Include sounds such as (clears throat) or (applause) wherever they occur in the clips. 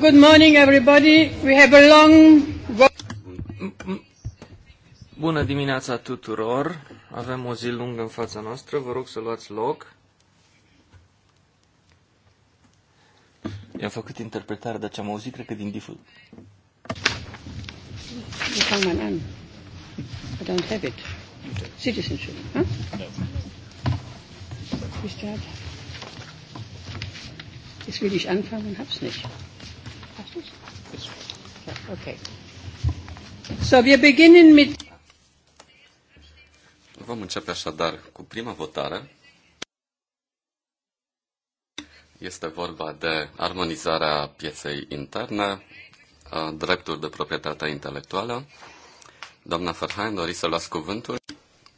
Good morning everybody. We have a long Bună dimineața tuturor. Avem o zi lungă în fața noastră. Vă rog să luați loc. I-am făcut interpretare, dar ce am auzit, cred că din diful. I don't have it. Citizenship, huh? No. Ist Will ich anfangen? und Hab's nicht. Okay. So wir beginnen with. Vom începe așadar cu prima votare. Este vorba de armonizarea pieței interne, drepturi de proprietate intelectuală. Doamna Ferhain, doriți să luați cuvântul?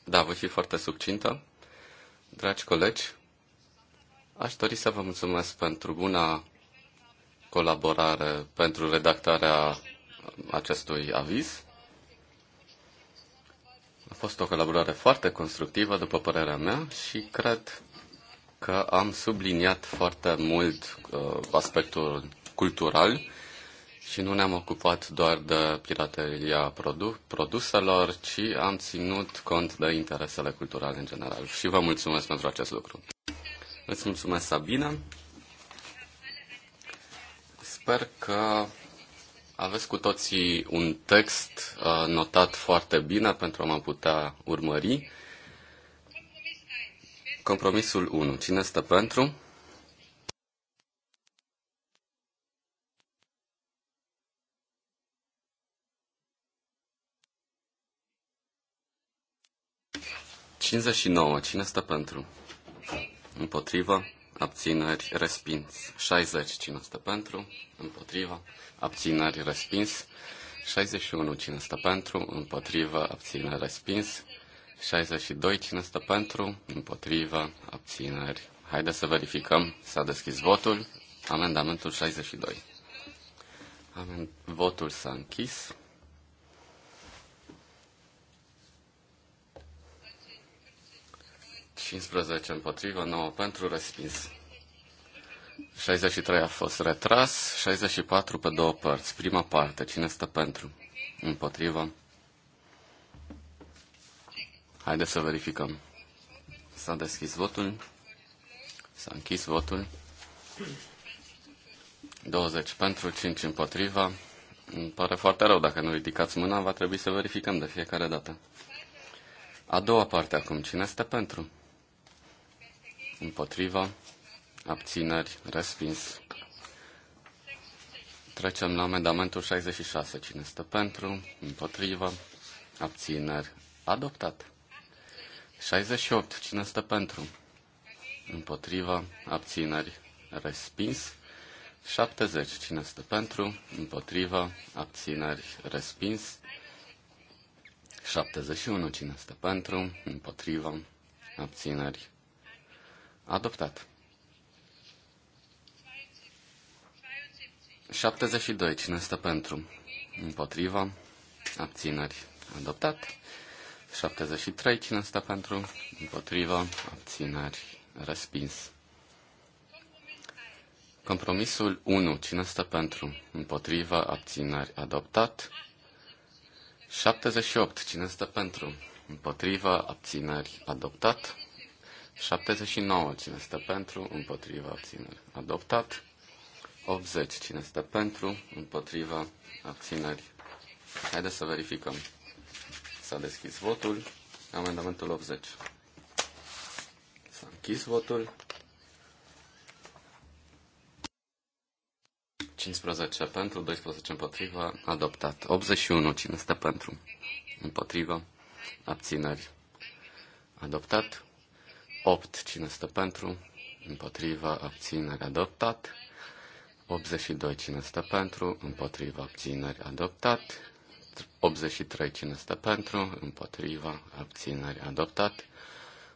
Da, voi fi foarte succintă. Dragi colegi, aș dori să vă mulțumesc pentru buna colaborare pentru redactarea acestui aviz. A fost o colaborare foarte constructivă, după părerea mea, și cred că am subliniat foarte mult uh, aspectul cultural și nu ne-am ocupat doar de pirateria produ- produselor, ci am ținut cont de interesele culturale în general. Și vă mulțumesc pentru acest lucru. Îți mulțumesc, Sabina. Sper că aveți cu toții un text uh, notat foarte bine pentru a mă putea urmări. Compromisul 1. Cine este pentru? Cincizeci și nouă. Cine stă pentru? Împotriva? abțineri, respins. 60, cine stă pentru, împotriva, abțineri, respins. 61, cine stă pentru, împotriva, abțineri, respins. 62, cine stă pentru, împotriva, abțineri. Haideți să verificăm, s-a deschis votul, amendamentul 62. Amen. Votul s-a închis. Cincisprezece împotrivă, 9 pentru, respins. 63 a fost retras, 64 pe două părți. Prima parte, cine stă pentru? Împotrivă. Haideți să verificăm. S-a deschis votul. S-a închis votul. 20 pentru, 5 împotriva. Îmi pare foarte rău dacă nu ridicați mâna, va trebui să verificăm de fiecare dată. A doua parte acum, cine este pentru? Împotriva abțineri, respins. Trecem la amendamentul 66. Cine stă pentru? Împotrivă? Abțineri? Adoptat. 68. Cine stă pentru? Împotrivă? Abțineri? Respins. 70. Cine stă pentru? Împotrivă? Abțineri? Respins. 71. Cine stă pentru? Împotrivă? Abțineri? Adoptat. 72. Cine stă pentru? Împotriva. Abțineri. Adoptat. 73. Cine stă pentru? Împotriva. Abțineri. Respins. Compromisul 1. Cine stă pentru? Împotriva. Abțineri. Adoptat. 78. Cine stă pentru? Împotriva. Abțineri. Adoptat. 79. Cine stă pentru? Împotriva. Abțineri. Adoptat. 80. Cine este pentru? Împotriva? Abțineri? Haideți să verificăm. S-a deschis votul. Amendamentul 80. S-a închis votul. 15 pentru, 12 împotriva, adoptat. 81, cine este pentru? Împotriva, abțineri. Adoptat. 8, cine este pentru? Împotriva, abțineri, adoptat. 82 cine stă pentru, împotriva abțineri adoptat. 83 cine stă pentru, împotriva abțineri adoptat.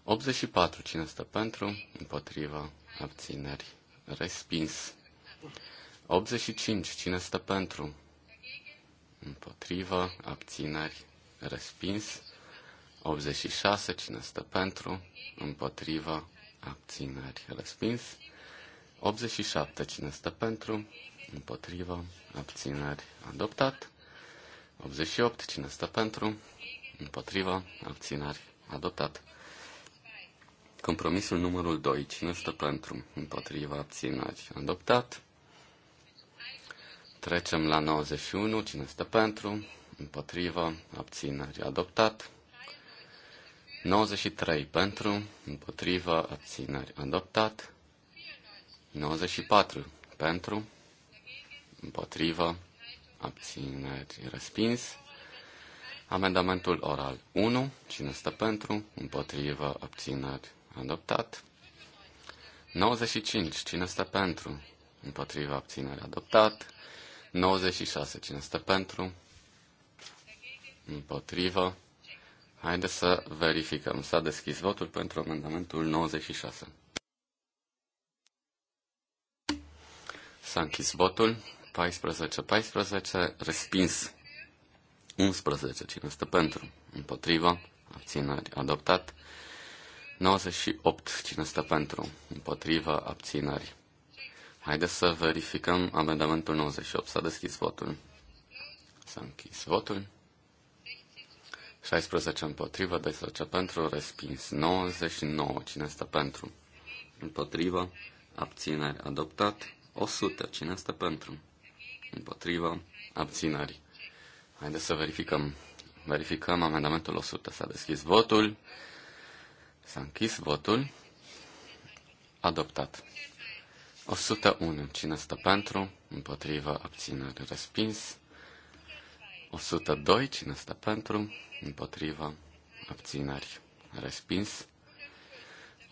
84 cine stă pentru, împotriva abțineri respins. 85 cine stă pentru, împotriva abțineri respins. 86 cine stă pentru, împotriva abțineri respins. 87. Cine stă pentru? Împotrivă. Abțineri. Adoptat. 88. Cine stă pentru? Împotrivă. Abțineri. Adoptat. Compromisul numărul 2. Cine stă pentru? Împotriva abțineri. Adoptat. Trecem la 91. Cine stă pentru? Împotriva abțineri. Adoptat. 93. Pentru. Împotriva abțineri. Adoptat. 94 pentru, împotrivă, abțineri respins. Amendamentul oral 1, cine stă pentru, împotrivă, abțineri adoptat. 95, cine stă pentru, împotrivă, abțineri adoptat. 96, cine stă pentru, împotrivă. Haideți să verificăm. S-a deschis votul pentru amendamentul 96. S-a închis votul. 14, 14, respins. 11, cine stă pentru? Împotrivă. abțineri, adoptat. 98, cine stă pentru? Împotrivă. abțineri. Haideți să verificăm amendamentul 98. S-a deschis votul. S-a închis votul. 16 împotrivă, 12 pentru, respins. 99, cine stă pentru? Împotrivă, abțineri, adoptat. 100. Cine este pentru? Împotriva. Abținări. Haideți să verificăm. Verificăm amendamentul 100. S-a deschis votul. S-a închis votul. Adoptat. 101. Cine stă pentru? Împotriva. Abținere. Respins. 102. Cine stă pentru? Împotriva. Abțineri. Respins.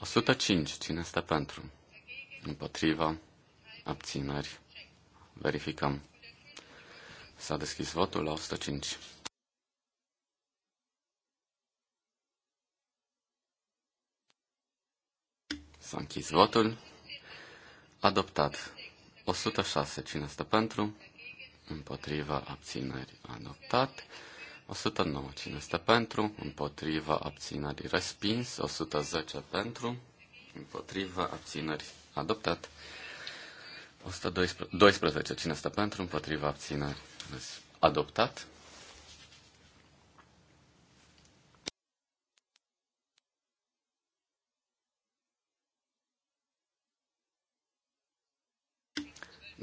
105. Cine stă pentru? Împotriva abțineri. Verificăm. S-a deschis votul la 105. S-a închis votul. Adoptat. 106. Cine stă pentru? Împotriva abținerii. Adoptat. 109. Cine stă pentru? Împotriva abținerii. Respins. 110 pentru. Împotriva abținerii. Adoptat. 112. Cine stă pentru? Împotriva abțineri. Deci, adoptat.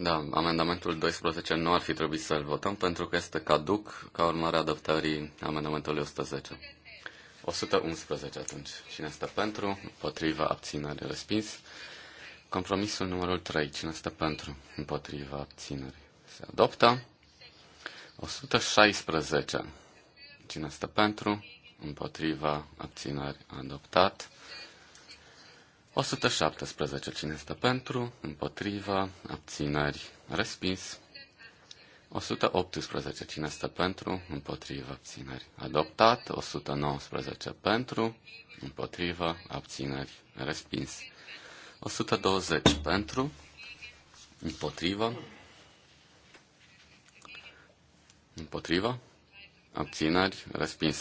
Da, amendamentul 12 nu ar fi trebuit să-l votăm pentru că este caduc ca urmare a adoptării amendamentului 110. 111 atunci. Cine stă pentru? Împotriva abținere respins. Compromisul numărul 3. Cine stă pentru? Împotriva abținerii. Se adoptă. 116. Cine stă pentru? Împotriva abținerii? Adoptat. 117. Cine stă pentru? Împotriva abținerii? Respins. 118. Cine stă pentru? Împotriva abținerii? Adoptat. 119. Pentru? Împotriva abținerii? Respins. 120 pentru, împotriva, împotriva, abțineri, respins.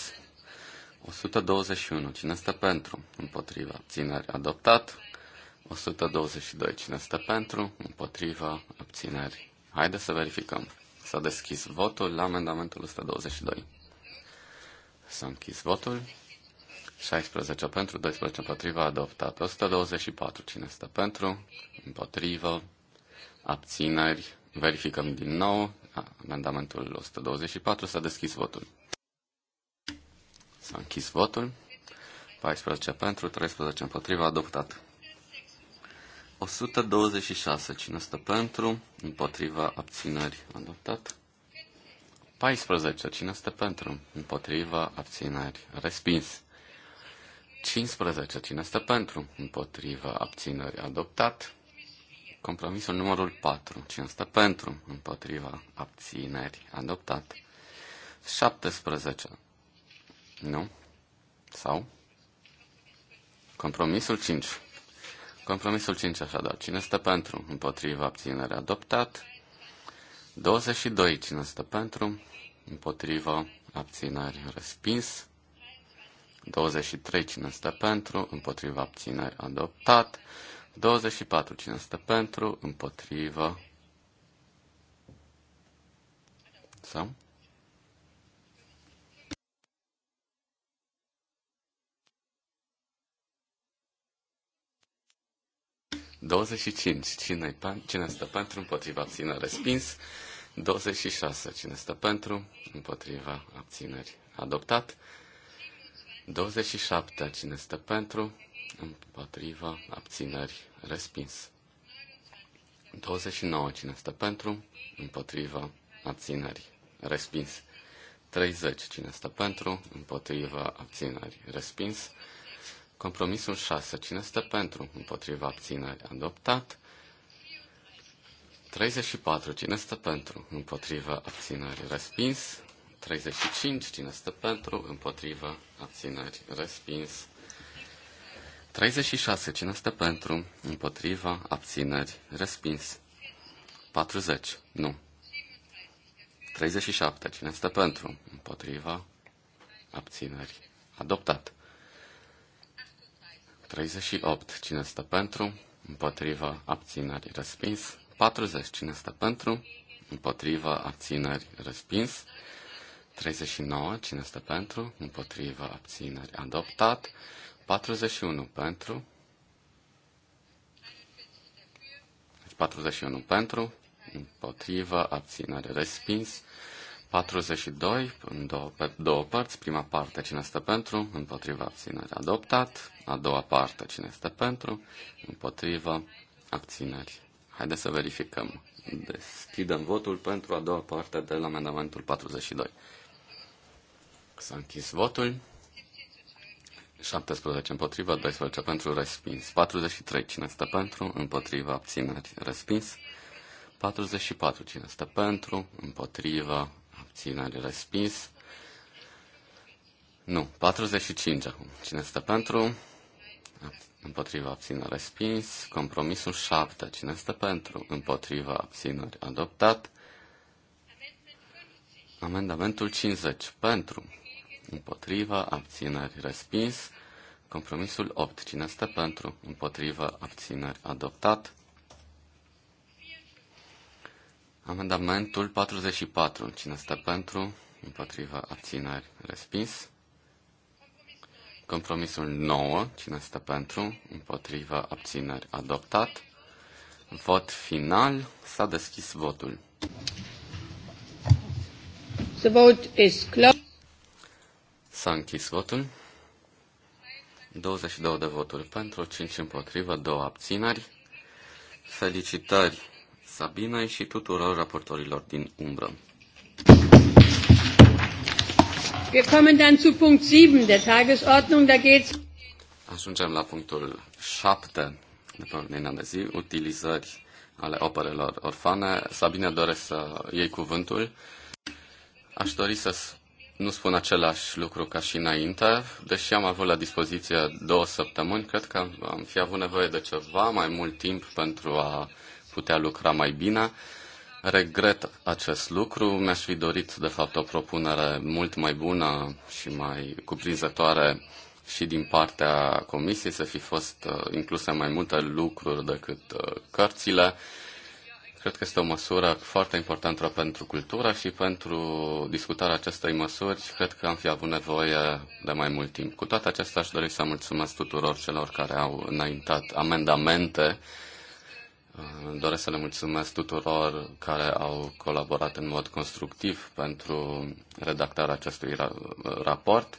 121. Cine este pentru? Împotriva. Abțineri. Adoptat. 122. Cine este pentru? Împotriva. Abțineri. Haideți să verificăm. S-a deschis votul la amendamentul 122. S-a închis votul. 16 pentru, 12 împotriva, adoptat. 124, cine este pentru, împotrivă, abțineri, verificăm din nou. Amendamentul 124 s-a deschis votul. S-a închis votul. 14 pentru, 13 împotriva, adoptat. 126, cine stă pentru, împotriva, abțineri, adoptat. 14, cine stă pentru, împotriva, abțineri, respins. 15. Cine stă pentru? Împotriva abțineri adoptat. Compromisul numărul 4. Cine stă pentru? Împotriva abțineri adoptat. 17. Nu? Sau? Compromisul 5. Compromisul 5 așadar. Cine stă pentru? Împotriva abținere adoptat. 22. Cine stă pentru? Împotriva abținere respins. 23 cine stă pentru, împotriva abțineri adoptat. 24 cine stă pentru, împotriva. Sau? Douăzeci și cinci. Cine, cine pentru, împotriva, abține, respins. 26. Cine stă pentru, împotriva, abțineri, adoptat. 27. Cine este pentru? Împotriva. Abțineri. Respins. 29. Cine este pentru? Împotriva. Abțineri. Respins. 30. Cine este pentru? Împotriva. Abțineri. Respins. Compromisul 6. Cine este pentru? Împotriva. Abțineri. Adoptat. 34. Cine este pentru? Împotriva. Abțineri. Respins. 35. Cine stă pentru? Împotrivă. Abțineri. Respins. 36. Cine stă pentru? Împotrivă. Abțineri. Respins. 40. Nu. 37. Cine stă pentru? Împotriva. Abțineri. Adoptat. 38. Cine stă pentru? Împotriva. Abțineri. Respins. 40. Cine stă pentru? Împotriva. Abțineri. Respins. 39, cine este pentru, împotriva abțineri adoptat, 41 pentru, 41 deci pentru, împotriva abținere respins, 42 în două, pe două părți, prima parte cine este pentru, împotriva abținere adoptat, a doua parte cine este pentru, împotriva abțineri. Haideți să verificăm. Deschidem votul pentru a doua parte de la amendamentul 42. S-a închis votul. 17 împotriva, 12 pentru, respins. 43, cine stă pentru, împotriva, abțineri, respins. 44, cine stă pentru, împotriva, abțineri, respins. Nu, 45 acum. Cine stă pentru, împotriva, abțineri, respins. Compromisul 7, cine stă pentru, împotriva, abțineri, adoptat. Amendamentul 50, pentru, împotriva, abțineri, respins. Compromisul 8. Cine este pentru? Împotrivă, abțineri, adoptat. Amendamentul 44. Cine este pentru? Împotrivă, abțineri, respins. Compromisul 9. Cine este pentru? Împotrivă, abțineri, adoptat. Vot final. S-a deschis votul. The vote is closed. S-a închis votul. 22 de voturi pentru, 5 împotrivă, 2 abținări. Felicitări Sabinei și tuturor raportorilor din umbră. Wir kommen dann zu Punkt 7 der Tagesordnung. Da geht's Ajungem la punctul 7 de pe ordinea de zi, utilizări ale operelor orfane. Sabine doresc să iei cuvântul. Aș dori să nu spun același lucru ca și înainte, deși am avut la dispoziție două săptămâni, cred că am fi avut nevoie de ceva mai mult timp pentru a putea lucra mai bine. Regret acest lucru, mi-aș fi dorit de fapt o propunere mult mai bună și mai cuprinzătoare și din partea comisiei să fi fost uh, incluse mai multe lucruri decât uh, cărțile. Cred că este o măsură foarte importantă pentru cultură și pentru discutarea acestei măsuri cred că am fi avut nevoie de mai mult timp. Cu toate acestea aș dori să mulțumesc tuturor celor care au înaintat amendamente. Doresc să le mulțumesc tuturor care au colaborat în mod constructiv pentru redactarea acestui raport.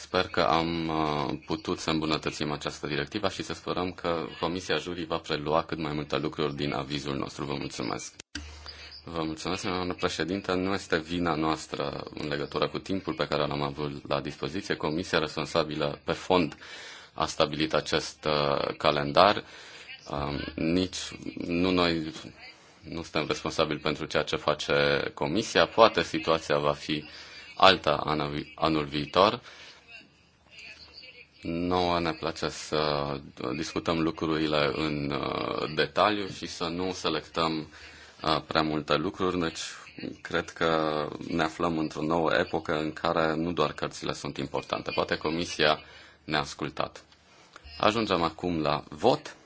Sper că am uh, putut să îmbunătățim această directivă și să sperăm că Comisia Jurii va prelua cât mai multe lucruri din avizul nostru. Vă mulțumesc! Vă mulțumesc, doamnă președinte. Nu este vina noastră în legătură cu timpul pe care l-am avut la dispoziție. Comisia responsabilă pe fond a stabilit acest uh, calendar. Um, nici nu noi nu suntem responsabili pentru ceea ce face Comisia. Poate situația va fi alta anul viitor noi ne place să discutăm lucrurile în uh, detaliu și să nu selectăm uh, prea multe lucruri, deci cred că ne aflăm într-o nouă epocă în care nu doar cărțile sunt importante. Poate Comisia ne-a ascultat. Ajungem acum la vot.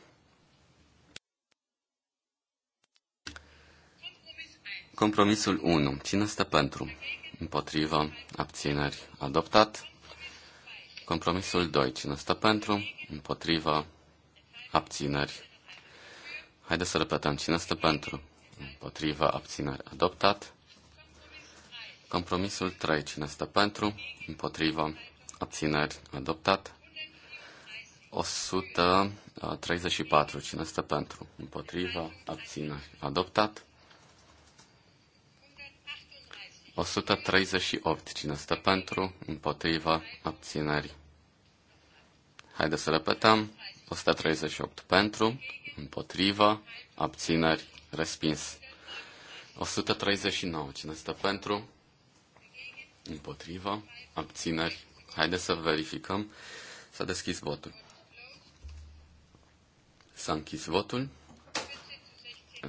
Compromisul 1. Cine este pentru? Împotriva? Abțineri? Adoptat? Compromisul 2. Cine stă pentru? Împotriva? Abțineri? Haideți să repetăm. Cine stă pentru? Împotriva? Abțineri? Adoptat. Compromisul 3. Cine stă pentru? Împotriva? Abțineri? Adoptat. 134. Cine stă pentru? Împotriva? Abțineri? Adoptat. 138. Cine stă pentru? Împotriva abțineri. Haideți să repetăm. 138 pentru, împotriva, abțineri, respins. 139. Cine stă pentru? Împotriva, abțineri. Haideți să verificăm. S-a deschis votul. S-a închis votul.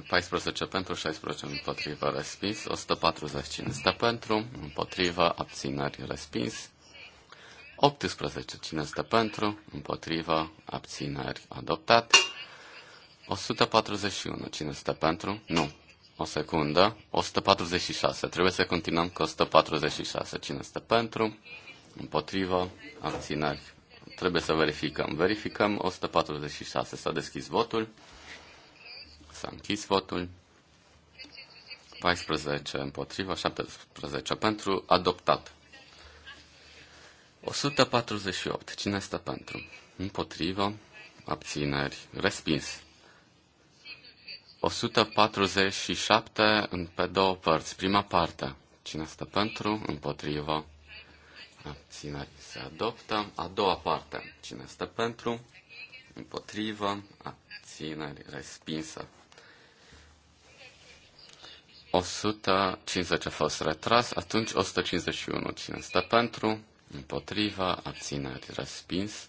14 pentru, 16 împotrivă, respins. 140 este pentru, împotrivă, abțineri, respins. 18 cine este pentru, împotrivă, abțineri, adoptat. 141 cine este pentru, nu. O secundă. 146. Trebuie să continuăm cu 146. Cine este pentru? împotrivă, Abțineri? Trebuie să verificăm. Verificăm 146. S-a deschis votul. S-a închis votul. 14 împotriva, 17 pentru, adoptat. 148. Cine stă pentru? Împotrivă, abțineri, respins. 147 în pe două părți. Prima parte. Cine stă pentru? Împotrivă. Abțineri se adoptă. A doua parte. Cine stă pentru? Împotrivă. Abțineri respinsă. 150 a fost retras, atunci 151. Cine stă pentru? Împotriva, abțineri, respins.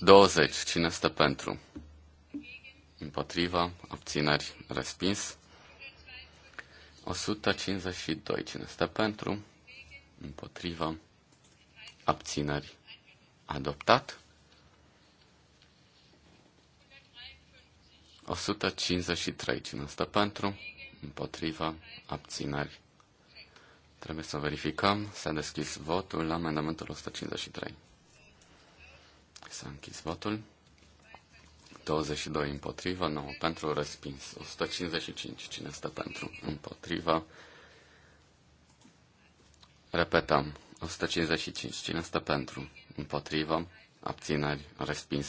20. Cine stă pentru? Împotriva, abțineri, respins. 152. Cine stă pentru? Împotriva, abțineri, adoptat. 153. Cine pentru? Împotriva? Abțineri? Trebuie să verificăm. S-a deschis votul la amendamentul 153. S-a închis votul. 22 împotriva, 9 pentru, respins. 155. Cine stă pentru? Împotriva. Repetăm. 155. Cine stă pentru? Împotriva. Abțineri. Respins.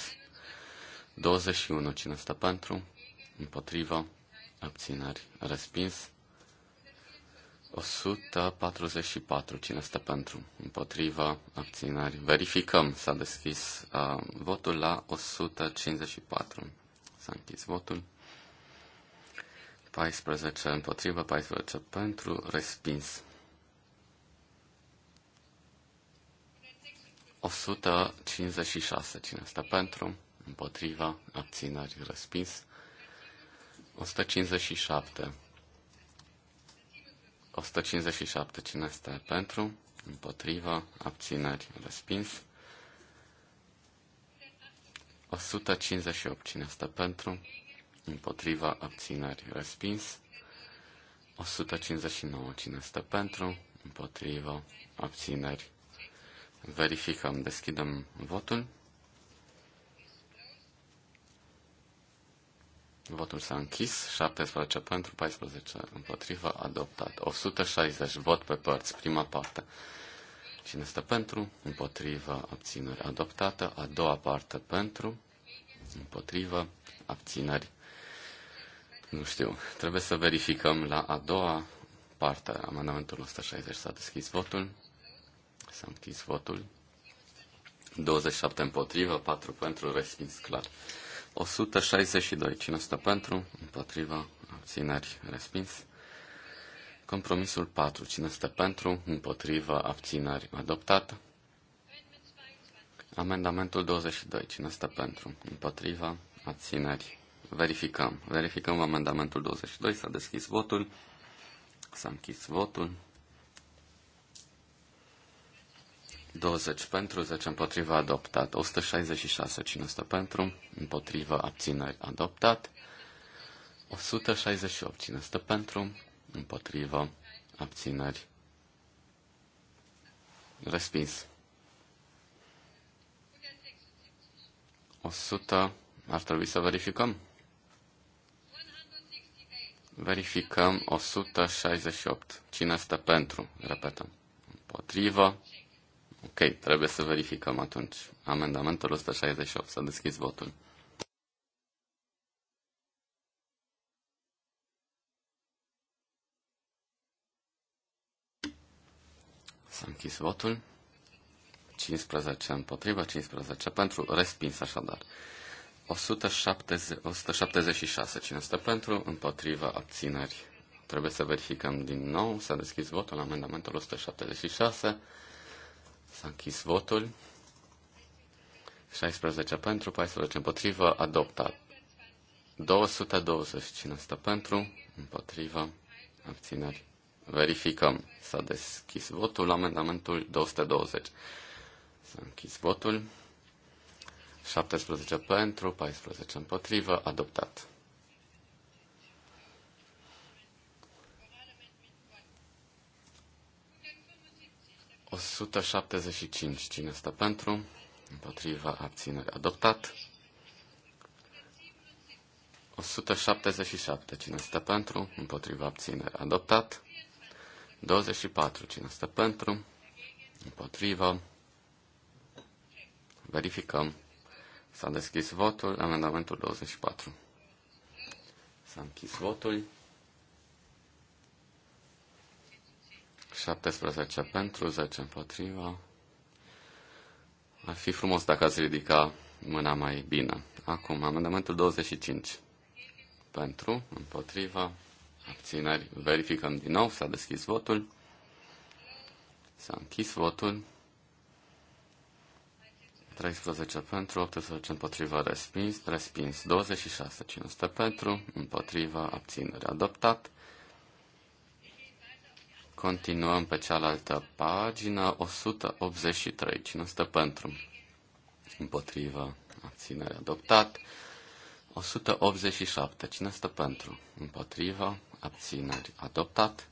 21. Cine stă pentru? Împotrivă. Abțineri. Respins. 144. Cine stă pentru? Împotrivă. Abțineri. Verificăm. S-a deschis uh, votul la 154. S-a închis votul. 14 împotrivă, 14 pentru, respins. 156. Cine stă pentru? împotriva, abțineri, respins. 157. 157. Cine este pentru? Împotriva, abțineri, respins. 158. Cine este pentru? Împotriva, abțineri, respins. 159. Cine este pentru? Împotriva, abțineri. Verificăm, deschidem votul. Votul s-a închis. 17 pentru, 14 împotrivă, adoptat. 160 vot pe părți, prima parte. Cine stă pentru? Împotrivă, abținere, adoptată. A doua parte pentru, împotrivă, abțineri. Nu știu. Trebuie să verificăm la a doua parte. Amendamentul 160 s-a deschis votul. S-a închis votul. 27 împotrivă, 4 pentru, respins clar. 162. Cine stă pentru? Împotriva. Abțineri. Respins. Compromisul 4. Cine stă pentru? Împotriva. Abțineri. Adoptat. Amendamentul 22. Cine stă pentru? Împotriva. Abțineri. Verificăm. Verificăm amendamentul 22. S-a deschis votul. S-a închis votul. 20 pentru, 10 împotriva adoptat, 166 cine stă pentru, împotriva abțineri adoptat, 168 cine stă pentru, împotriva abțineri respins. 100 ar trebui să verificăm. Verificăm 168. Cine este pentru? Repetăm. Împotrivă. Ok, trebuie să verificăm atunci. Amendamentul 168. S-a deschis votul. S-a închis votul. 15 împotriva, 15 pentru, respins așadar. 170, 176, cine stă pentru, împotriva, abțineri. Trebuie să verificăm din nou, s-a deschis votul amendamentul 176. S-a închis votul. 16 pentru, 14 împotrivă, adoptat. 225 Cine stă pentru? Împotrivă. Abțineri. Verificăm. S-a deschis votul amendamentul 220. S-a închis votul. 17 pentru, 14 împotrivă, adoptat. 175. Cine stă pentru? Împotriva abținere. Adoptat. 177. Cine stă pentru? Împotriva abținere. Adoptat. 24. Cine stă pentru? Împotriva. Verificăm. S-a deschis votul. Amendamentul 24. S-a închis votul. 17 pentru, 10 împotriva. Ar fi frumos dacă ați ridica mâna mai bine. Acum, amendamentul 25. Pentru, împotriva, abțineri. Verificăm din nou, s-a deschis votul. S-a închis votul. 13 pentru, 18 împotriva, respins, respins, 26, 500 pentru, împotriva, abținere, adoptat, Continuăm pe cealaltă pagină, 183, cine stă pentru? Împotrivă, abținere adoptat. 187, cine stă pentru? Împotrivă, abțineri adoptat.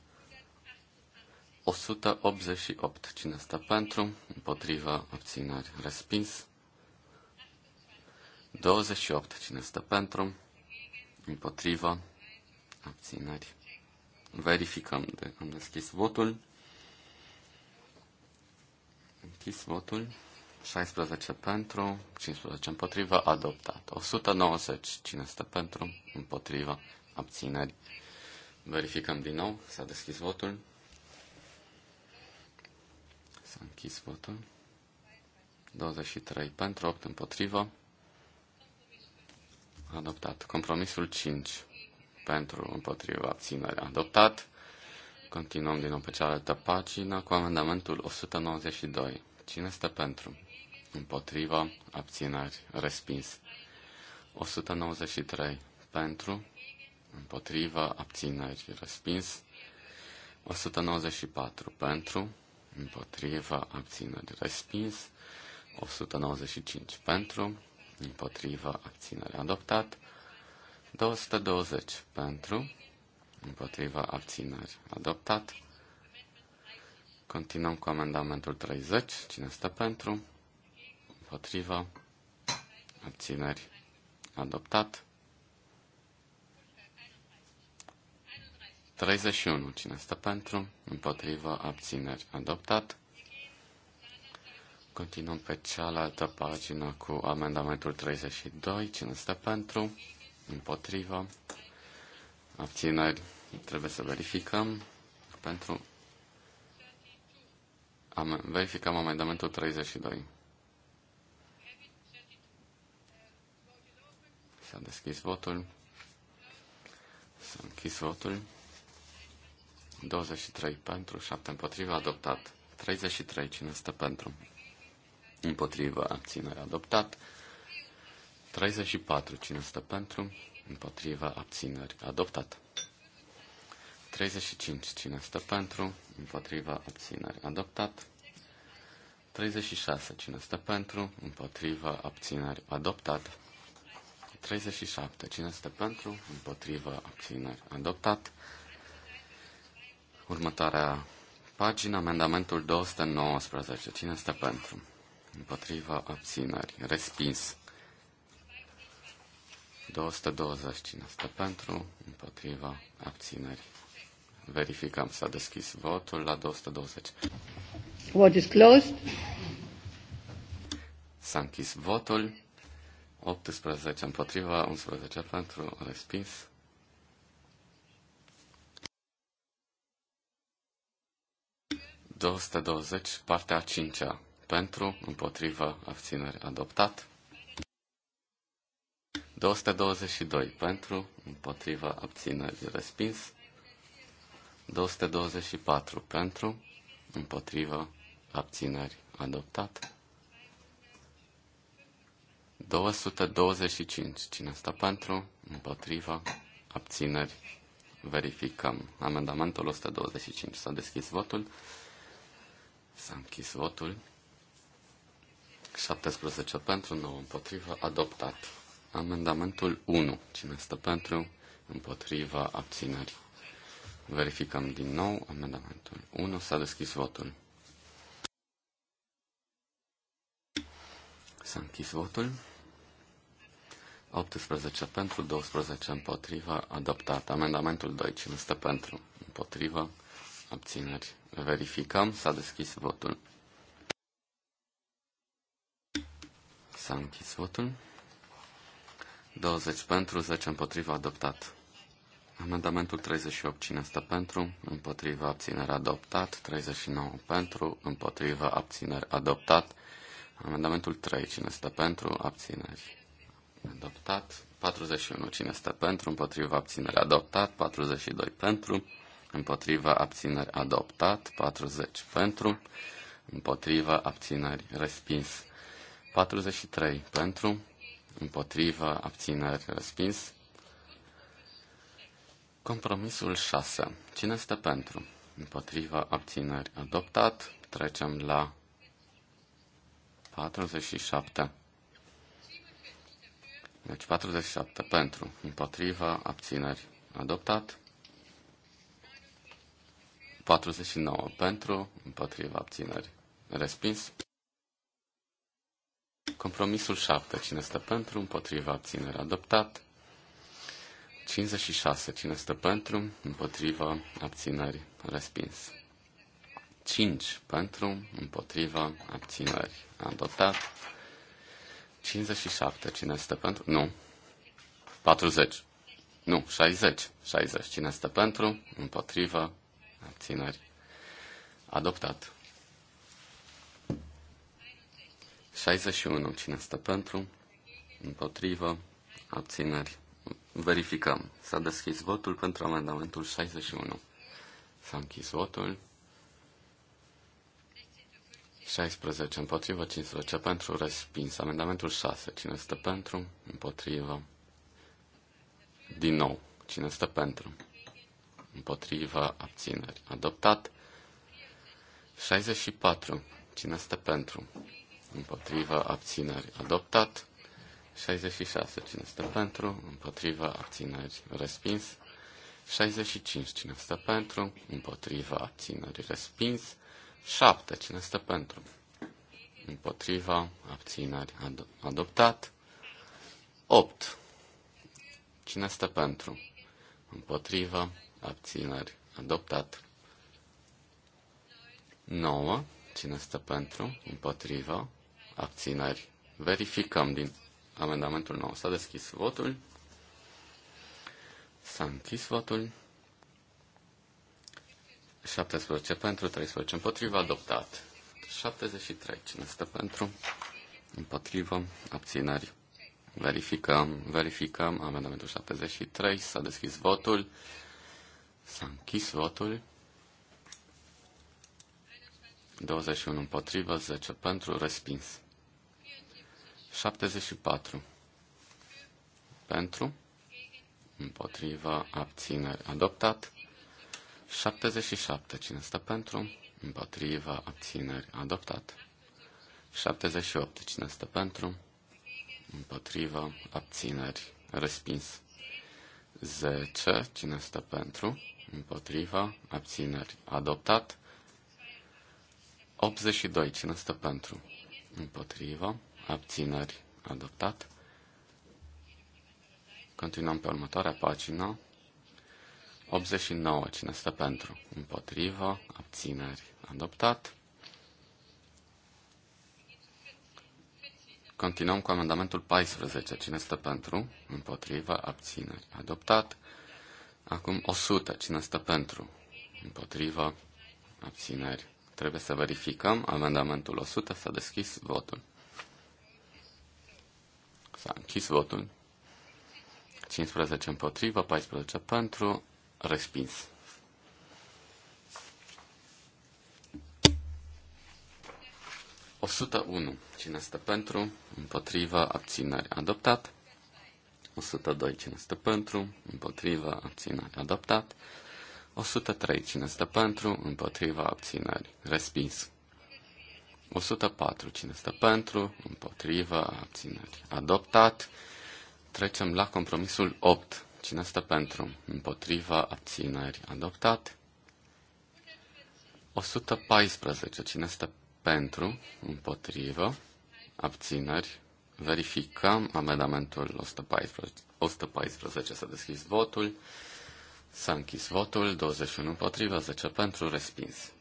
188, cine stă pentru? Împotrivă, abțineri respins. 28, cine stă pentru? Împotrivă, abțineri Verificăm. De, am deschis votul. Închis votul. 16 pentru, 15 împotrivă, adoptat. 190. Cine este pentru? împotrivă, Abțineri. Verificăm din nou. S-a deschis votul. S-a închis votul. 23 pentru, 8 împotrivă. Adoptat. Compromisul 5 pentru împotriva abținere adoptat. Continuăm din nou pe cealaltă pagină cu amendamentul 192. Cine este pentru? Împotriva abțineri respins. 193 pentru, împotriva abțineri respins. 194 pentru, împotriva abțineri respins. 195 pentru, împotriva abținere adoptat. 220 pentru, împotriva abțineri adoptat. Continuăm cu amendamentul 30. Cine stă pentru? Împotriva. Abțineri. Adoptat. 31. Cine stă pentru? Împotriva. Abțineri. Adoptat. Continuăm pe cealaltă pagină cu amendamentul 32. Cine stă pentru? împotrivă, abțineri, trebuie să verificăm pentru am, verificăm amendamentul 32. S-a deschis votul. S-a închis votul. 23 pentru, 7 împotriva, adoptat. 33, cine stă pentru? Împotriva, abținere, adoptat. 34. Cine stă pentru? Împotriva abțineri. Adoptat. 35. Cine stă pentru? Împotriva abțineri. Adoptat. 36. Cine stă pentru? Împotriva abțineri. Adoptat. 37. Cine stă pentru? Împotriva abțineri. Adoptat. Următoarea pagină, amendamentul 219. Cine stă pentru? Împotriva abțineri. Respins. 220 cine pentru, împotriva, abținerii. Verificăm, s-a deschis votul la 220. Vot is closed. S-a închis votul. 18 împotriva, 11 pentru, respins. douăzeci partea a cincea, pentru, împotriva, abținere, adoptat. 222 pentru, împotriva abțineri respins. 224 pentru, împotriva abțineri adoptat. 225. Cine stă pentru? Împotriva? Abțineri? Verificăm. Amendamentul 125. S-a deschis votul. S-a închis votul. 17 pentru, 9 împotriva, adoptat. Amendamentul 1. Cine stă pentru? Împotriva abținerii. Verificăm din nou amendamentul 1. S-a deschis votul. S-a închis votul. 18 pentru, 12 împotriva, adoptat. Amendamentul 2, cine stă pentru, împotriva, abțineri. Verificăm, s-a deschis votul. S-a închis votul. 20 pentru, 10 împotriva, adoptat. Amendamentul 38, cine stă pentru, împotriva, abținere, adoptat. 39 pentru, împotriva, abținere, adoptat. Amendamentul 3, cine stă pentru, abțineri, adoptat. 41, cine stă pentru, împotriva, abținere, adoptat. 42 pentru, împotriva, abțineri, adoptat. 40 pentru, împotriva, abțineri, respins. 43 pentru, împotrivă, abțineri, respins. Compromisul 6. Cine este pentru? Împotrivă, abțineri, adoptat. Trecem la 47. Deci 47 pentru, împotrivă, abțineri, adoptat. 49 pentru, împotriva abțineri, respins. Compromisul 7. Cine stă pentru? Împotriva abținere adoptat. 56. Cine stă pentru? Împotriva abțineri respins. 5. Pentru? Împotriva abțineri adoptat. 57. Cine stă pentru? Nu. 40. Nu, 60. 60. Cine stă pentru? Împotriva Abținări. adoptat. 61. Cine stă pentru? Împotrivă? Abțineri? Verificăm. S-a deschis votul pentru amendamentul 61. S-a închis votul. 16 împotrivă, 15 pentru, respins. Amendamentul 6. Cine stă pentru? Împotrivă. Din nou. Cine stă pentru? Împotrivă, abțineri. Adoptat. 64. Cine stă pentru? împotriva abțineri adoptat, 66 cine stă pentru, împotriva abțineri respins, 65 cine stă pentru, împotriva abțineri respins, 7 cine stă pentru, împotriva abțineri ad- adoptat, 8 cine stă pentru, împotriva abțineri adoptat, 9 cine stă pentru, împotriva abțineri. Verificăm din amendamentul nou. S-a deschis votul. S-a închis votul. 17 pentru, 13 împotriva, adoptat. 73. Cine este pentru? Împotrivă, abțineri. Verificăm, verificăm. Amendamentul 73. S-a deschis votul. S-a închis votul. 21 împotrivă, 10 pentru, respins. 74. Pentru. Împotriva abțineri. Adoptat. 77. Cine stă pentru? Împotriva abțineri. Adoptat. 78. Cine stă pentru? Împotriva abțineri. Respins. 10. Cine stă pentru? Împotriva abțineri. Adoptat. 82. Cine stă pentru? Împotriva abțineri, adoptat. Continuăm pe următoarea pagină. 89. Cine stă pentru? Împotrivă, abțineri, adoptat. Continuăm cu amendamentul 14. Cine stă pentru? Împotrivă, abțineri, adoptat. Acum 100. Cine stă pentru? Împotrivă, abțineri. Trebuie să verificăm. Amendamentul 100 s-a deschis votul. S-a închis votul. 15 împotrivă, 14 pentru, respins. O 101. Cine este pentru? Împotriva abținări. adoptat. 102. Cine este pentru? Împotriva abținări. adoptat. 103. Cine este pentru? Împotriva abținări. respins. 104. Cine stă pentru? Împotrivă? Abțineri? Adoptat. Trecem la compromisul 8. Cine stă pentru? Împotrivă? Abțineri? Adoptat. 114. Cine stă pentru? Împotrivă? Abțineri? Verificăm amendamentul 114. 114 s-a deschis votul. S-a închis votul, 21 împotrivă, 10 pentru, respins.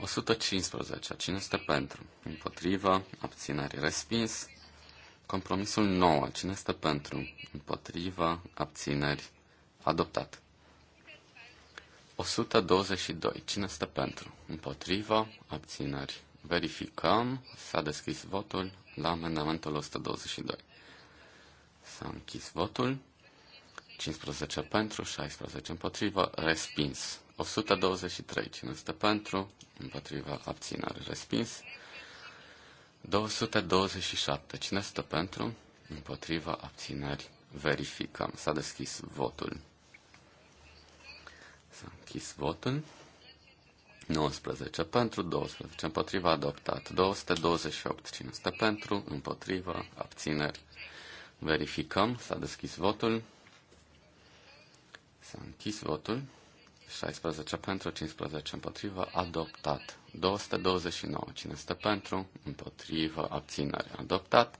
115. Cine este pentru? Împotriva. Abținere. Respins. Compromisul 9. Cine este pentru? Împotriva. Abțineri. Adoptat. 122. Cine este pentru? Împotriva. Abțineri. Verificăm. S-a deschis votul la amendamentul 122. S-a închis votul. 15 pentru, 16 împotriva. Respins. 123. Cine este pentru? Împotriva abținere. Respins. 227. Cine este pentru? Împotriva abțineri. Verificăm. S-a deschis votul. S-a închis votul. 19 pentru, 12 împotriva, adoptat. 228. Cine este pentru? Împotriva, abțineri. Verificăm. S-a deschis votul. S-a închis votul. 16 pentru, 15 împotrivă, adoptat. 229. Cine este pentru? Împotrivă, abținere, adoptat.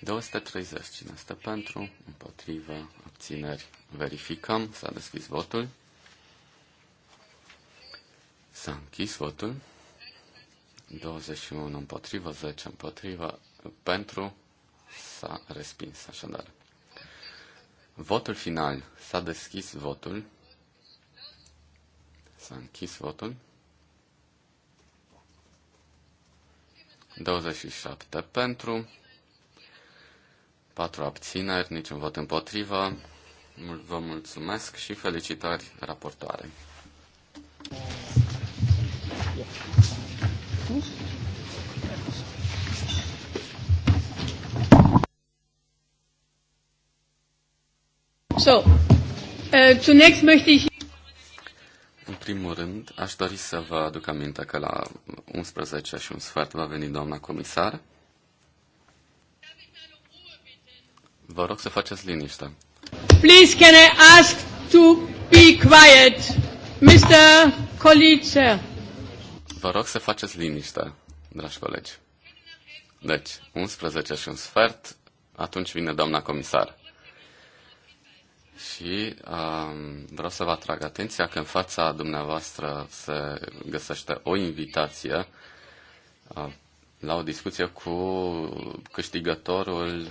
230. Cine este pentru? Împotrivă, abțineri. Verificăm. S-a deschis votul. S-a închis votul. 21 împotrivă, 10 împotrivă, pentru s-a respins, așadar. Votul final. S-a deschis votul. S-a închis votul. 27 pentru, 4 abțineri, niciun vot împotrivă. Vă mulțumesc și felicitări raportoare. So, uh, zunächst möchte ich în primul rând, aș dori să vă aduc aminte că la 11 și un sfert va veni doamna comisar. Vă rog să faceți liniște. Please can I ask to be quiet, Mr. Colice. Vă rog să faceți liniște, dragi colegi. Deci, 11 și un sfert, atunci vine doamna comisar și um, vreau să vă atrag atenția că în fața dumneavoastră se găsește o invitație uh, la o discuție cu câștigătorul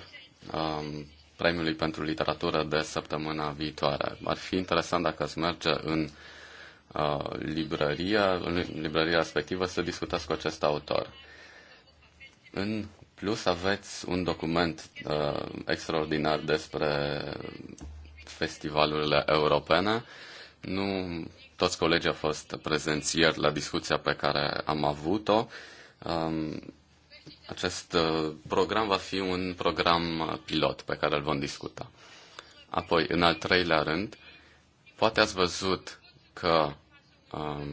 um, premiului pentru literatură de săptămâna viitoare. Ar fi interesant dacă ați merge în uh, librăria, în librăria respectivă să discutați cu acest autor. În plus aveți un document uh, extraordinar despre festivalurile europene. Nu toți colegii au fost prezenți ieri la discuția pe care am avut-o. Um, acest uh, program va fi un program pilot pe care îl vom discuta. Apoi, în al treilea rând, poate ați văzut că um,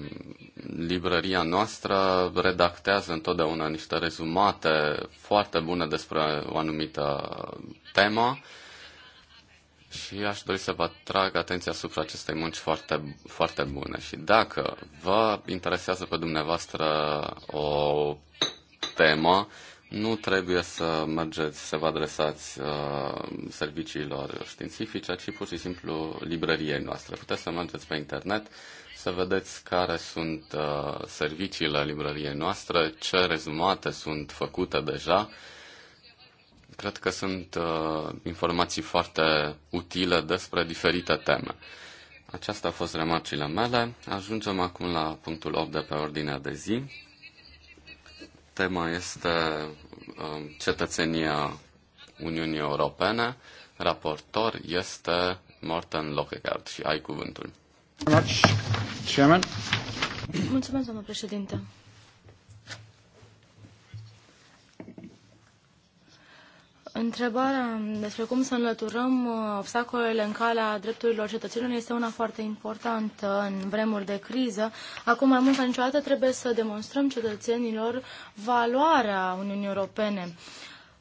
librăria noastră redactează întotdeauna niște rezumate foarte bune despre o anumită temă. Și aș dori să vă atrag atenția asupra acestei munci foarte, foarte bune. Și dacă vă interesează pe dumneavoastră o temă, nu trebuie să mergeți să vă adresați uh, serviciilor științifice, ci pur și simplu librăriei noastre. Puteți să mergeți pe internet, să vedeți care sunt uh, serviciile librăriei noastre, ce rezumate sunt făcute deja, uh, Cred că sunt uh, informații foarte utile despre diferite teme. Aceasta a fost remarcile mele. Ajungem acum la punctul 8 de pe ordinea de zi. Tema este uh, cetățenia Uniunii Europene. Raportor este Morten Lockegaard și ai cuvântul. Mulțumesc, domnule președinte. Întrebarea despre cum să înlăturăm uh, obstacolele în calea drepturilor cetățenilor este una foarte importantă în vremuri de criză. Acum, mai mult ca niciodată, trebuie să demonstrăm cetățenilor valoarea Uniunii Europene.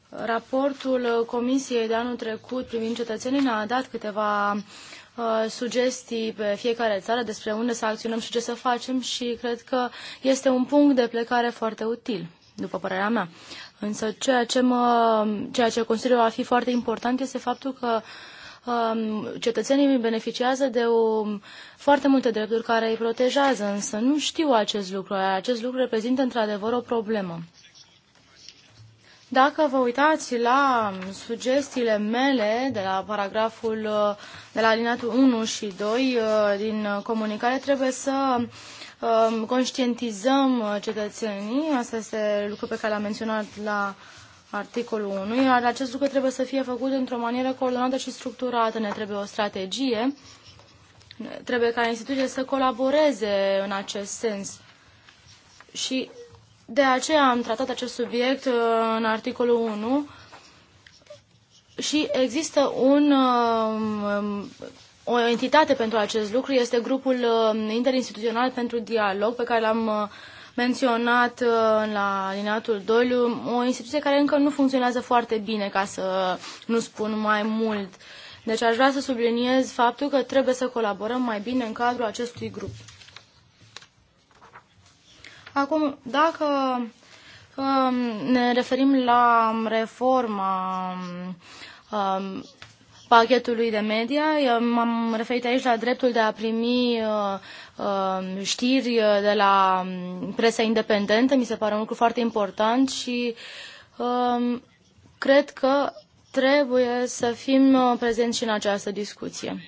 Raportul Comisiei de anul trecut privind cetățenii ne-a dat câteva uh, sugestii pe fiecare țară despre unde să acționăm și ce să facem și cred că este un punct de plecare foarte util după părerea mea. Însă ceea ce, mă, ceea ce consider eu a fi foarte important este faptul că um, cetățenii beneficiază de o, foarte multe drepturi care îi protejează, însă nu știu acest lucru. Acest lucru reprezintă într-adevăr o problemă. Dacă vă uitați la sugestiile mele de la paragraful de la alineatul 1 și 2 uh, din comunicare, trebuie să Um, conștientizăm uh, cetățenii, asta este lucru pe care l-am menționat la articolul 1, iar acest lucru trebuie să fie făcut într-o manieră coordonată și structurată. Ne trebuie o strategie, trebuie ca instituție să colaboreze în acest sens. Și de aceea am tratat acest subiect uh, în articolul 1 și există un um, o entitate pentru acest lucru este grupul um, interinstituțional pentru dialog pe care l-am uh, menționat uh, la alineatul 2, o instituție care încă nu funcționează foarte bine, ca să nu spun mai mult. Deci aș vrea să subliniez faptul că trebuie să colaborăm mai bine în cadrul acestui grup. Acum, dacă um, ne referim la reforma um, pachetului de media. M-am referit aici la dreptul de a primi uh, uh, știri uh, de la um, presa independentă. Mi se pare un lucru foarte important și um, cred că trebuie să fim prezenți și în această discuție.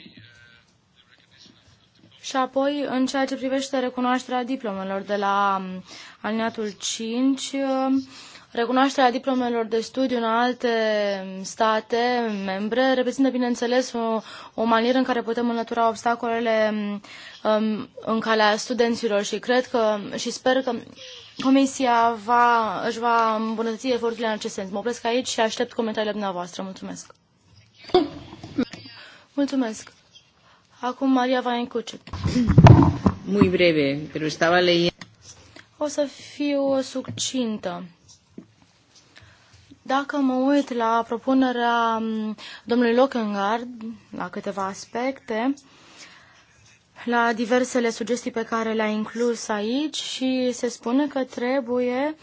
Și apoi, în ceea ce privește recunoașterea diplomelor de la um, alineatul 5, Recunoașterea diplomelor de studiu în alte mm, state mm, membre reprezintă, bineînțeles, o, o manieră în care putem înlătura obstacolele um, în calea studenților și cred că și sper că Comisia va, își va îmbunătăți eforturile în acest sens. Mă opresc aici și aștept comentariile dumneavoastră. Mulțumesc. Mulțumesc. Acum Maria va încuce. Muy breve, pero estaba leyendo. O să fiu succintă. Dacă mă uit la propunerea mm, domnului Lockengard la câteva aspecte, la diversele sugestii pe care le-a inclus aici și se spune că trebuie uh,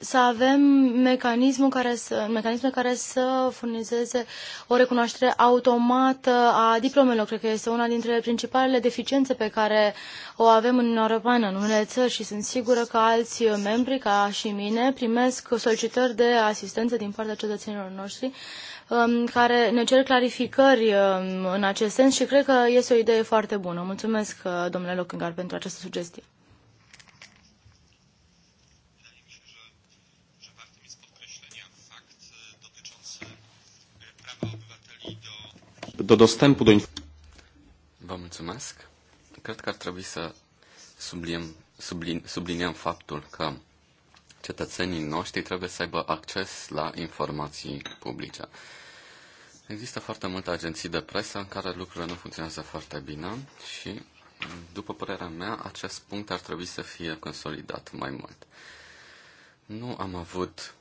să avem mecanismul care să, mecanisme care să furnizeze o recunoaștere automată a diplomelor. Cred că este una dintre principalele deficiențe pe care o avem în Uniunea Europeană, în unele țări și sunt sigură că alți membri, ca și mine, primesc solicitări de asistență din partea cetățenilor noștri um, care ne cer clarificări um, în acest sens și cred că este o idee foarte bună. Mulțumesc, uh, domnule Locângar, pentru această sugestie. do dostępu do informacji. Vă mulțumesc. Cred că ar trebui să subliniem, sublin, subliniem faptul că cetățenii noștri trebuie să aibă acces la informații publice. Există foarte multe agenții de presă în care lucrurile nu funcționează foarte bine și, după părerea mea, acest punct ar trebui să fie consolidat mai mult. Nu am avut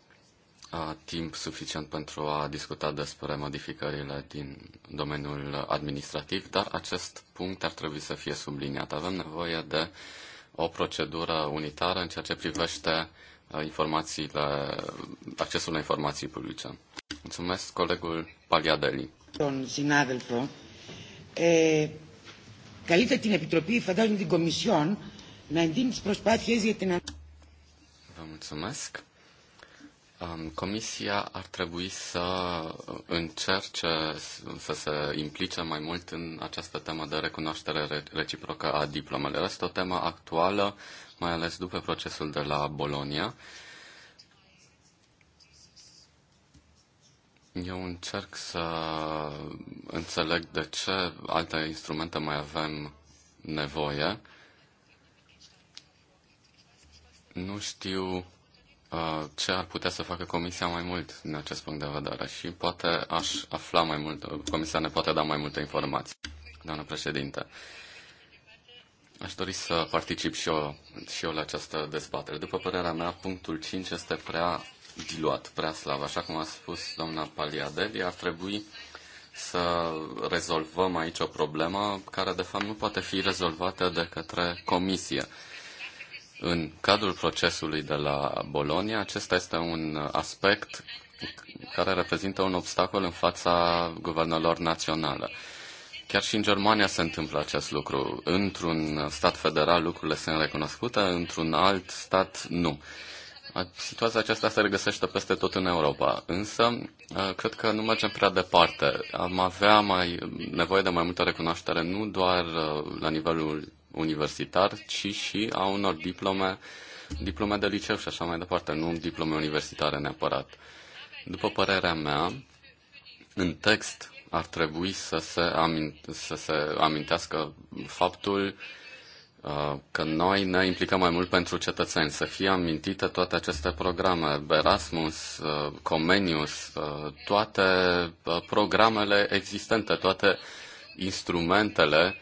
timp suficient pentru a discuta despre modificările din domeniul administrativ, dar acest punct ar trebui să fie subliniat. Avem nevoie de o procedură unitară în ceea ce privește uh, informațiile, accesul la informații publice. Mulțumesc, colegul Paliadeli. Τον συνάδελφο, ε, καλείται την Επιτροπή, φαντάζομαι την Κομισιόν, να εντείνει τις Vă mulțumesc. Um, comisia ar trebui să încerce să se implice mai mult în această temă de recunoaștere reciprocă a diplomelor. Este o temă actuală, mai ales după procesul de la Bolonia. Eu încerc să înțeleg de ce alte instrumente mai avem nevoie. Nu știu Uh, ce ar putea să facă Comisia mai mult din acest punct de vedere și poate aș afla mai mult, Comisia ne poate da mai multe informații. Doamna președinte, aș dori să particip și eu, și eu la această dezbatere. După părerea mea, punctul 5 este prea diluat, prea slab. Așa cum a spus doamna Paliadeli, ar trebui să rezolvăm aici o problemă care, de fapt, nu poate fi rezolvată de către Comisie. În cadrul procesului de la Bolonia, acesta este un aspect care reprezintă un obstacol în fața guvernelor naționale. Chiar și în Germania se întâmplă acest lucru. Într-un stat federal lucrurile sunt recunoscute, într-un alt stat nu. Situația aceasta se regăsește peste tot în Europa, însă cred că nu mergem prea departe. Am avea mai nevoie de mai multă recunoaștere, nu doar uh, la nivelul universitar, ci și a unor diplome, diplome de liceu și așa mai departe, nu diplome universitare neapărat. După părerea mea, în text ar trebui să se, amint- să se amintească faptul uh, că noi ne implicăm mai mult pentru cetățeni, să fie amintite toate aceste programe, Erasmus, uh, Comenius, uh, toate programele existente, toate instrumentele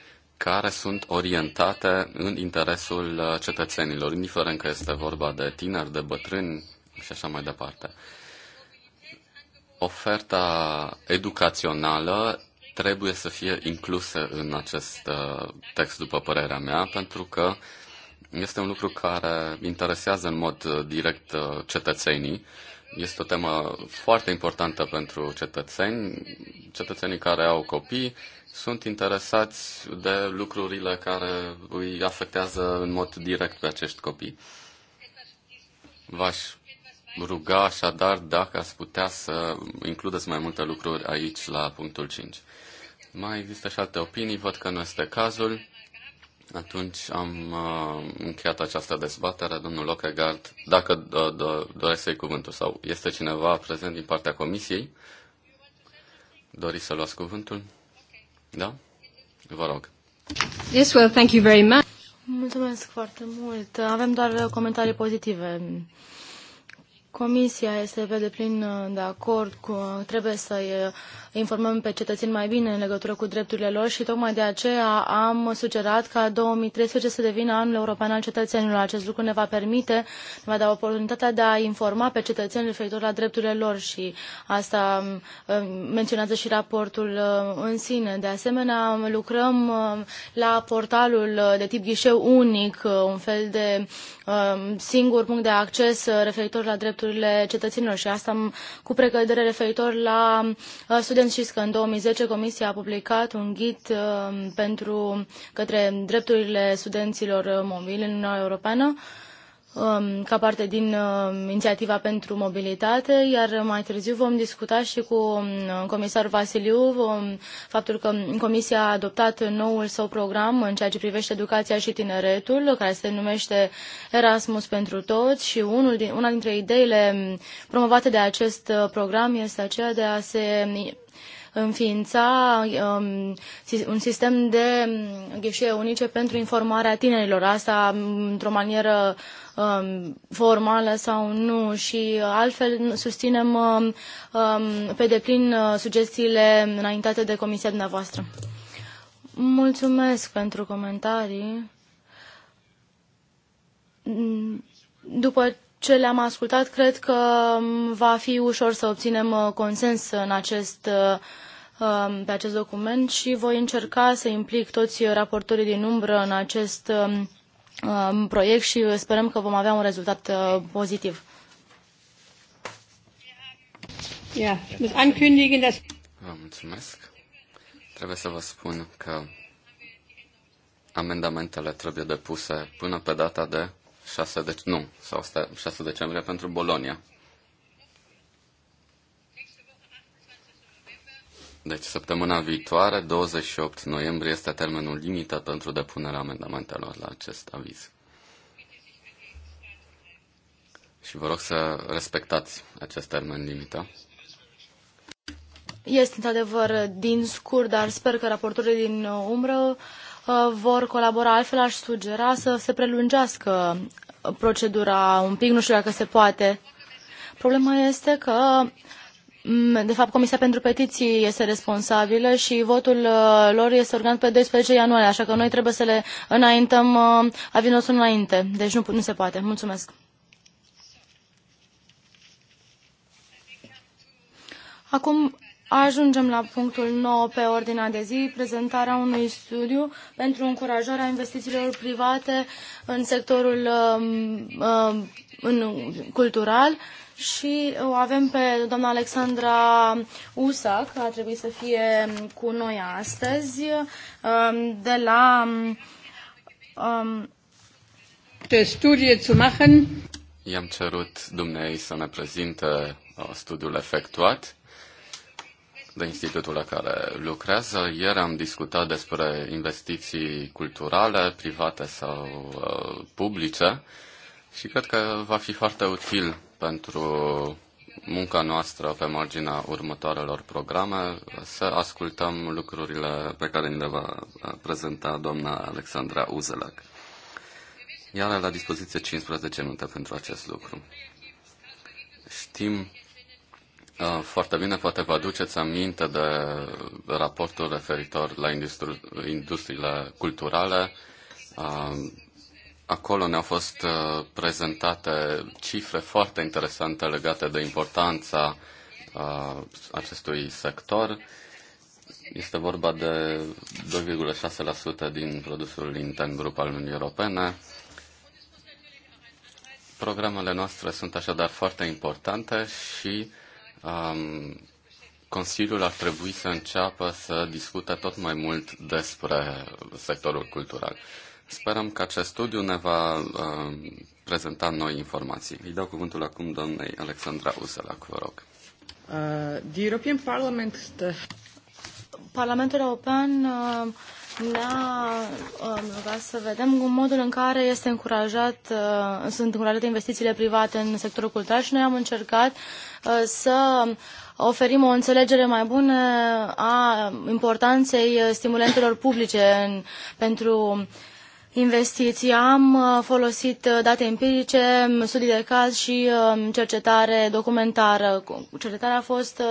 care sunt orientate în interesul uh, cetățenilor, indiferent că este vorba de tineri, de bătrâni și așa mai departe. Oferta educațională trebuie să fie inclusă în acest uh, text, după părerea mea, pentru că este un lucru care interesează în mod uh, direct cetățenii. Este o temă foarte importantă pentru cetățeni, cetățenii care au copii, sunt interesați de lucrurile care îi afectează în mod direct pe acești copii. V-aș ruga așadar dacă ați putea să includeți mai multe lucruri aici la punctul 5. Mai există și alte opinii, văd că nu este cazul. Atunci am uh, încheiat această dezbatere. Domnul Lockegaard, dacă do- do- doresc să-i cuvântul sau este cineva prezent din partea comisiei, doriți să luați cuvântul? Da? Vă rog. Yes, well, thank you very much. Mulțumesc foarte mult. Avem doar comentarii pozitive Comisia este pe deplin uh, de acord cu, trebuie să uh, informăm pe cetățeni mai bine în legătură cu drepturile lor și tocmai de aceea am sugerat ca 2013 să devină anul european al cetățenilor. Acest lucru ne va permite, ne va da oportunitatea de a informa pe cetățeni referitor la drepturile lor și asta um, uh, menționează și raportul în sine. De asemenea, lucrăm la portalul de tip ghișeu unic, un fel de Um, singur punct de acces uh, referitor la drepturile cetățenilor și asta um, cu precădere referitor la uh, studenți. Știți că în 2010 Comisia a publicat un ghid um, pentru către drepturile studenților uh, mobili în Uniunea Europeană. Um, ca parte din um, inițiativa pentru mobilitate, iar mai târziu vom discuta și cu um, comisarul Vasiliu faptul că Comisia a adoptat noul său program în ceea ce privește educația și tineretul, care se numește Erasmus pentru toți și unul din, una dintre ideile promovate de acest uh, program este aceea de a se înființa um, un sistem de um, ghișee unice pentru informarea tinerilor, asta mm, într-o manieră um, formală sau nu și altfel susținem um, um, pe deplin uh, sugestiile înaintate de comisia dumneavoastră. Mulțumesc pentru comentarii. Mm, după ce le-am ascultat, cred că um, va fi ușor să obținem uh, consens în acest, uh, um, pe acest document și voi încerca să implic toți raportorii din umbră în acest um, proiect și sperăm că vom avea un rezultat uh, pozitiv. Vă mulțumesc. Trebuie să vă spun că amendamentele trebuie depuse până pe data de 6 de, nu, sau 6 decembrie pentru Bolonia. Deci săptămâna viitoare, 28 noiembrie, este termenul limită pentru depunerea amendamentelor la acest aviz. Și vă rog să respectați acest termen limită. Este într-adevăr din scurt, dar sper că raporturile din umbră uh, vor colabora altfel, aș sugera să se prelungească procedura un pic, nu știu dacă se poate. Problema este că mm, de fapt, Comisia pentru Petiții este responsabilă și votul uh, lor este organizat pe 12 ianuarie, așa că noi trebuie să le înaintăm uh, avinosul înainte. Deci nu, nu se poate. Mulțumesc. Acum Ajungem la punctul 9 pe ordinea de zi, prezentarea unui studiu pentru încurajarea investițiilor private în sectorul um, um în cultural și o avem pe doamna Alexandra Usac, care a trebuit să fie cu noi astăzi, um, de la... Um, I-am cerut dumnei să ne prezinte uh, studiul efectuat de institutul la care lucrează. Ieri am discutat despre investiții culturale, private sau uh, publice și cred că va fi foarte util pentru munca noastră pe marginea următoarelor programe să ascultăm lucrurile pe care ni le va uh, prezenta doamna Alexandra Uzelac. Iar la dispoziție 15 minute pentru acest lucru. Știm Uh, foarte bine, poate vă aduceți aminte de raportul referitor la industri- industriile culturale. Uh, acolo ne-au fost uh, prezentate cifre foarte interesante legate de importanța acestui sector. Este vorba de 2,6% din produsul intern grup al Uniunii Europene. Programele noastre sunt așadar foarte importante și um, Consiliul ar trebui să înceapă să discute tot mai mult despre sectorul cultural. Sperăm că acest studiu ne va um, prezenta noi informații. Îi dau cuvântul acum doamnei Alexandra Uselac, vă rog. Uh, the European Parliament... Parlamentul European uh, spunea, um, a să vedem modul în care este încurajat, uh, sunt încurajate investițiile private în sectorul cultural și noi am încercat uh, să oferim o înțelegere mai bună a importanței stimulentelor publice în, pentru investiții. Am uh, folosit uh, date empirice, studii de caz și uh, cercetare documentară. Cercetarea a fost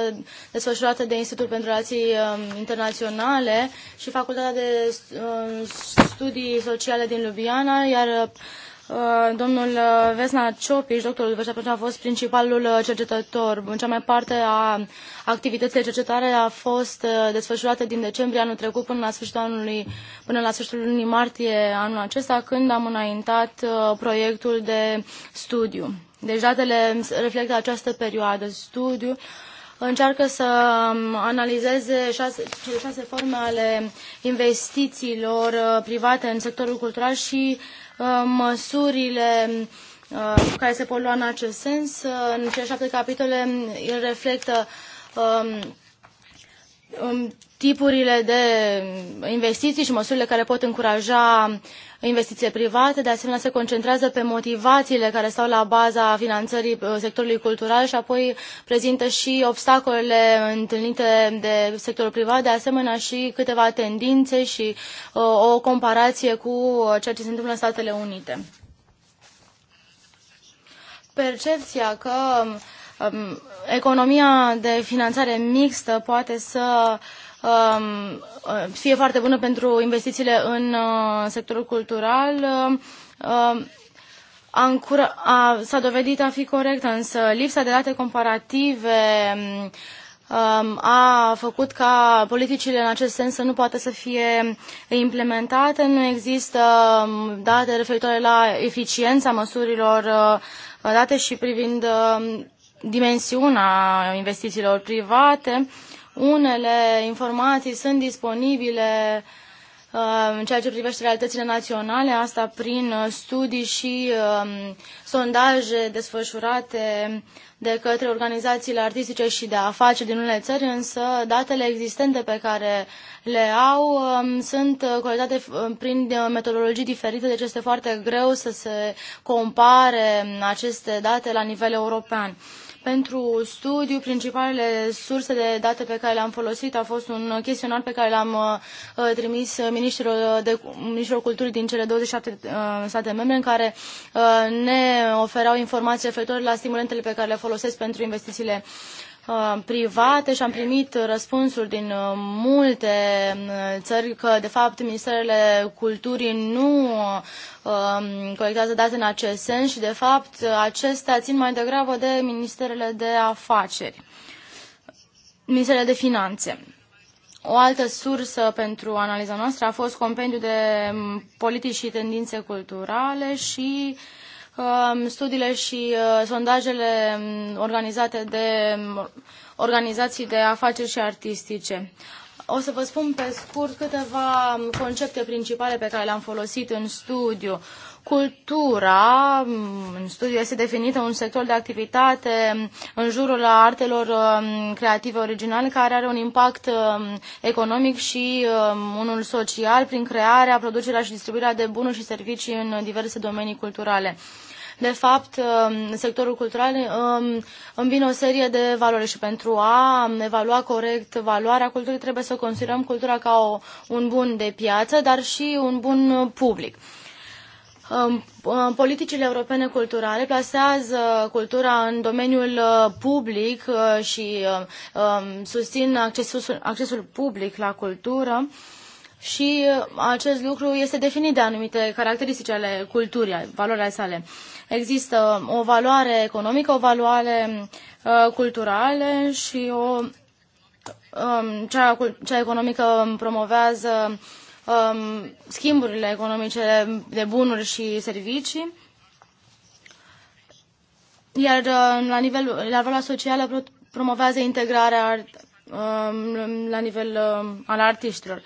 desfășurată de Institutul pentru Relații um, Internaționale și Facultatea de Studii Sociale din Ljubljana, iar Uh, domnul uh, Vesna Ciopiș, doctorul Vesna a fost principalul uh, cercetător. În cea mai parte a activității de cercetare a fost desfășurată din decembrie anul trecut până la sfârșitul anului, până la sfârșitul lunii martie anul acesta, când am înaintat proiectul de studiu. Deci datele reflectă această perioadă. Studiu încearcă să um, analizeze șase, cele șase forme ale investițiilor private în sectorul cultural și Uh, măsurile uh, care se pot lua în acest sens. Uh, în cele șapte capitole el reflectă um, um, tipurile de investiții și măsurile care pot încuraja investiție private, de asemenea se concentrează pe motivațiile care stau la baza finanțării uh, sectorului cultural și apoi prezintă și obstacolele întâlnite de sectorul privat, de asemenea și câteva tendințe și uh, o comparație cu uh, ceea ce se întâmplă în Statele Unite. Percepția că um, economia de finanțare mixtă poate să uh, Um, uh, fie foarte bună pentru investițiile în uh, sectorul cultural. Um, s-a dovedit a fi corect, însă lipsa de date comparative um, a făcut ca politicile în acest sens să nu poată să fie implementate. Nu există date referitoare la eficiența măsurilor uh, date și privind dimensiunea investițiilor private. Unele informații sunt disponibile uh, în ceea ce privește realitățile naționale, asta prin uh, studii și um, sondaje desfășurate de către organizațiile artistice și de afaceri din unele țări, însă datele existente pe care le au um, sunt uh, colectate prin metodologii diferite, deci este foarte greu să se compare um, aceste date la nivel european. Pentru studiu, principalele surse de date pe care le-am folosit a fost un chestionar pe care l-am uh, trimis uh, ministrilor, de, ministrilor culturii din cele 27 uh, state membre în care ne oferau informații referitoare la stimulentele pe care le folosesc pentru investițiile uh, Uh, private și am primit răspunsuri din uh, multe uh, țări că, de fapt, Ministerele Culturii nu um, colectează date în acest sens și, de fapt, acestea țin mai degrabă de Ministerele de Afaceri, Ministerele de Finanțe. O altă sursă pentru analiza noastră a fost compendiul de um, politici și tendințe culturale și uh, Um, studiile și uh, sondajele um, organizate de um, organizații de afaceri și artistice. O să vă spun pe scurt câteva concepte principale pe care le-am folosit în studiu. Cultura, mm, în studiu, este definită un sector de activitate în jurul artelor mm, creative originale care are un impact mm, economic și unul social prin crearea, producerea și distribuirea de bunuri și servicii în diverse domenii culturale de fapt, sectorul cultural îmbină o serie de valori și pentru a evalua corect valoarea culturii trebuie să considerăm cultura ca o, un bun de piață, dar și un bun public politicile europene culturale plasează cultura în domeniul uh, public uh, și uh, um, susțin accesul, public la cultură și acest lucru este definit de anumite caracteristici ale culturii, valoarea sale. Există o valoare economică, o valoare culturală și o um, cea, cea economică promovează um, schimburile economice de bunuri și servicii. Iar um, la, nivel, la valoarea socială promovează integrarea um, la nivel um, al artiștilor.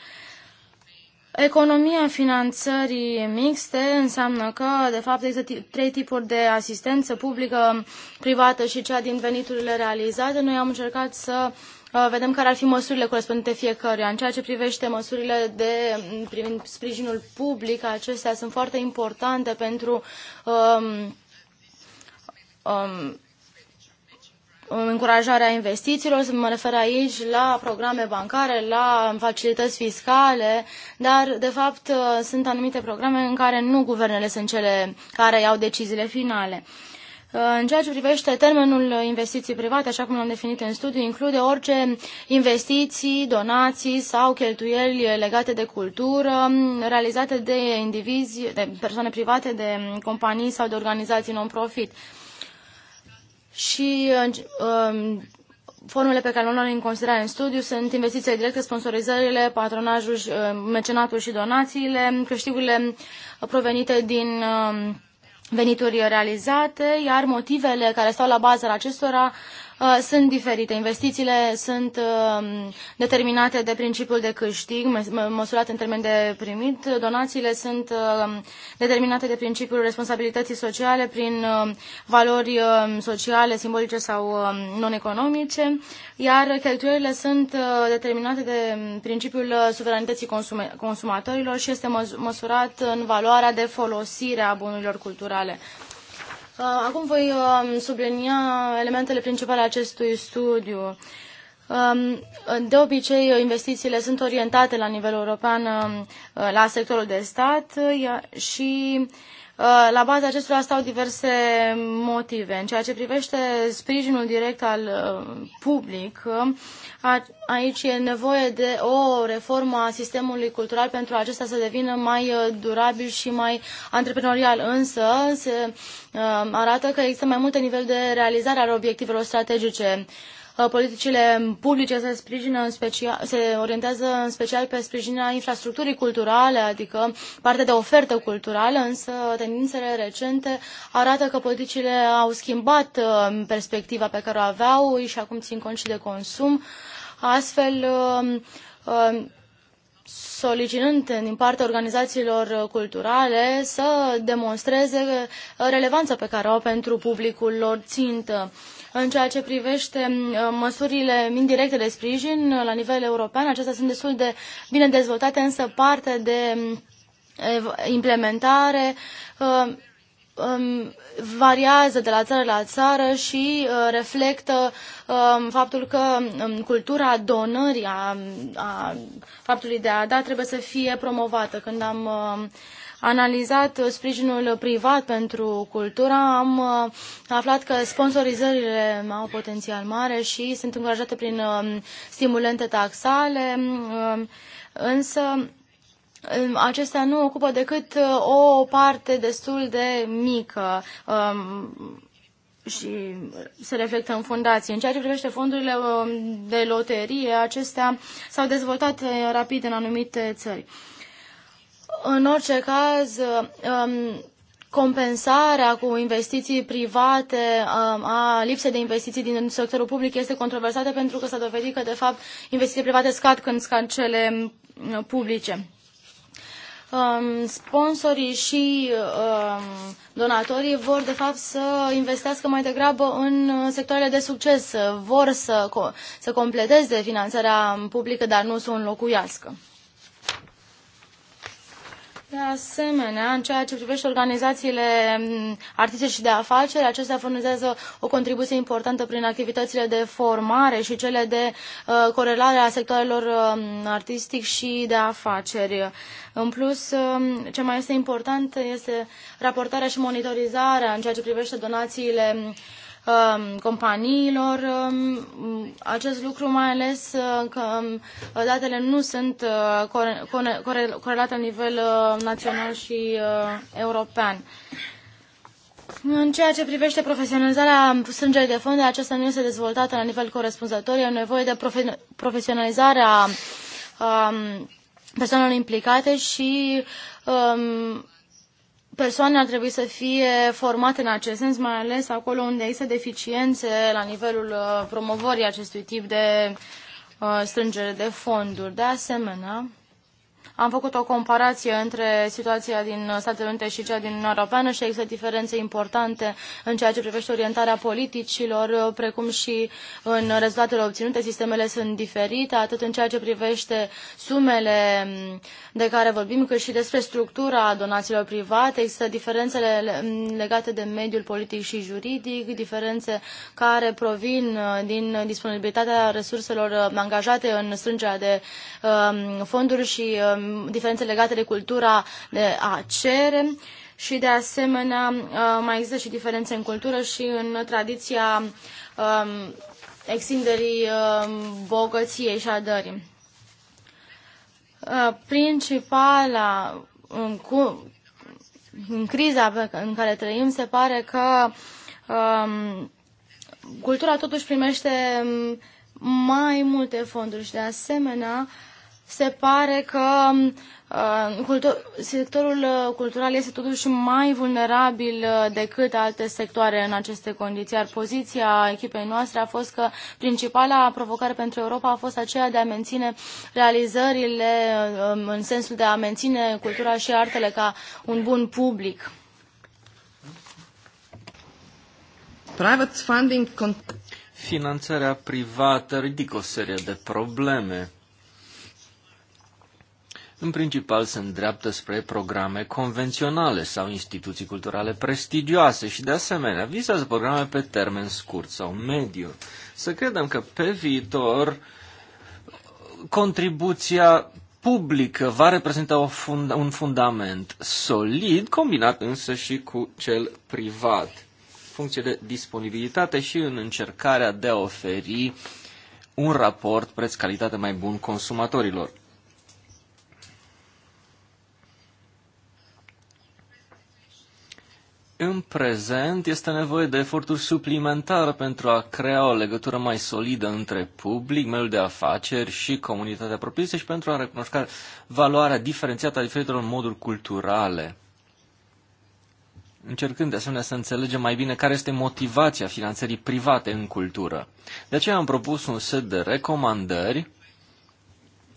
Economia finanțării mixte înseamnă că, de fapt, există trei tipuri de asistență publică, privată și cea din veniturile realizate. Noi am încercat să uh, Uh, vedem care ar fi măsurile corespondente fiecăruia. În ceea ce privește măsurile de mm, privind sprijinul public, acestea sunt foarte importante pentru um, um, încurajarea investițiilor, mă refer aici la programe bancare, la facilități fiscale, dar de fapt uh, sunt anumite programe în care nu guvernele sunt cele care iau deciziile finale. Uh, în ceea ce privește termenul investiții private, așa cum l-am definit în studiu, include orice investiții, donații sau cheltuieli legate de cultură, realizate de indivizi, de persoane private, de companii sau de organizații non-profit. Și formele pe care le luăm în considerare în studiu sunt investițiile directe, sponsorizările, patronajul, uh, mecenatul și donațiile, câștigurile provenite din uh, venituri realizate, iar motivele care stau la baza acestora Uh, sunt diferite. Investițiile sunt uh, determinate de principiul de câștig, măsurat în termen de primit. Donațiile sunt uh, determinate de principiul responsabilității sociale prin um, valori sociale, simbolice sau non-economice, iar cheltuielile sunt uh, determinate de principiul uh, suveranității consumatorilor și este măsurat în valoarea de folosire a bunurilor culturale. Uh, acum voi um, sublinia elementele principale ale acestui studiu. Um, de obicei, investițiile sunt orientate la nivel european um, la sectorul de stat uh, și Uh, la baza acestora stau diverse motive. În ceea ce privește sprijinul direct al uh, public, uh, aici e nevoie de o reformă a sistemului cultural pentru acesta să devină mai durabil și mai antreprenorial. Însă se arată că există mai multe nivel de realizare al obiectivelor strategice. Uh, politicile publice se, sprijină în special, se orientează în special pe sprijinirea infrastructurii culturale, adică partea de ofertă culturală, însă tendințele recente arată că politicile au schimbat uh, perspectiva pe care o aveau și acum țin cont și de consum. Astfel, um, um, solicitând din partea organizațiilor culturale să demonstreze relevanța pe care o au pentru publicul lor țintă. În ceea ce privește măsurile indirecte de sprijin uh, la nivel european, acestea sunt destul de bine dezvoltate, însă parte de implementare uh, um, variază de la țară la țară și uh, reflectă um, faptul că um, cultura donării, a, faptului de a da, trebuie să fie promovată. Când am analizat sprijinul privat pentru cultura, am uh, aflat că sponsorizările au potențial mare și sunt încurajate prin um, stimulente taxale, um, însă um, acestea nu ocupă decât uh, o parte destul de mică și se reflectă în fundație. În ceea ce privește fondurile de loterie, acestea s-au dezvoltat uh, rapid în anumite țări. În orice caz, um, compensarea cu investiții private um, a lipsei de investiții din sectorul public este controversată pentru că s-a dovedit că, de fapt, investiții private scad când scad cele uh, publice. Um, sponsorii și donatorii vor, de fapt, să investească mai degrabă în uh, sectoarele de succes, vor să, să completeze finanțarea publică, dar nu să o înlocuiască. De asemenea, în ceea ce privește organizațiile mm, artistice și de afaceri, acestea furnizează o contribuție importantă prin activitățile de formare și cele de uh, corelare a sectoarelor uh, artistic și de afaceri. În plus, uh, ce mai este important este raportarea și monitorizarea în ceea ce privește donațiile uh, Um, companiilor. Um, acest lucru mai ales uh, că um, datele nu sunt uh, corelate la nivel uh, național și european. În ceea ce privește profesionalizarea strângerii de fonduri, aceasta nu este dezvoltată la nivel corespunzător. E nevoie de profe- profesionalizarea um, persoanelor implicate și um, persoane ar trebui să fie formate în acest sens, mai ales acolo unde există deficiențe la nivelul uh, promovării acestui tip de uh, strângere de fonduri. De asemenea, am făcut o comparație între situația din Statele Unite și cea din Uniunea Europeană și există diferențe importante în ceea ce privește orientarea politicilor, precum și în rezultatele obținute. Sistemele sunt diferite, atât în ceea ce privește sumele de care vorbim, cât și despre structura donațiilor private. Există diferențele legate de mediul politic și juridic, diferențe care provin din disponibilitatea resurselor angajate în strângerea de um, fonduri și uh, Um, diferențe legate de cultura de a cere și de asemenea uh, mai există și diferențe în cultură și în tradiția um, extinderii um, bogăției și a dării. Uh, principala în, cu, în criza pe, în care trăim se pare că um, cultura totuși primește mai multe fonduri și de asemenea uh, se pare că uh, sectorul uh, cultural este totuși mai vulnerabil uh, decât alte sectoare în aceste condiții, iar poziția echipei noastre a fost că principala provocare pentru Europa a fost aceea de a menține realizările um, în sensul de a menține cultura și artele ca un bun public. Private funding Finanțarea privată ridică o serie de probleme în principal se îndreaptă spre programe convenționale sau instituții culturale prestigioase și, de asemenea, visează programe pe termen scurt sau mediu. Să credem că pe viitor contribuția publică va reprezenta fund- un fundament solid, combinat însă și cu cel privat, funcție de disponibilitate și în încercarea de a oferi un raport preț-calitate mai bun consumatorilor. În prezent este nevoie de eforturi suplimentare pentru a crea o legătură mai solidă între public, mediul de afaceri și comunitatea propriu și pentru a recunoaște valoarea diferențiată a diferitelor moduri culturale. Încercând de asemenea să înțelegem mai bine care este motivația finanțării private în cultură. De aceea am propus un set de recomandări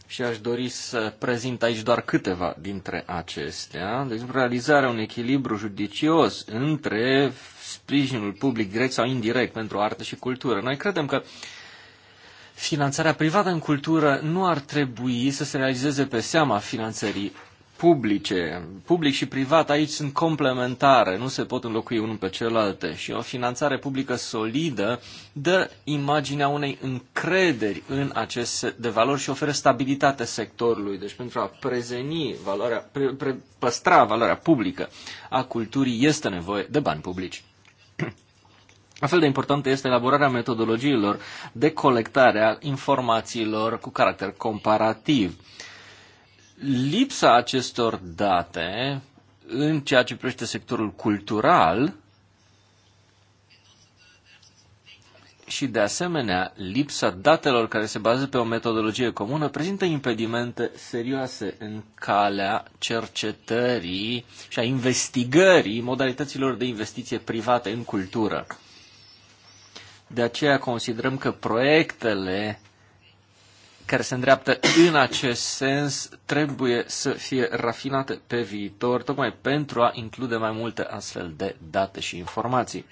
și aș dori să prezint aici doar câteva dintre acestea. De exemplu, realizarea unui echilibru judicios între sprijinul public direct sau indirect pentru artă și cultură. Noi credem că finanțarea privată în cultură nu ar trebui să se realizeze pe seama finanțării publice, public și privat aici sunt complementare, nu se pot înlocui unul pe celălalt și o finanțare publică solidă dă imaginea unei încrederi în acest set de valori și oferă stabilitate sectorului. Deci pentru a prezeni valoarea, pre, pre, păstra valoarea publică a culturii este nevoie de bani publici. (clears throat) La fel de importantă este elaborarea metodologiilor de colectare a informațiilor cu caracter comparativ lipsa acestor date în ceea ce privește sectorul cultural și, de asemenea, lipsa datelor care se bazează pe o metodologie comună prezintă impedimente serioase în calea cercetării și a investigării modalităților de investiție private în cultură. De aceea considerăm că proiectele care se îndreaptă în acest sens trebuie să fie rafinate pe viitor, tocmai pentru a include mai multe astfel de date și informații.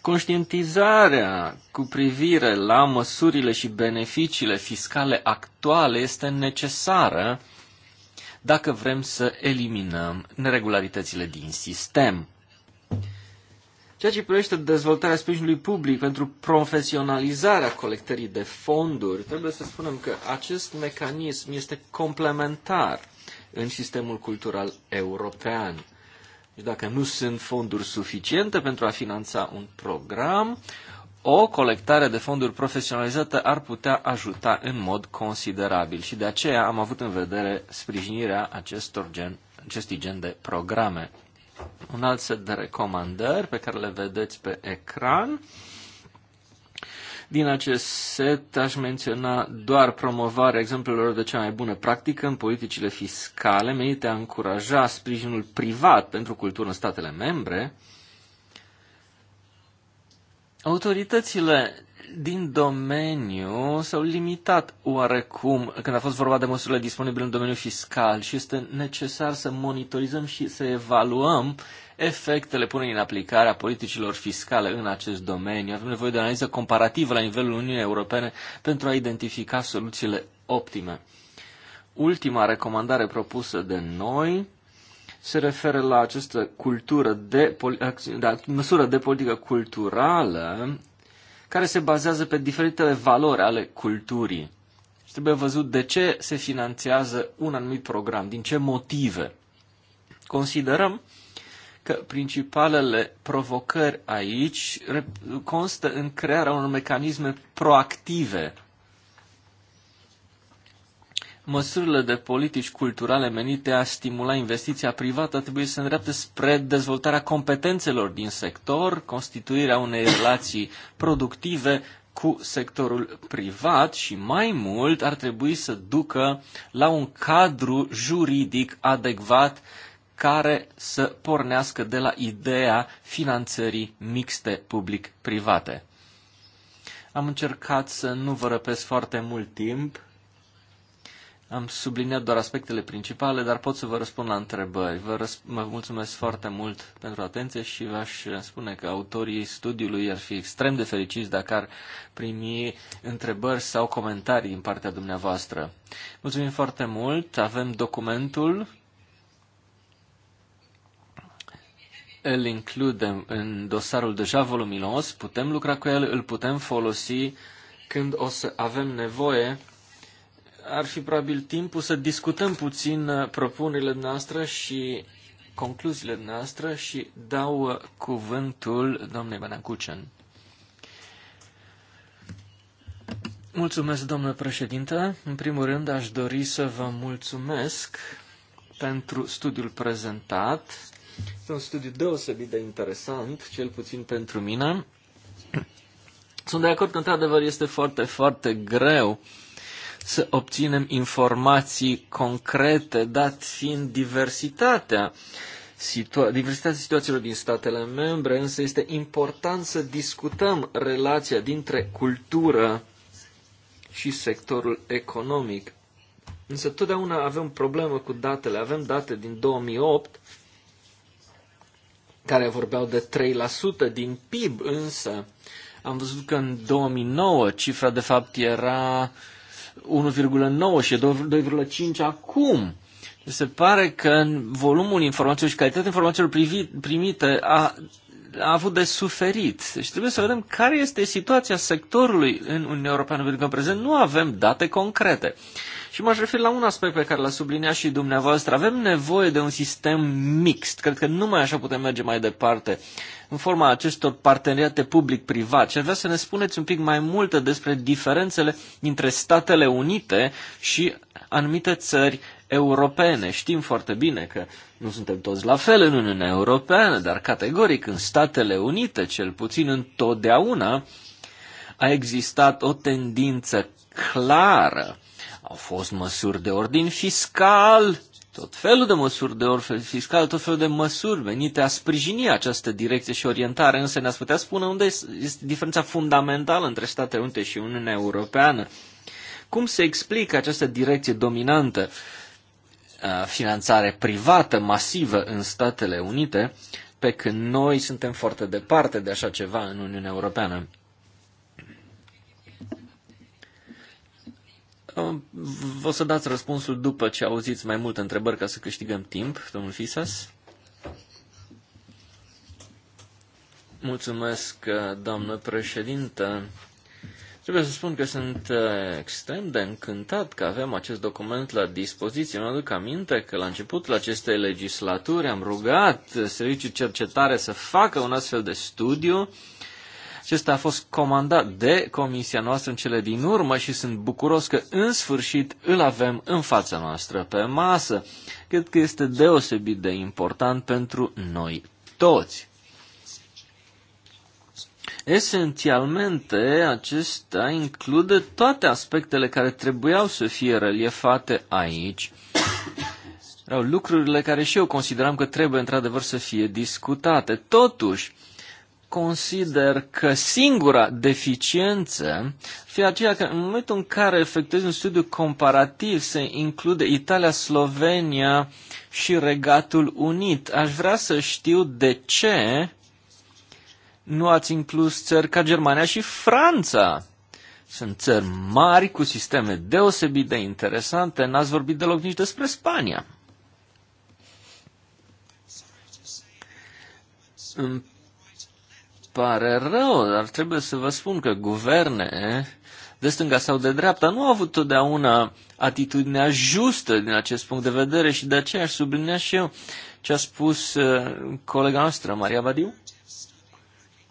Conștientizarea cu privire la măsurile și beneficiile fiscale actuale este necesară dacă vrem să eliminăm neregularitățile din sistem. Ceea ce privește dezvoltarea sprijinului public pentru profesionalizarea colectării de fonduri, trebuie să spunem că acest mecanism este complementar în sistemul cultural european. Deci dacă nu sunt fonduri suficiente pentru a finanța un program, o colectare de fonduri profesionalizată ar putea ajuta în mod considerabil și de aceea am avut în vedere sprijinirea acestor gen, acestui gen de programe un alt set de recomandări pe care le vedeți pe ecran. Din acest set aș menționa doar promovarea exemplelor de cea mai bună practică în politicile fiscale menite a încuraja sprijinul privat pentru cultură în statele membre. Autoritățile din domeniu s-au limitat oarecum când a fost vorba de măsurile disponibile în domeniul fiscal și este necesar să monitorizăm și să evaluăm efectele punerii în aplicare a politicilor fiscale în acest domeniu. Avem nevoie de o analiză comparativă la nivelul Uniunii Europene pentru a identifica soluțiile optime. Ultima recomandare propusă de noi se referă la această cultură de, de da, măsură de politică culturală care se bazează pe diferitele valori ale culturii. Și trebuie văzut de ce se finanțează un anumit program, din ce motive. Considerăm că principalele provocări aici constă în crearea unor mecanisme proactive măsurile de politici culturale menite a stimula investiția privată trebuie să se îndreaptă spre dezvoltarea competențelor din sector, constituirea unei relații productive cu sectorul privat și mai mult ar trebui să ducă la un cadru juridic adecvat care să pornească de la ideea finanțării mixte public-private. Am încercat să nu vă răpesc foarte mult timp, am subliniat doar aspectele principale, dar pot să vă răspund la întrebări. Vă răsp- mă mulțumesc foarte mult pentru atenție și v-aș spune că autorii studiului ar fi extrem de fericiți dacă ar primi întrebări sau comentarii din partea dumneavoastră. Mulțumim foarte mult. Avem documentul. Îl includem în dosarul deja voluminos. Putem lucra cu el, îl putem folosi când o să avem nevoie ar fi probabil timpul să discutăm puțin uh, propunerile noastre și concluziile noastre și dau uh, cuvântul domnului Banacucen. Mulțumesc, domnule președinte. În primul rând, aș dori să vă mulțumesc pentru studiul prezentat. Este un studiu deosebit de interesant, cel puțin pentru mine. Sunt de acord că, într-adevăr, este foarte, foarte greu uh, să obținem informații concrete, dat fiind diversitatea situa- diversitatea situațiilor din statele membre, însă este important să discutăm relația dintre cultură și sectorul economic. Însă totdeauna avem problemă cu datele. Avem date din 2008 care vorbeau de 3% din PIB, însă am văzut că în 2009 cifra de fapt era 1,9 și 2,5 acum. Se pare că în volumul informațiilor și calitatea informațiilor primite a, a avut de suferit. Deci trebuie să vedem care este situația sectorului în Uniunea Europeană, pentru că în prezent nu avem date concrete. Uh, și m-aș referi la un aspect pe care l-a subliniat și dumneavoastră. Avem nevoie de un sistem mixt. Cred că numai așa putem merge mai departe în forma acestor parteneriate public-privat. Și vrea să ne spuneți un pic mai multe despre diferențele dintre Statele Unite și anumite țări europene. Știm foarte bine că nu suntem toți la fel în Uniunea Europeană, dar categoric în Statele Unite, cel puțin întotdeauna, a existat o tendință clară au fost măsuri de ordin fiscal, tot felul de măsuri de ordin fiscal, tot felul de măsuri venite a sprijini această direcție și orientare, însă ne-ați putea spune unde este diferența fundamentală între Statele Unite și Uniunea Europeană. Cum se explică această direcție dominantă, finanțare privată masivă în Statele Unite, pe când noi suntem foarte departe de așa ceva în Uniunea Europeană? Vă să dați răspunsul după ce auziți mai multe întrebări ca să câștigăm timp, domnul Fisas. Mulțumesc, doamnă președintă. Trebuie să spun că sunt uh, extrem de încântat că avem acest document la dispoziție. Mă aduc aminte că la începutul acestei legislaturi am rugat Serviciul Cercetare să facă un astfel de studiu acesta a fost comandat de comisia noastră în cele din urmă și sunt bucuros că în sfârșit îl avem în fața noastră pe masă. Cred că este deosebit de important pentru noi toți. Esențialmente, acesta include toate aspectele care trebuiau să fie reliefate aici. Erau lucrurile care și eu consideram că trebuie într-adevăr să fie discutate. Totuși, consider că singura deficiență fi aceea că în momentul în care efectuezi un studiu comparativ se include Italia, Slovenia și Regatul Unit. Aș vrea să știu de ce nu ați inclus țări ca Germania și Franța. Sunt țări mari cu sisteme deosebit de interesante, n-ați vorbit deloc nici despre Spania. Îmi pare rău, dar trebuie să vă spun că guverne de stânga sau de dreapta nu au avut totdeauna atitudinea justă din acest punct de vedere și de aceea aș sublinea și eu ce a spus uh, colega noastră, Maria Badiu.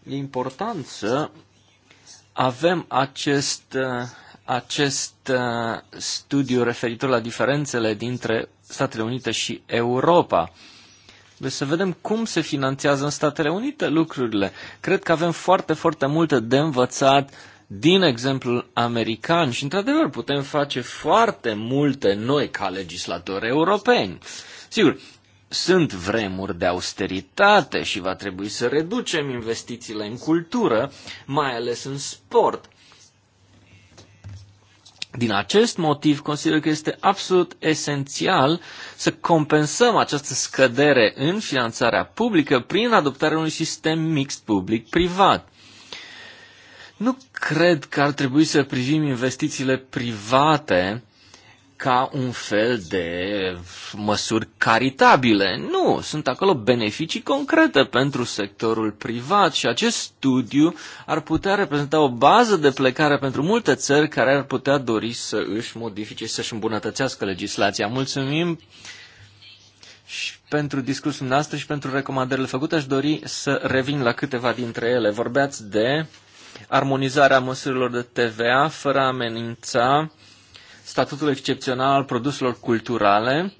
E important să avem acest, uh, acest uh, studiu referitor la diferențele dintre Statele Unite și Europa. Deci să vedem cum se finanțează în Statele Unite lucrurile. Cred că avem foarte, foarte multe de învățat din exemplul american și, într-adevăr, putem face foarte multe noi ca legislatori europeni. Sigur, sunt vremuri de austeritate și va trebui să reducem investițiile în cultură, mai ales în sport. Din acest motiv, consider că este absolut esențial să compensăm această scădere în finanțarea publică prin adoptarea unui sistem mixt public-privat. Nu cred că ar trebui să privim investițiile private ca un fel de măsuri caritabile. Nu, sunt acolo beneficii concrete pentru sectorul privat și acest studiu ar putea reprezenta o bază de plecare pentru multe țări care ar putea dori să își modifice și să își îmbunătățească legislația. Mulțumim și pentru discursul noastră și pentru recomandările făcute. Aș dori să revin la câteva dintre ele. Vorbeați de armonizarea măsurilor de TVA fără a amenința statutul excepțional al produselor culturale.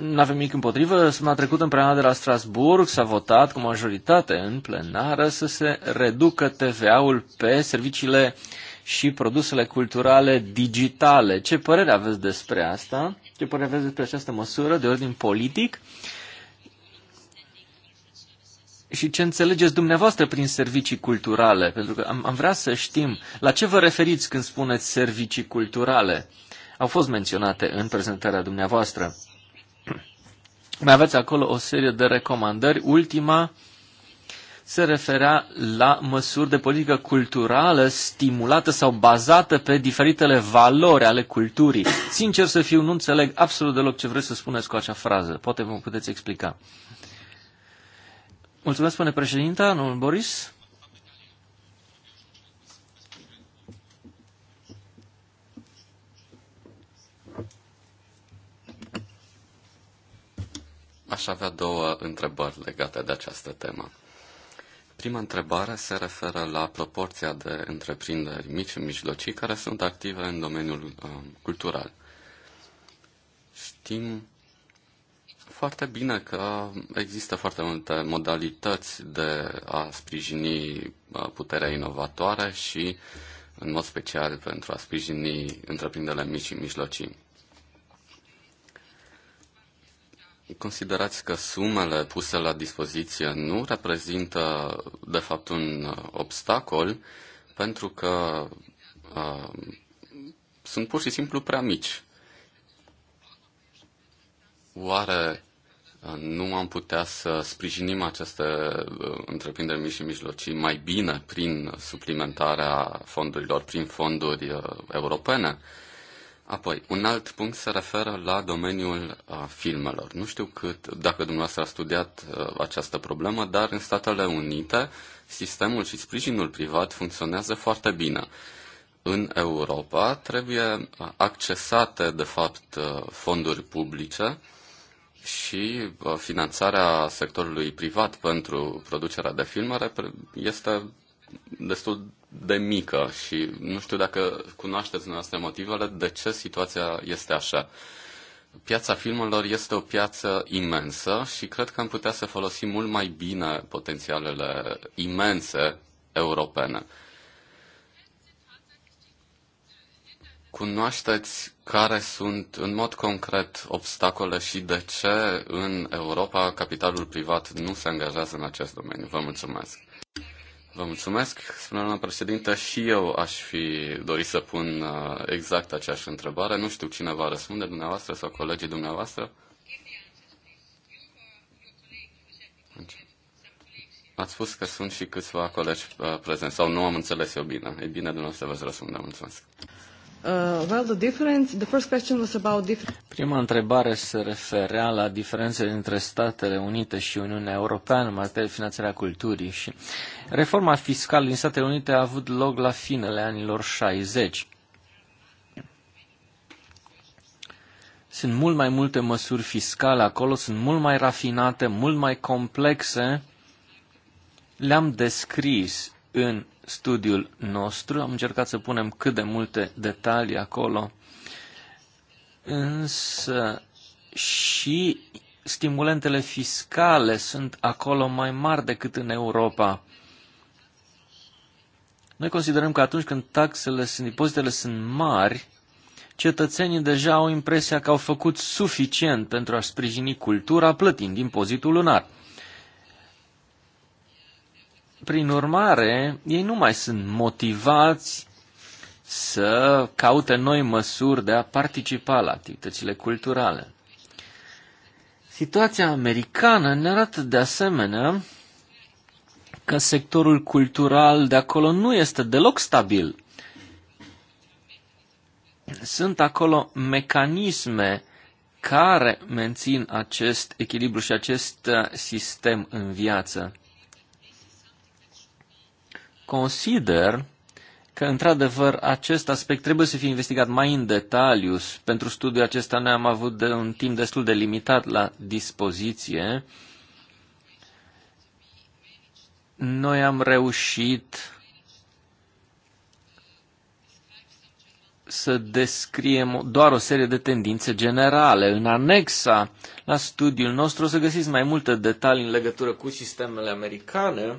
Nu avem nimic împotrivă. Săptămâna trecută, în plenară de la Strasburg, s-a votat cu majoritate în plenară să se reducă TVA-ul pe serviciile și produsele culturale digitale. Ce părere aveți despre asta? Ce părere aveți despre această măsură de ordin politic? Uh, și ce înțelegeți dumneavoastră prin servicii culturale, pentru că am, am vrea să știm la ce vă referiți când spuneți servicii culturale. Au fost menționate în prezentarea dumneavoastră. Mai aveți acolo o serie de recomandări. Ultima se referea la măsuri de politică culturală stimulată sau bazată pe diferitele valori ale culturii. Sincer să fiu, nu înțeleg absolut deloc ce vreți să spuneți cu acea frază. Poate vă puteți explica. Mulțumesc, spune președinta, domnul Boris. Aș avea două întrebări legate de această temă. Prima întrebare se referă la proporția de întreprinderi mici și mijlocii care sunt active în domeniul uh, cultural. Știm foarte bine că există foarte multe modalități de a sprijini uh, puterea inovatoare și, în mod special, pentru a sprijini întreprinderile mici și mijlocii. Considerați că sumele puse la dispoziție nu reprezintă, de fapt, un obstacol, pentru că uh, sunt pur și simplu prea mici. Oare nu am putea să sprijinim aceste uh, întreprinderi mici și mijlocii mai bine prin suplimentarea fondurilor, prin fonduri uh, europene. Apoi, un alt punct se referă la domeniul uh, filmelor. Nu știu cât, dacă dumneavoastră a studiat această problemă, dar în Statele Unite sistemul și sprijinul privat funcționează foarte bine în Europa trebuie accesate, de fapt, fonduri publice și uh, finanțarea sectorului privat pentru producerea de filmare este destul de mică și nu știu dacă cunoașteți dumneavoastră motivele de ce situația este așa. Piața filmelor este o piață imensă și cred că am putea să folosim mult mai bine potențialele imense europene. Cunoașteți care sunt în mod concret obstacole și de ce în Europa capitalul privat nu se angajează în acest domeniu? Vă mulțumesc. Vă mulțumesc, spunea doamna președinte, și eu aș fi dorit să pun uh, exact aceeași întrebare. Nu știu cine va răspunde, dumneavoastră sau colegii dumneavoastră. Ați spus că sunt și câțiva colegi uh, prezenți, sau nu am înțeles eu bine. E bine, dumneavoastră vă răspunde. Mulțumesc. Uh, well, the difference, the first question was about Prima întrebare se referea la diferențele dintre Statele Unite și Uniunea Europeană în materie de finanțarea culturii și reforma fiscală din Statele Unite a avut loc la finele anilor 60. Sunt mult mai multe măsuri fiscale acolo, sunt mult mai rafinate, mult mai complexe. Le-am descris în studiul nostru, am încercat să punem cât de multe detalii acolo, însă și stimulentele fiscale sunt acolo mai mari decât în Europa. Noi considerăm că atunci când taxele sunt, impozitele sunt mari, cetățenii deja au impresia că au făcut suficient pentru a sprijini cultura plătind impozitul lunar. Prin urmare, ei nu mai sunt motivați să caute noi măsuri de a participa la activitățile culturale. Situația americană ne arată de asemenea că sectorul cultural de acolo nu este deloc stabil. Sunt acolo mecanisme care mențin acest echilibru și acest uh, sistem în viață. Consider că, într-adevăr, acest aspect trebuie să fie investigat mai în detaliu. Pentru studiul acesta noi am avut de un timp destul de limitat la dispoziție. Noi am reușit să descriem doar o serie de tendințe generale. În anexa la studiul nostru o să găsiți mai multe detalii în legătură cu sistemele americane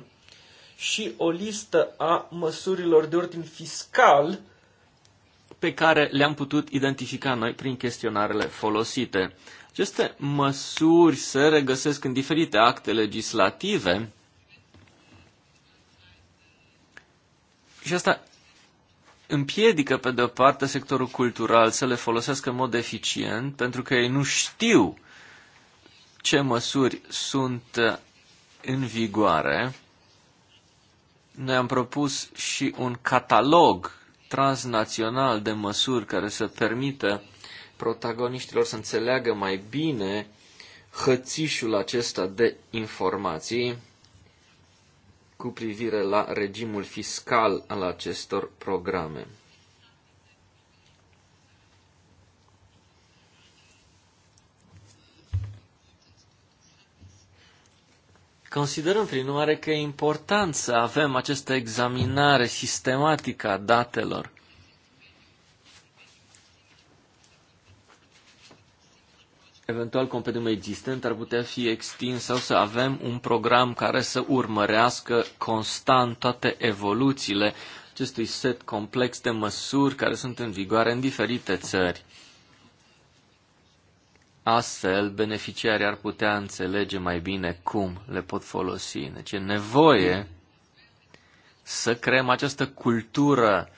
și o listă a măsurilor de ordin fiscal pe care le-am putut identifica noi prin chestionarele folosite. Aceste măsuri se regăsesc în diferite acte legislative și asta împiedică, pe de-o parte, sectorul cultural să le folosească în mod eficient, pentru că ei nu știu ce măsuri sunt în vigoare noi am propus și un catalog transnațional de măsuri care să permită protagoniștilor să înțeleagă mai bine hățișul acesta de informații cu privire la regimul fiscal al acestor programe. Considerăm, prin urmare, că e important să avem această examinare sistematică a datelor. Eventual, compendiul existent ar putea fi extins sau să avem un program care să urmărească constant toate evoluțiile acestui set complex de măsuri care sunt în vigoare în diferite țări. Astfel, beneficiarii ar putea înțelege mai bine cum le pot folosi. Deci e nevoie să creăm această cultură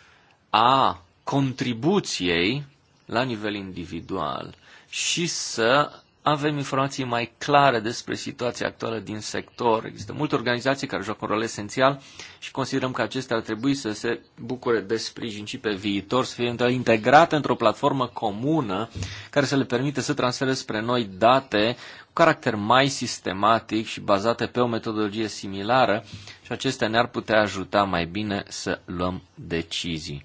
a contribuției la nivel individual și să avem informații mai clare despre situația actuală din sector. Există multe organizații care joacă un rol esențial și considerăm că acestea ar trebui să se bucure de sprijin și pe viitor, să fie integrate într-o platformă comună care să le permite să transfere spre noi date cu caracter mai sistematic și bazate pe o metodologie similară și acestea ne-ar putea ajuta mai bine să luăm decizii.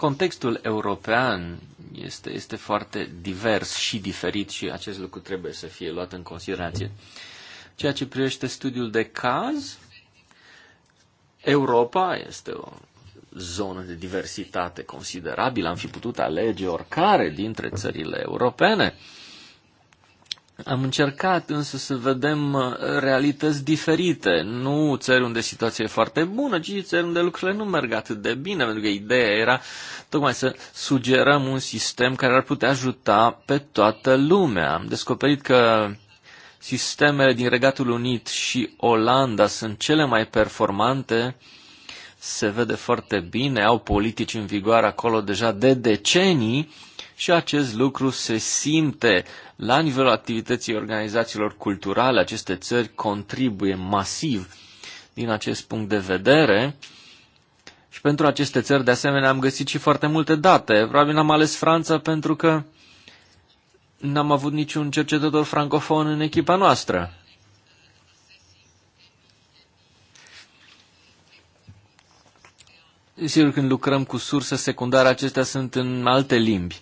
Contextul european este, este foarte divers și diferit și acest lucru trebuie să fie luat în considerație. Ceea ce privește studiul de caz, Europa este o zonă de diversitate considerabilă. Am fi putut alege oricare dintre țările europene. Uh, am încercat însă să vedem uh, realități diferite, nu țări unde situația e foarte bună, ci țări unde lucrurile nu merg atât de bine, pentru că ideea era tocmai să sugerăm un sistem care ar putea ajuta pe toată lumea. Am descoperit că sistemele din Regatul Unit și Olanda sunt cele mai performante, se vede foarte bine, au politici în vigoare acolo deja de decenii, și acest lucru se simte la nivelul activității organizațiilor culturale. Aceste țări contribuie masiv din acest punct de vedere. Și pentru aceste țări, de asemenea, am găsit și foarte multe date. Probabil am ales Franța pentru că n-am avut niciun cercetător francofon în echipa noastră. Sigur, când lucrăm cu surse secundare, acestea sunt în alte limbi.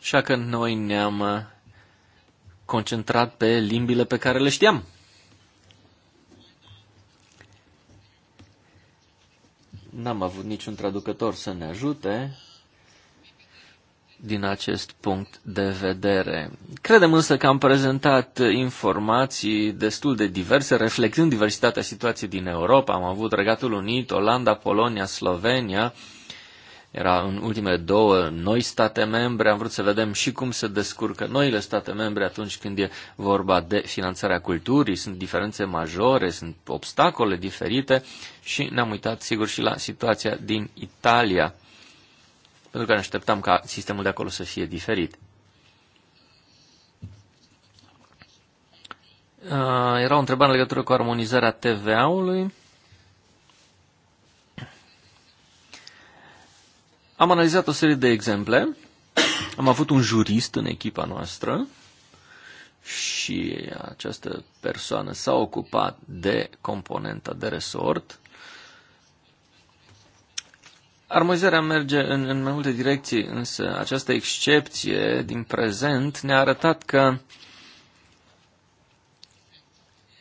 Așa că noi ne-am uh, concentrat pe limbile pe care le știam. N-am avut niciun traducător să ne ajute din acest punct de vedere. Credem însă că am prezentat informații destul de diverse, reflectând diversitatea situației din Europa. Am avut Regatul Unit, Olanda, Polonia, Slovenia, era în ultimele două noi state membre. Am vrut să vedem și cum se descurcă noile state membre atunci când e vorba de finanțarea culturii. Sunt diferențe majore, sunt obstacole diferite și ne-am uitat, sigur, și la situația din Italia, pentru că ne așteptam ca sistemul de acolo să fie diferit. Uh, era o întrebare în legătură cu armonizarea TVA-ului. Am analizat o serie de exemple. Am avut un jurist în echipa noastră și această persoană s-a ocupat de componenta de resort. Armonizarea merge în, în mai multe direcții, însă această excepție din prezent ne-a arătat că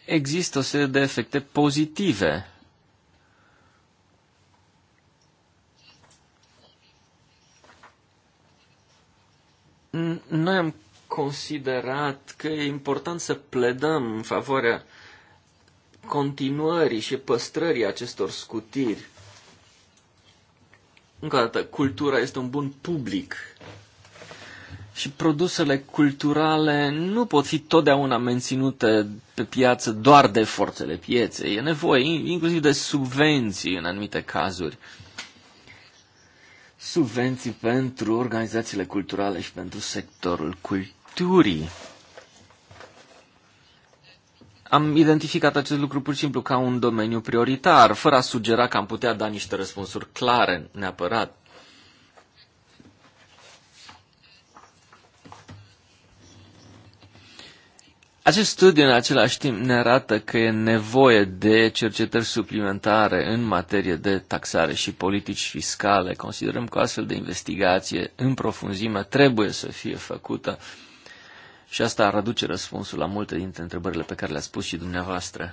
există o serie de efecte pozitive Noi am considerat că e important să pledăm în favoarea continuării și păstrării acestor scutiri. Încă o dată, cultura este un bun public și produsele culturale nu pot fi totdeauna menținute pe piață doar de forțele pieței. E nevoie inclusiv de subvenții în anumite cazuri. Uh, subvenții pentru organizațiile culturale și pentru sectorul culturii. Am identificat acest lucru pur și simplu ca un domeniu prioritar, fără a sugera că am putea da niște răspunsuri clare neapărat. Acest studiu în același timp ne arată că e nevoie de cercetări suplimentare în materie de taxare și politici fiscale. Considerăm că astfel de investigație în profunzime trebuie să fie făcută și asta ar aduce răspunsul la multe dintre întrebările pe care le-a spus și dumneavoastră.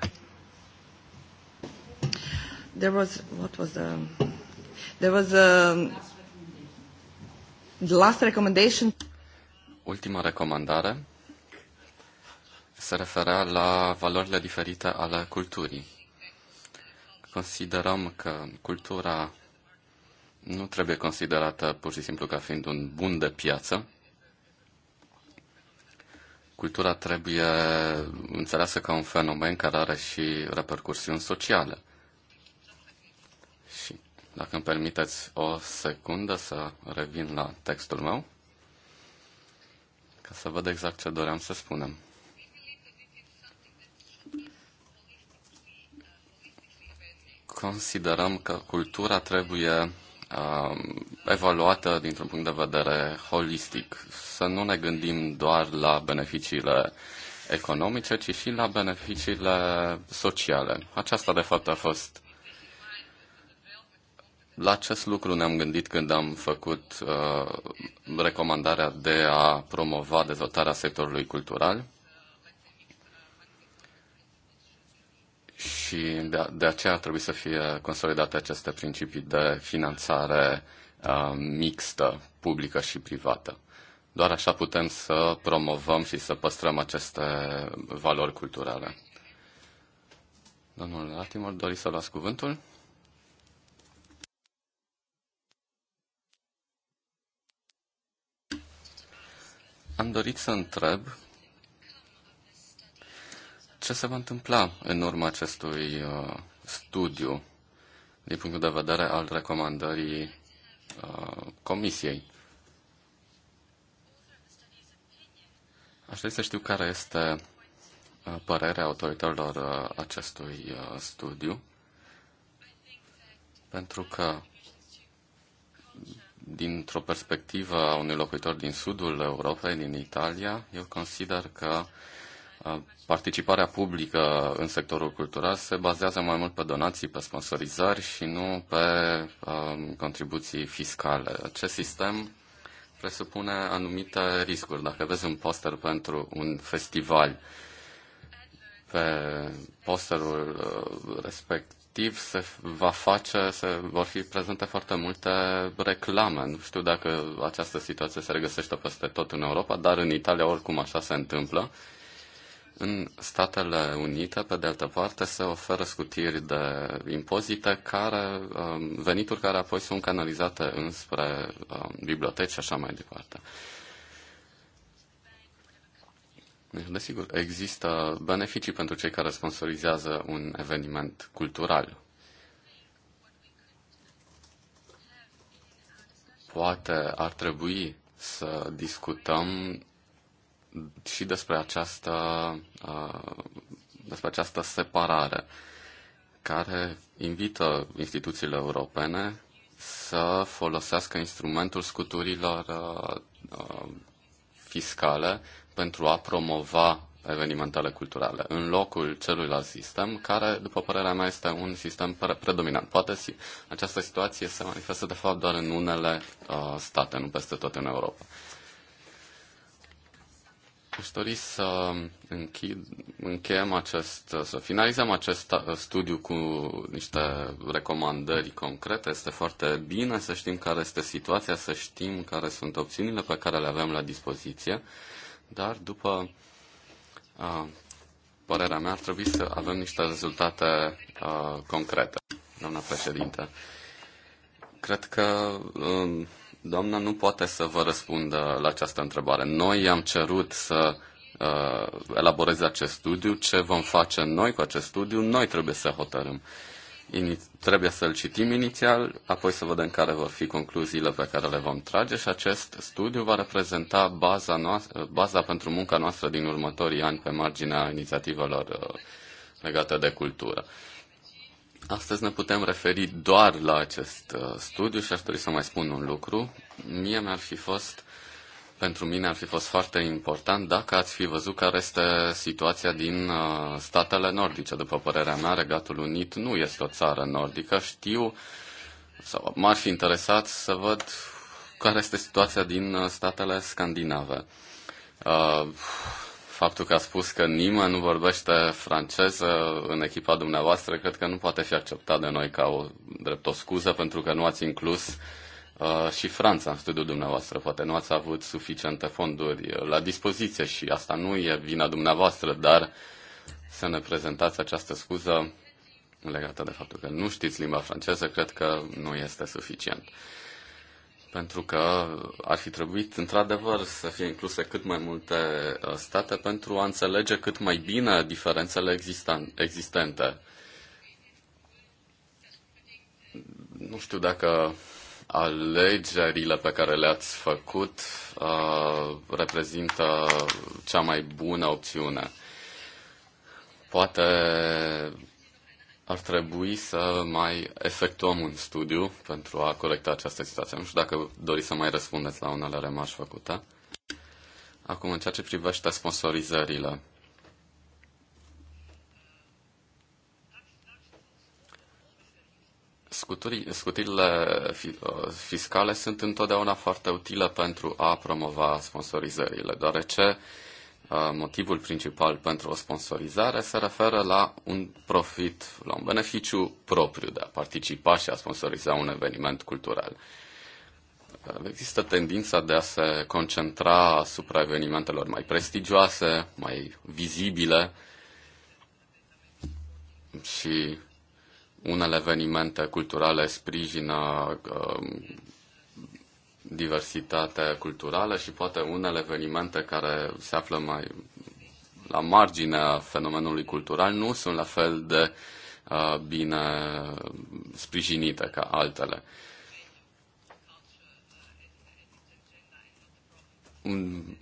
There was, what was the, there was a, the last recommendation. Ultima recomandare se referea la valorile diferite ale culturii. Considerăm că cultura nu trebuie considerată pur și simplu ca fiind un bun de piață. Cultura trebuie înțeleasă ca un fenomen care are și repercursiuni sociale. Și dacă îmi permiteți o secundă să revin la textul meu, ca să văd exact ce doream să spunem. considerăm că cultura trebuie um, evaluată dintr-un punct de vedere holistic. Să nu ne gândim doar la beneficiile economice, ci și la beneficiile sociale. Aceasta, de fapt, a fost. La acest lucru ne-am gândit când am făcut uh, recomandarea de a promova dezvoltarea sectorului cultural și de, de aceea trebuie să fie consolidate aceste principii de finanțare uh, mixtă, publică și privată. Doar așa putem să promovăm și să păstrăm aceste valori culturale. Domnul Latimor, doriți să luați cuvântul? Am dorit să întreb ce se va întâmpla în urma acestui uh, studiu din punctul de vedere al recomandării uh, Comisiei? Aș dori să știu care este uh, părerea autorilor uh, acestui uh, studiu, pentru că dintr-o perspectivă a unui locuitor din sudul Europei, din Italia, eu consider că Participarea publică în sectorul cultural se bazează mai mult pe donații, pe sponsorizări și nu pe um, contribuții fiscale. Acest sistem presupune anumite riscuri. Dacă vezi un poster pentru un festival, pe posterul respectiv se va face, se vor fi prezente foarte multe reclame. Nu știu dacă această situație se regăsește peste tot în Europa, dar în Italia oricum așa se întâmplă în Statele Unite, pe de altă parte, se oferă scutiri de impozite, care, um, venituri care apoi sunt canalizate înspre um, biblioteci și așa mai departe. Deci, desigur, există beneficii pentru cei care sponsorizează un eveniment cultural. Poate ar trebui să discutăm și despre această, uh, despre această separare care invită instituțiile europene să folosească instrumentul scuturilor uh, uh, fiscale pentru a promova evenimentele culturale, în locul celuilalt sistem, care, după părerea mea, este un sistem predominant. Poate această situație se manifestă, de fapt, doar în unele uh, state, nu peste tot în Europa. Aș dori să închid, încheiem acest, să finalizăm acest studiu cu niște recomandări concrete. Este foarte bine să știm care este situația, să știm care sunt opțiunile pe care le avem la dispoziție, dar după a, părerea mea ar trebui să avem niște rezultate a, concrete, doamna președinte. Cred că a, um, doamna nu poate să vă răspundă la această întrebare. Noi am cerut să uh, elaboreze acest studiu, ce vom face noi cu acest studiu, noi trebuie să hotărâm. Ini- trebuie să-l citim inițial, apoi să vedem care vor fi concluziile pe care le vom trage și acest studiu va reprezenta baza, noastră, baza pentru munca noastră din următorii ani pe marginea inițiativelor uh, legate de cultură. Astăzi ne putem referi doar la acest uh, studiu și aș dori să mai spun un lucru. Mie mi-ar fi fost, pentru mine ar fi fost foarte important dacă ați fi văzut care este situația din uh, statele nordice. După părerea mea, Regatul Unit nu este o țară nordică. Știu sau m-ar fi interesat să văd care este situația din uh, statele scandinave. Uh, faptul că a spus că nimeni nu vorbește franceză în echipa dumneavoastră, cred că nu poate fi acceptat de noi ca o drept o scuză, pentru că nu ați inclus uh, și Franța în studiul dumneavoastră. Poate nu ați avut suficiente fonduri la dispoziție și asta nu e vina dumneavoastră, dar să ne prezentați această scuză legată de faptul că nu știți limba franceză, cred că nu este suficient pentru că ar fi trebuit, într-adevăr, să fie incluse cât mai multe uh, state pentru a înțelege cât mai bine diferențele existente. Nu știu dacă alegerile pe care le-ați făcut uh, reprezintă cea mai bună opțiune. Poate ar trebui să mai efectuăm un studiu pentru a colecta această situație. Nu știu dacă doriți să mai răspundeți la unele remarci făcute. Acum, în ceea ce privește sponsorizările, Scuturi, scutirile uh, fiscale sunt întotdeauna foarte utile pentru a promova sponsorizările, deoarece Uh, motivul principal pentru o sponsorizare se referă la un profit, la un beneficiu propriu de a participa și a sponsoriza un eveniment cultural. Uh, există tendința de a se concentra asupra evenimentelor mai prestigioase, mai vizibile și unele evenimente culturale sprijină uh, diversitatea culturală și poate unele evenimente care se află mai la marginea fenomenului cultural nu sunt la fel de uh, bine sprijinite ca altele. Um,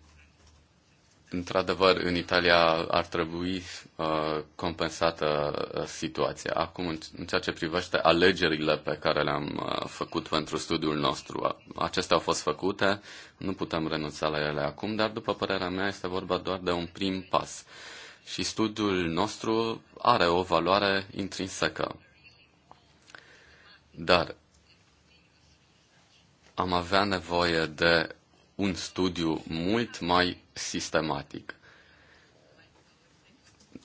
Într-adevăr, în Italia ar trebui uh, compensată uh, situația. Acum, în ceea ce privește alegerile pe care le-am uh, făcut pentru studiul nostru, acestea au fost făcute, nu putem renunța la ele acum, dar, după părerea mea, este vorba doar de un prim pas. Și studiul nostru are o valoare intrinsecă. Dar am avea nevoie de un studiu mult mai sistematic.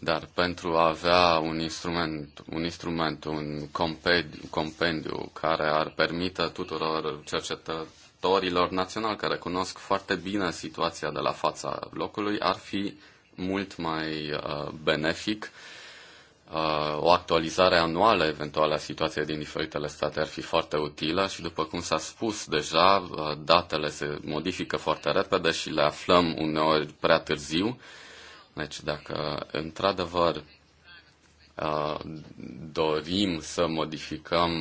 Dar pentru a avea un instrument, un, instrument, un compendiu, compendiu care ar permite tuturor cercetătorilor naționali care cunosc foarte bine situația de la fața locului, ar fi mult mai uh, benefic uh, Uh, o actualizare anuală eventuală a situației din diferitele state ar fi foarte utilă și, după cum s-a spus deja, uh, datele se modifică foarte repede și le aflăm uneori prea târziu. Deci dacă într-adevăr uh, dorim să modificăm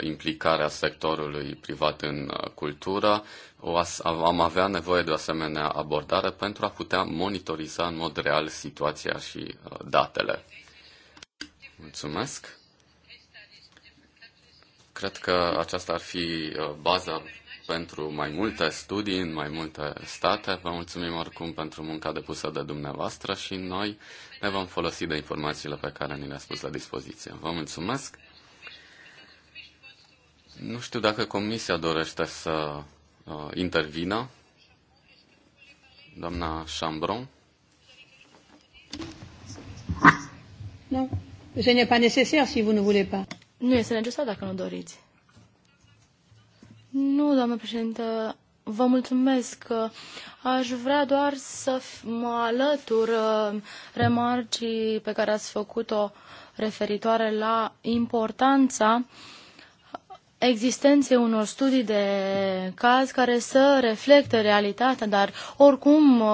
implicarea sectorului privat în cultură, o am avea nevoie de o asemenea abordare pentru a putea monitoriza în mod real situația și datele. Mulțumesc. Cred că aceasta ar fi uh, baza pentru mai multe studii în mai multe state. Vă mulțumim oricum pentru munca depusă de dumneavoastră și noi ne vom folosi de informațiile pe care ni le-ați pus la dispoziție. Vă mulțumesc. Nu știu dacă Comisia dorește să uh, intervină. Doamna Chambron. Nu. No. Ce n'est pas nécessaire si vous ne voulez pas. Nu este necesar dacă nu doriți. Nu, doamnă președintă, vă mulțumesc. Aș vrea doar să mă alătur uh, remarcii pe care ați făcut-o referitoare la importanța uh, existenței unor studii de caz care să reflecte realitatea, dar oricum uh,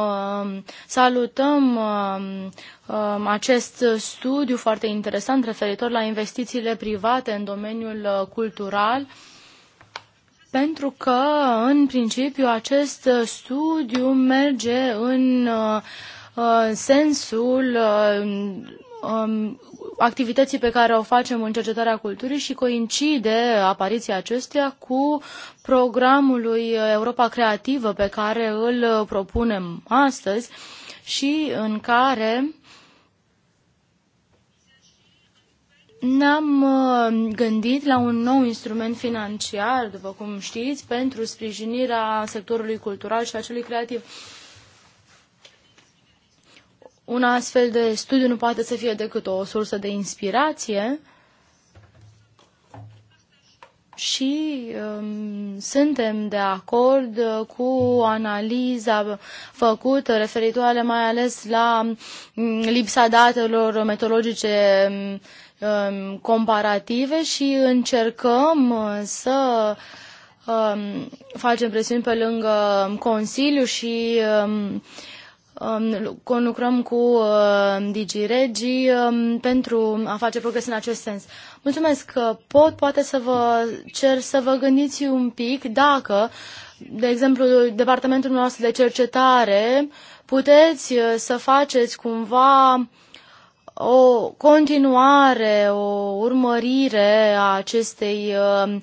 salutăm uh, uh, acest studiu foarte interesant referitor la investițiile private în domeniul cultural pentru că, în principiu, acest studiu merge în sensul Um, activității pe care o facem în cercetarea culturii și coincide apariția acesteia cu programului Europa Creativă pe care îl propunem astăzi și în care ne-am uh, gândit la un nou instrument financiar, după cum știți, pentru sprijinirea sectorului cultural și a celui creativ un astfel de studiu nu poate să fie decât o sursă de inspirație și um, suntem de acord cu analiza făcută referitoare mai ales la um, lipsa datelor metodologice um, um, comparative și încercăm să um, facem presiuni pe lângă Consiliu și um, Um, conlucrăm cu uh, DigiRegi um, pentru a face progres în acest sens. Mulțumesc că uh, pot, poate să vă cer să vă gândiți un pic dacă, de exemplu, departamentul nostru de cercetare, puteți uh, să faceți cumva o continuare, o urmărire a acestei uh,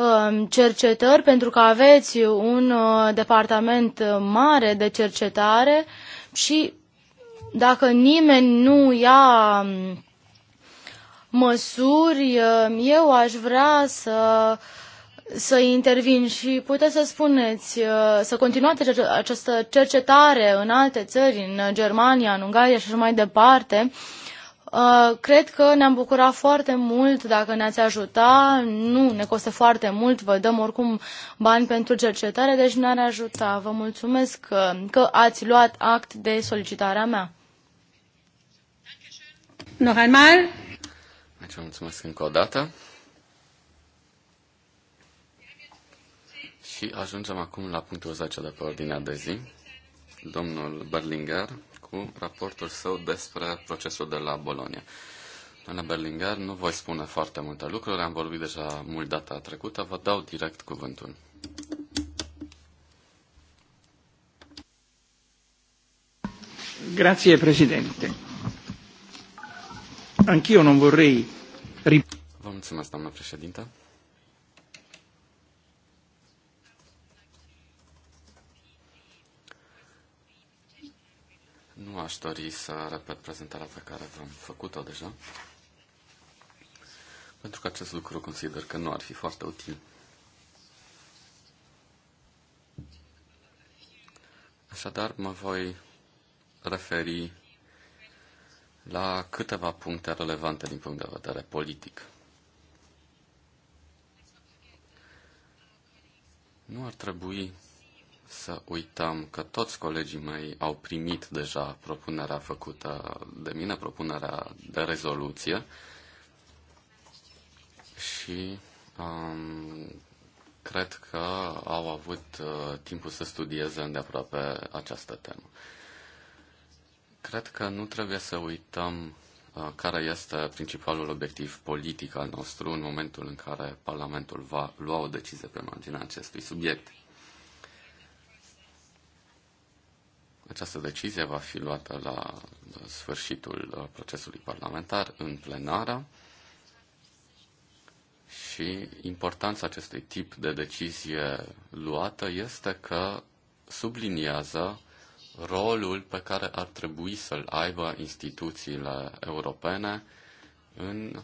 Um, cercetări, pentru că aveți un uh, departament mare de cercetare și dacă nimeni nu ia um, măsuri, um, eu aș vrea să să intervin și puteți să spuneți, uh, să continuați această cercetare în alte țări, în Germania, în Ungaria și așa mai departe, Uh, cred că ne-am bucurat foarte mult dacă ne-ați ajuta. Nu, ne costă foarte mult, vă dăm oricum bani pentru cercetare, deci ne ar ajuta. Vă mulțumesc că, uh, că ați luat act de solicitarea mea. Noch einmal. Deci vă mulțumesc încă o dată. Și ajungem acum la punctul 10 de pe ordinea de zi. Domnul Berlinger cu raportul său despre procesul de la Bologna. Doamna Berlinger, nu voi spune foarte multe lucruri, am vorbit deja mult data trecută, vă dau direct cuvântul. Grazie Presidente. Anch'io non vorrei... Vă mulțumesc, doamnă președinte. Nu aș dori să repet prezentarea pe care v-am făcut-o deja, pentru că acest lucru consider că nu ar fi foarte util. Așadar, mă voi referi la câteva puncte relevante din punct de vedere politic. Nu ar trebui să uităm că toți colegii mei au primit deja propunerea făcută de mine, propunerea de rezoluție și um, cred că au avut uh, timpul să studieze îndeaproape această temă. Cred că nu trebuie să uităm uh, care este principalul obiectiv politic al nostru în momentul în care Parlamentul va lua o decizie pe marginea acestui subiect. Această decizie va fi luată la sfârșitul uh, procesului parlamentar, în plenară, și importanța acestui tip de decizie luată este că subliniază rolul pe care ar trebui să-l aibă instituțiile europene în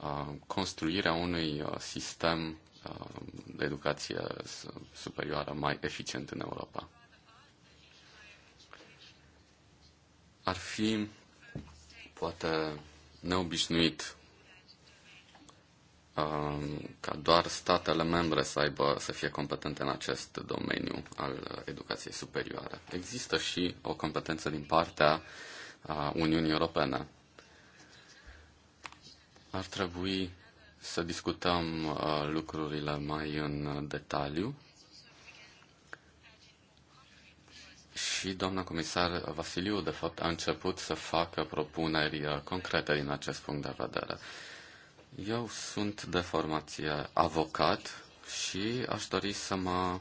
uh, construirea unui uh, sistem de educație superioară mai eficient în Europa. Ar fi poate neobișnuit um, ca doar statele membre să aibă să fie competente în acest domeniu al educației superioare. Există și o competență din partea Uniunii Europene. Ar trebui să discutăm lucrurile mai în detaliu și doamna comisar Vasiliu, de fapt, a început să facă propuneri uh, concrete din acest punct de vedere. Eu sunt de formație avocat și aș dori să mă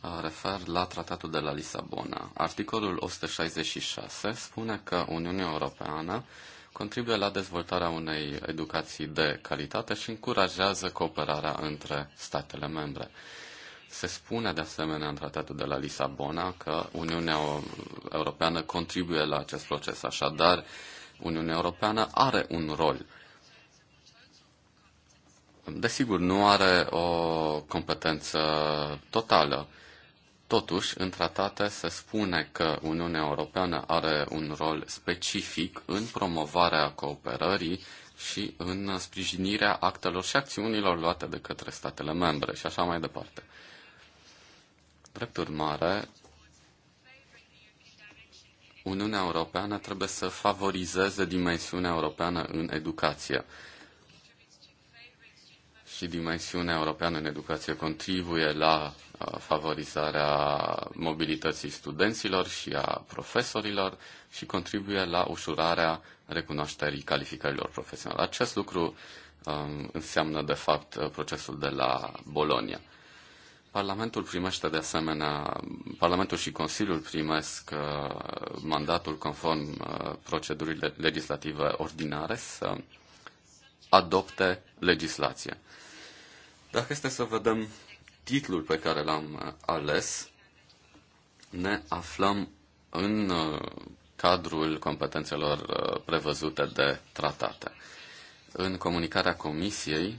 uh, refer la Tratatul de la Lisabona. Articolul 166 spune că Uniunea Europeană contribuie la dezvoltarea unei educații de calitate și încurajează cooperarea între statele membre. Se spune de asemenea în tratatul de la Lisabona că Uniunea Europeană contribuie la acest proces, așadar Uniunea Europeană are un rol. Desigur, nu are o competență totală. Totuși, în tratate se spune că Uniunea Europeană are un rol specific în promovarea cooperării și în sprijinirea actelor și acțiunilor luate de către statele membre și așa mai departe. Drept urmare, Uniunea Europeană trebuie să favorizeze dimensiunea europeană în educație. Și dimensiunea europeană în educație contribuie la uh, favorizarea mobilității studenților și a profesorilor și contribuie la ușurarea recunoașterii calificărilor profesionale. Acest lucru um, înseamnă, de fapt, uh, procesul de la Bolonia. Parlamentul primește de asemenea, Parlamentul și Consiliul primesc uh, mandatul conform uh, procedurii legislative ordinare să adopte legislație. Dacă este să vedem titlul pe care l-am uh, ales, ne aflăm în cadrul competențelor prevăzute de tratate. În comunicarea Comisiei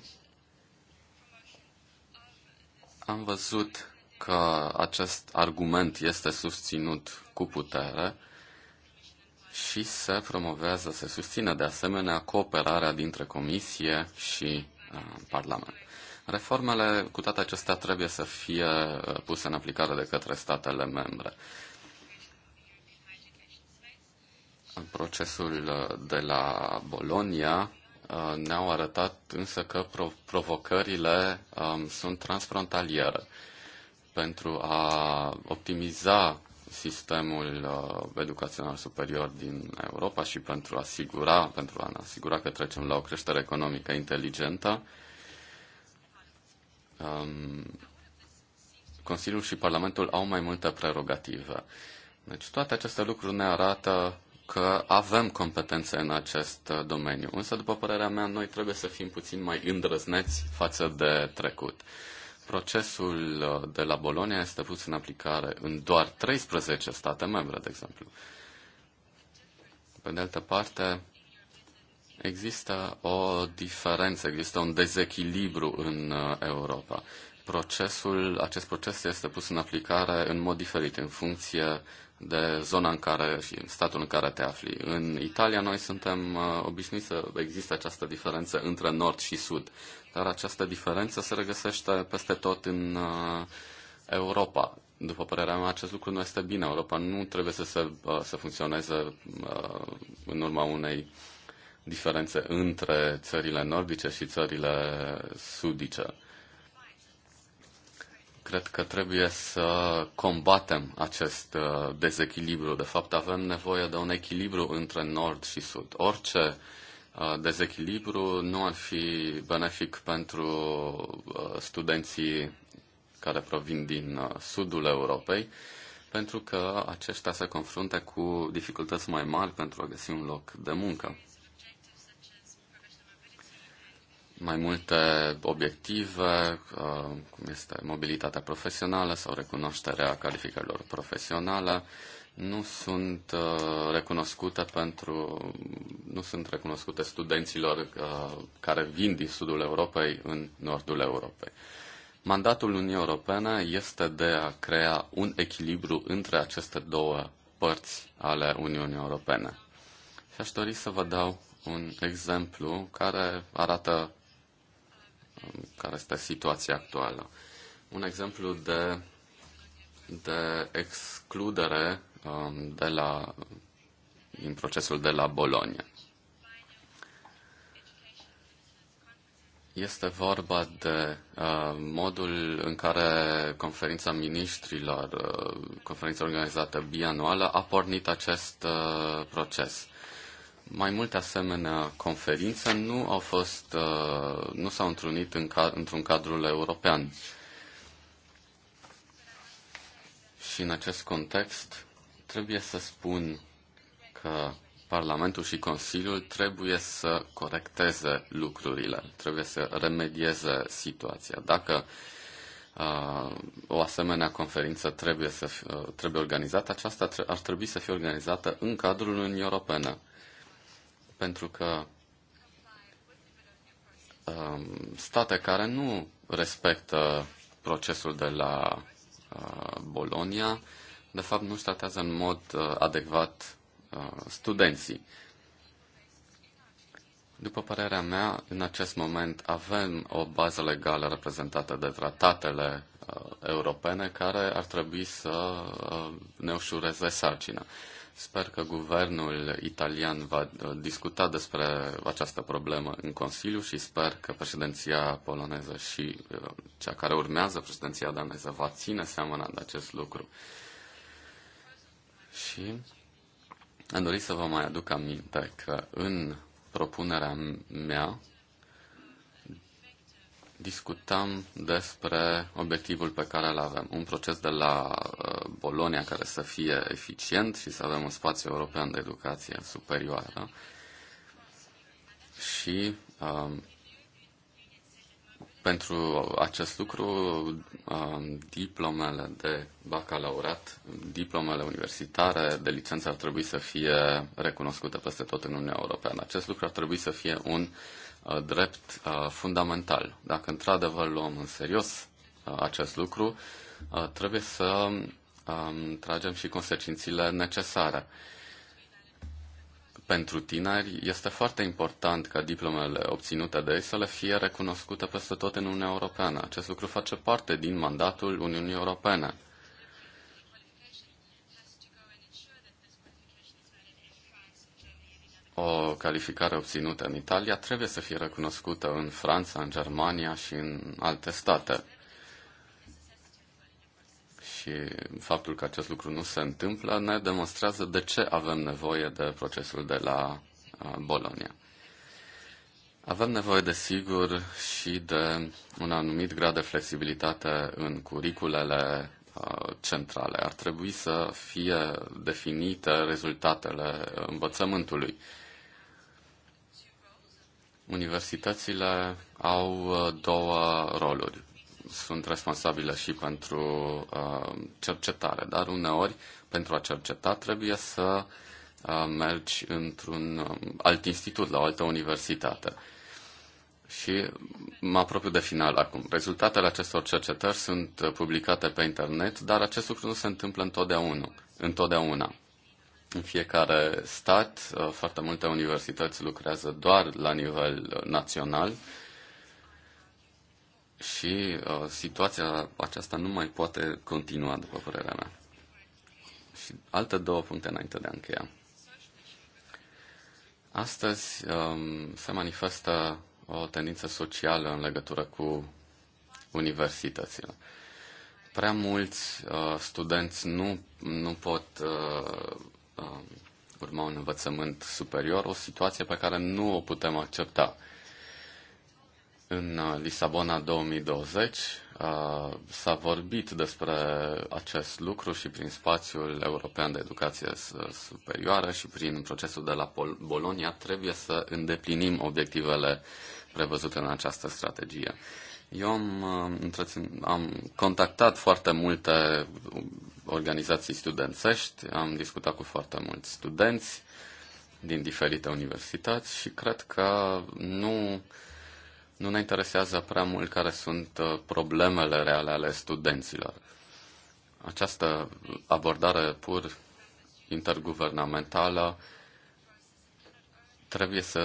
am văzut că acest argument este susținut cu putere și se promovează, se susține de asemenea cooperarea dintre Comisie și uh, Parlament. Reformele, cu toate acestea, trebuie să fie uh, puse în aplicare de către statele membre. Procesul uh, de la Bologna Uh, ne-au arătat însă că provocările um, sunt transfrontaliere. Pentru a optimiza sistemul uh, educațional superior din Europa și pentru a asigura, pentru a ne asigura că trecem la o creștere economică inteligentă, um, Consiliul și Parlamentul au mai multe prerogative. Deci toate aceste lucruri ne arată că avem competențe în acest uh, domeniu. Însă, după părerea mea, noi trebuie să fim puțin mai îndrăzneți față de trecut. Procesul uh, de la Bolonia este pus în aplicare în doar 13 state membre, de exemplu. Pe de altă parte, există o diferență, există un dezechilibru în uh, Europa procesul, acest proces este pus în aplicare în mod diferit, în funcție de zona în care și statul în care te afli. În Italia noi suntem uh, obișnuiți să există această diferență între nord și sud, dar această diferență se regăsește peste tot în uh, Europa. După părerea mea, acest lucru nu este bine. Europa nu trebuie să, se, uh, să funcționeze în urma unei diferențe între țările nordice și țările sudice. Cred că trebuie să combatem acest uh, dezechilibru. De fapt, avem nevoie de un echilibru între nord și sud. Orice uh, dezechilibru nu ar fi benefic pentru uh, studenții care provin din sudul Europei, pentru că aceștia se confruntă cu dificultăți mai mari pentru a găsi un loc de muncă. mai multe obiective, uh, cum este mobilitatea profesională sau recunoașterea calificărilor profesionale, nu sunt uh, recunoscute pentru nu sunt recunoscute studenților uh, care vin din sudul Europei în nordul Europei. Mandatul Uniunii Europene este de a crea un echilibru între aceste două părți ale Uniunii Europene. Și aș dori să vă dau un exemplu care arată care este situația actuală. Un exemplu de, de excludere um, de la, din procesul de la Bologna. Este vorba de uh, modul în care conferința ministrilor, uh, conferința organizată bianuală, a pornit acest uh, proces mai multe asemenea conferințe nu au fost, uh, nu s-au întrunit în ca, într-un cadru european. Și în acest context trebuie să spun că Parlamentul și Consiliul trebuie să corecteze lucrurile, trebuie să remedieze situația. Dacă uh, o asemenea conferință trebuie, să fie, uh, trebuie organizată, aceasta ar trebui să fie organizată în cadrul Uniunii Europene pentru că um, state care nu respectă procesul de la uh, Bolonia, de fapt nu statează în mod uh, adecvat uh, studenții. După părerea mea, în acest moment avem o bază legală reprezentată de tratatele europene care ar trebui să ne ușureze sarcina. Sper că guvernul italian va uh, discuta despre această problemă în Consiliu și sper că președinția poloneză și uh, cea care urmează, președinția daneză, va ține seama de acest lucru. Și am dorit să vă mai aduc aminte că în propunerea mea discutam despre obiectivul pe care îl avem. Un proces de la uh, Bolonia care să fie eficient și să avem un spațiu european de educație superioară și um, pentru acest lucru, um, diplomele de bacalaureat, diplomele universitare, de licență ar trebui să fie recunoscute peste tot în Uniunea Europeană. Acest lucru ar trebui să fie un uh, Uh, drept uh, fundamental. Dacă într-adevăr luăm în serios uh, acest lucru, trebuie să um, tragem și consecințele necesare. Pentru tineri este foarte important ca diplomele obținute de ei să le fie recunoscute peste tot în Uniunea Europeană. Acest lucru face parte din mandatul Uniunii Europene. o calificare obținută în Italia trebuie să fie recunoscută în Franța, în Germania și în alte state. Și faptul că acest lucru nu se întâmplă ne demonstrează de ce avem nevoie de procesul de la uh, Bologna. Avem nevoie, desigur, și de un anumit grad de flexibilitate în curiculele uh, centrale. Ar trebui să fie definite rezultatele învățământului. Universitățile au uh, două roluri. Sunt responsabile și pentru uh, cercetare, dar uneori pentru a cerceta trebuie să uh, mergi într-un um, alt institut, la o altă universitate. Și mă apropiu de final acum. Rezultatele acestor cercetări sunt uh, publicate pe internet, dar acest lucru nu se întâmplă întotdeauna. întotdeauna în fiecare stat. Uh, foarte multe universități lucrează doar la nivel uh, național și uh, situația aceasta nu mai poate continua, după părerea mea. Și alte două puncte înainte de a încheia. Astăzi um, se manifestă o tendință socială în legătură cu universitățile. Prea mulți uh, studenți nu, nu pot uh, Um, urma un învățământ superior, o situație pe care nu o putem accepta. În uh, Lisabona 2020 uh, s-a vorbit despre acest lucru și prin spațiul european de educație uh, superioară și prin procesul de la Bolonia trebuie să îndeplinim obiectivele prevăzute în această strategie. Eu am, uh, am contactat foarte multe organizații studențești, am discutat cu foarte mulți studenți din diferite universități și cred că nu, nu ne interesează prea mult care sunt uh, problemele reale ale studenților. Această abordare pur interguvernamentală trebuie să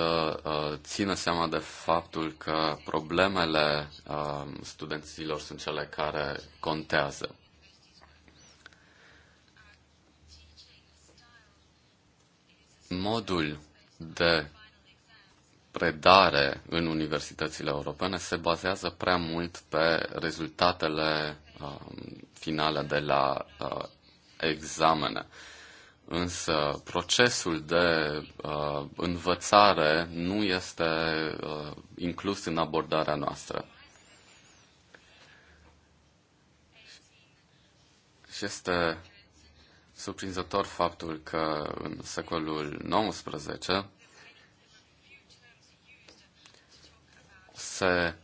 uh, țină seama de faptul că problemele uh, studenților sunt cele care contează. Modul de predare în universitățile europene se bazează prea mult pe rezultatele uh, finale de la examene. Însă procesul de uh, învățare nu este uh, inclus în abordarea noastră. Și este surprinzător faptul că în secolul XIX se,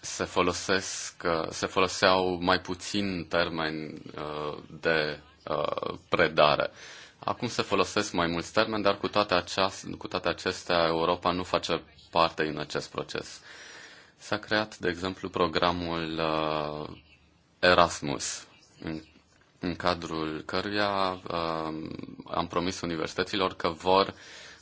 se, folosesc, se foloseau mai puțin termeni uh, de Uh, predare. Acum se folosesc mai mulți termeni, dar cu toate, aceast, cu toate acestea Europa nu face parte din acest proces. S-a creat, de exemplu, programul uh, Erasmus, în, în cadrul căruia uh, am promis universităților că vor uh,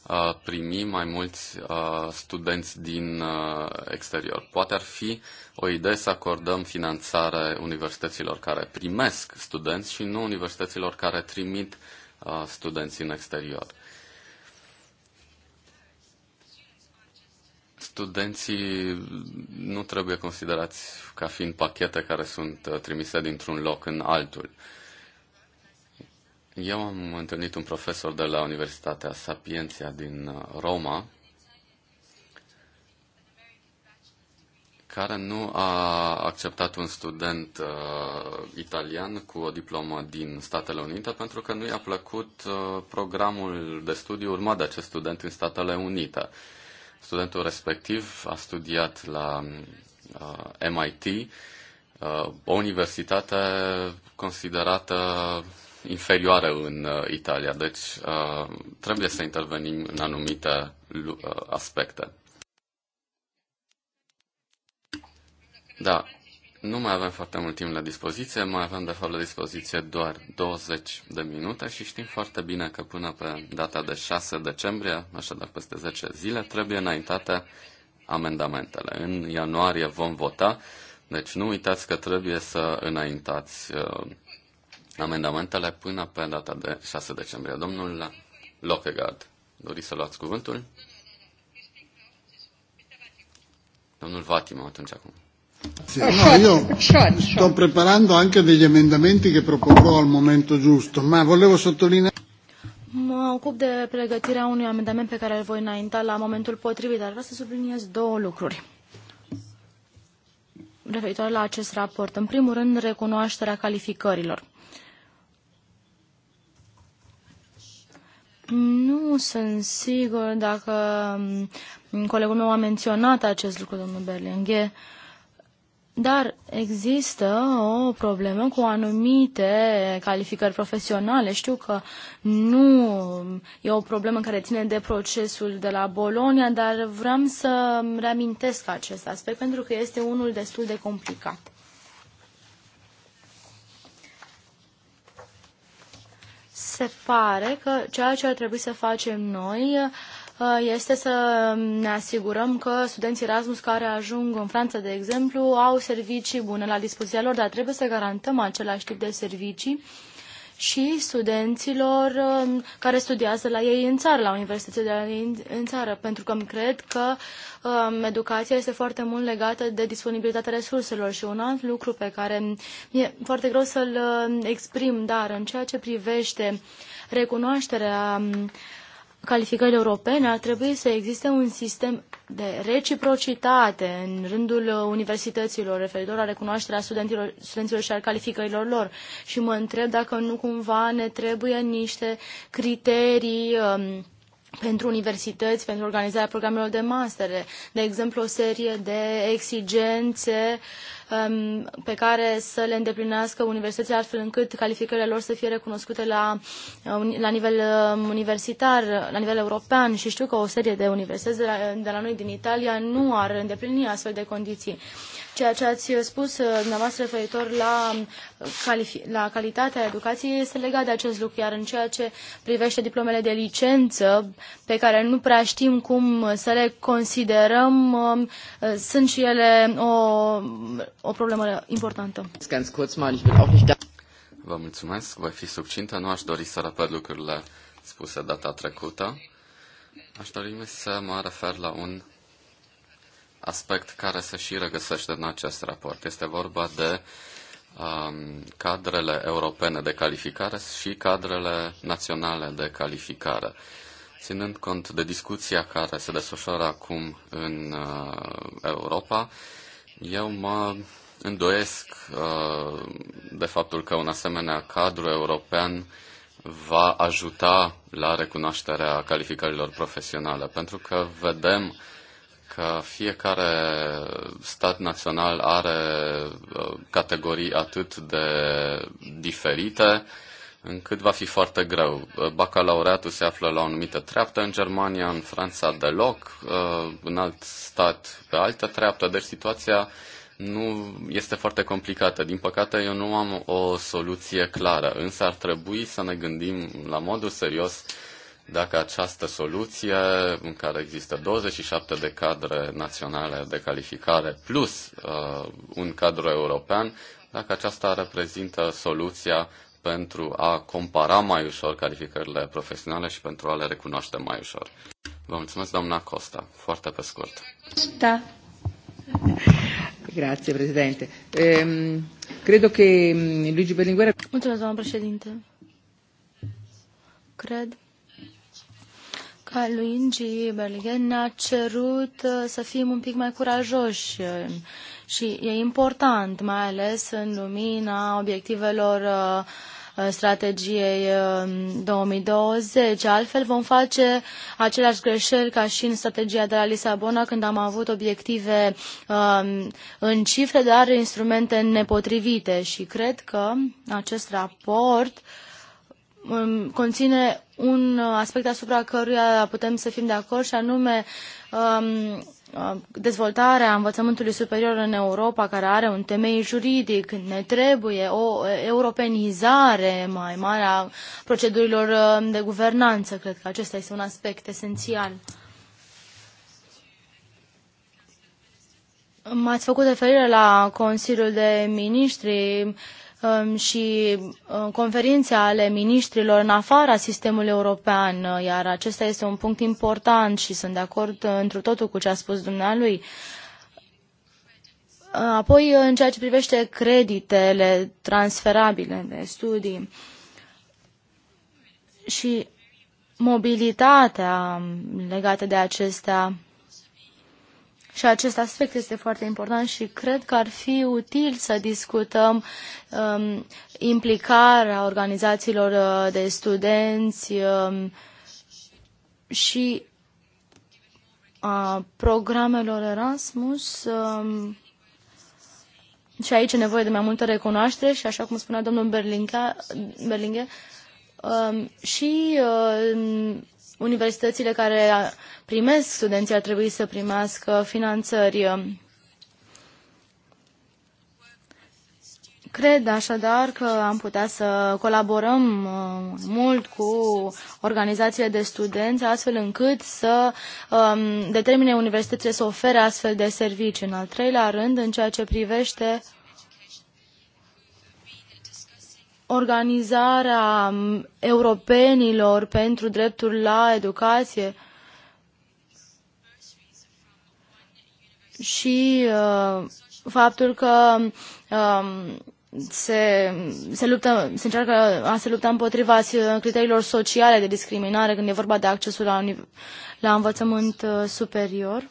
Uh, primi mai mulți uh, studenți din uh, exterior. Poate ar fi o idee să acordăm finanțare universităților care primesc studenți și nu universităților care trimit studenți în exterior. Studenții nu trebuie considerați ca fiind pachete care sunt trimise dintr-un loc în altul. Uh, eu am întâlnit un profesor de la Universitatea Sapienția din uh, Roma, care nu a acceptat un student uh, italian cu o diplomă din Statele Unite pentru că nu i-a plăcut uh, programul de studiu urmat de acest student în Statele Unite. Studentul respectiv a studiat la uh, MIT, uh, o universitate considerată inferioare în uh, Italia, deci uh, trebuie să intervenim în anumite uh, aspecte. Da, nu mai avem foarte mult timp la dispoziție, mai avem de fapt la dispoziție doar 20 de minute și știm foarte bine că până pe data de 6 decembrie, așadar peste 10 zile, trebuie înaintate amendamentele. În ianuarie vom vota, deci nu uitați că trebuie să înaintați amendamentele până pe data de 6 decembrie. Domnul Lockegaard, doriți să luați cuvântul? Domnul Vatima, atunci acum. Sì, No, eh, io sto preparando anche degli emendamenti che propongo al momento giusto, ma volevo sottolineare. Mă ocup de pregătirea unui amendament pe care îl voi înainta la momentul potrivit, dar vreau să subliniez două lucruri referitor la acest raport. În primul rând, recunoașterea calificărilor. Nu sunt sigur dacă mm, colegul meu a menționat acest lucru, domnul Berlinghe, dar există o problemă cu anumite calificări profesionale. Știu că nu e o problemă care ține de procesul de la Bolonia, dar vreau să reamintesc acest aspect pentru că este unul destul de complicat. se pare că ceea ce ar trebui să facem noi uh, este să ne asigurăm că studenții Erasmus care ajung în Franța, de exemplu, au servicii bune la dispoziția lor, dar trebuie să garantăm același tip de servicii și studenților um, care studiază la ei în țară, la universitățile de la ei în țară, pentru că cred că um, educația este foarte mult legată de disponibilitatea resurselor și un alt lucru pe care mi-e foarte greu să-l um, exprim, dar în ceea ce privește recunoașterea um, calificări europene, ar trebui să existe un sistem de reciprocitate în rândul universităților referitor la recunoașterea studenților, studenților și al calificărilor lor. Și mă întreb dacă nu cumva ne trebuie niște criterii um, pentru universități, pentru organizarea programelor de master de exemplu o serie de exigențe um, pe care să le îndeplinească universitățile astfel încât calificările lor să fie recunoscute la, uh, la nivel uh, universitar, la nivel european și știu că o serie de universități de la, de la noi din Italia nu ar îndeplini astfel de condiții. Uh, Ceea ce ați uh, spus uh, dumneavoastră referitor la, um, la calitatea educației este legat de acest lucru, iar în ceea ce privește diplomele de licență, pe care nu prea știm cum uh, să le considerăm, um, sunt și ele o, o problemă importantă. Da. Vă mulțumesc, voi fi succintă, nu aș dori să repet lucrurile spuse data trecută. Aș dori să mă refer la un aspect care se și regăsește în acest raport. Este vorba de um, cadrele europene de calificare și cadrele naționale de calificare. Ținând cont de discuția care se desfășoară acum în uh, Europa, eu mă îndoiesc uh, de faptul că un asemenea cadru european va ajuta la recunoașterea calificărilor profesionale, pentru că vedem că fiecare stat național are uh, categorii atât de diferite, încât va fi foarte greu. Uh, bacalaureatul se află la o anumită treaptă în Germania, în Franța deloc, uh, în alt stat pe altă treaptă, deci situația nu este foarte complicată. Din păcate, eu nu am o soluție clară, însă ar trebui să ne gândim la modul serios dacă această soluție, în care există 27 de cadre naționale de calificare plus uh, un cadru european, dacă aceasta reprezintă soluția pentru a compara mai ușor calificările profesionale și pentru a le recunoaște mai ușor. Vă mulțumesc, doamna Costa. Foarte pe scurt. Da. Grazie, președinte. Ehm, credo mm, Luigi Berlinguer... Mulțumesc, doamna președinte. Cred Luigi Berlighen ne-a cerut uh, să fim un pic mai curajoși uh, și e important, mai ales în lumina obiectivelor uh, strategiei 2020. Altfel vom face aceleași greșeli ca și în strategia de la Lisabona, când am avut obiective um, în cifre, dar instrumente nepotrivite. Și cred că acest raport uh, conține un aspect asupra căruia putem să fim de acord și anume um, uh, dezvoltarea învățământului superior în Europa, care are un temei juridic, ne trebuie o europenizare mai mare a procedurilor um, de guvernanță. Cred că acesta este un aspect esențial. M-ați făcut referire la Consiliul de Ministri Um, și uh, conferințe ale miniștrilor în afara sistemului european, uh, iar acesta este un punct important și sunt de acord uh, întru totul cu ce a spus dumnealui. Apoi, în ceea ce privește creditele transferabile de studii și mobilitatea legată de acestea, și acest aspect este foarte important și cred că ar fi util să discutăm um, implicarea organizațiilor uh, de studenți um, și a programelor Erasmus. Um, și aici e nevoie de mai multă recunoaștere și așa cum spunea domnul Berlinghe, um, și uh, universitățile care primesc studenții ar trebui să primească finanțări. Cred așadar că am putea să colaborăm uh, mult cu organizațiile de studenți astfel încât să um, determine universitățile să ofere astfel de servicii. În al treilea rând, în ceea ce privește organizarea europenilor pentru dreptul la educație și uh, faptul că uh, se, se, luptă, se încearcă a se lupta împotriva criteriilor sociale de discriminare când e vorba de accesul la, la învățământ uh, superior.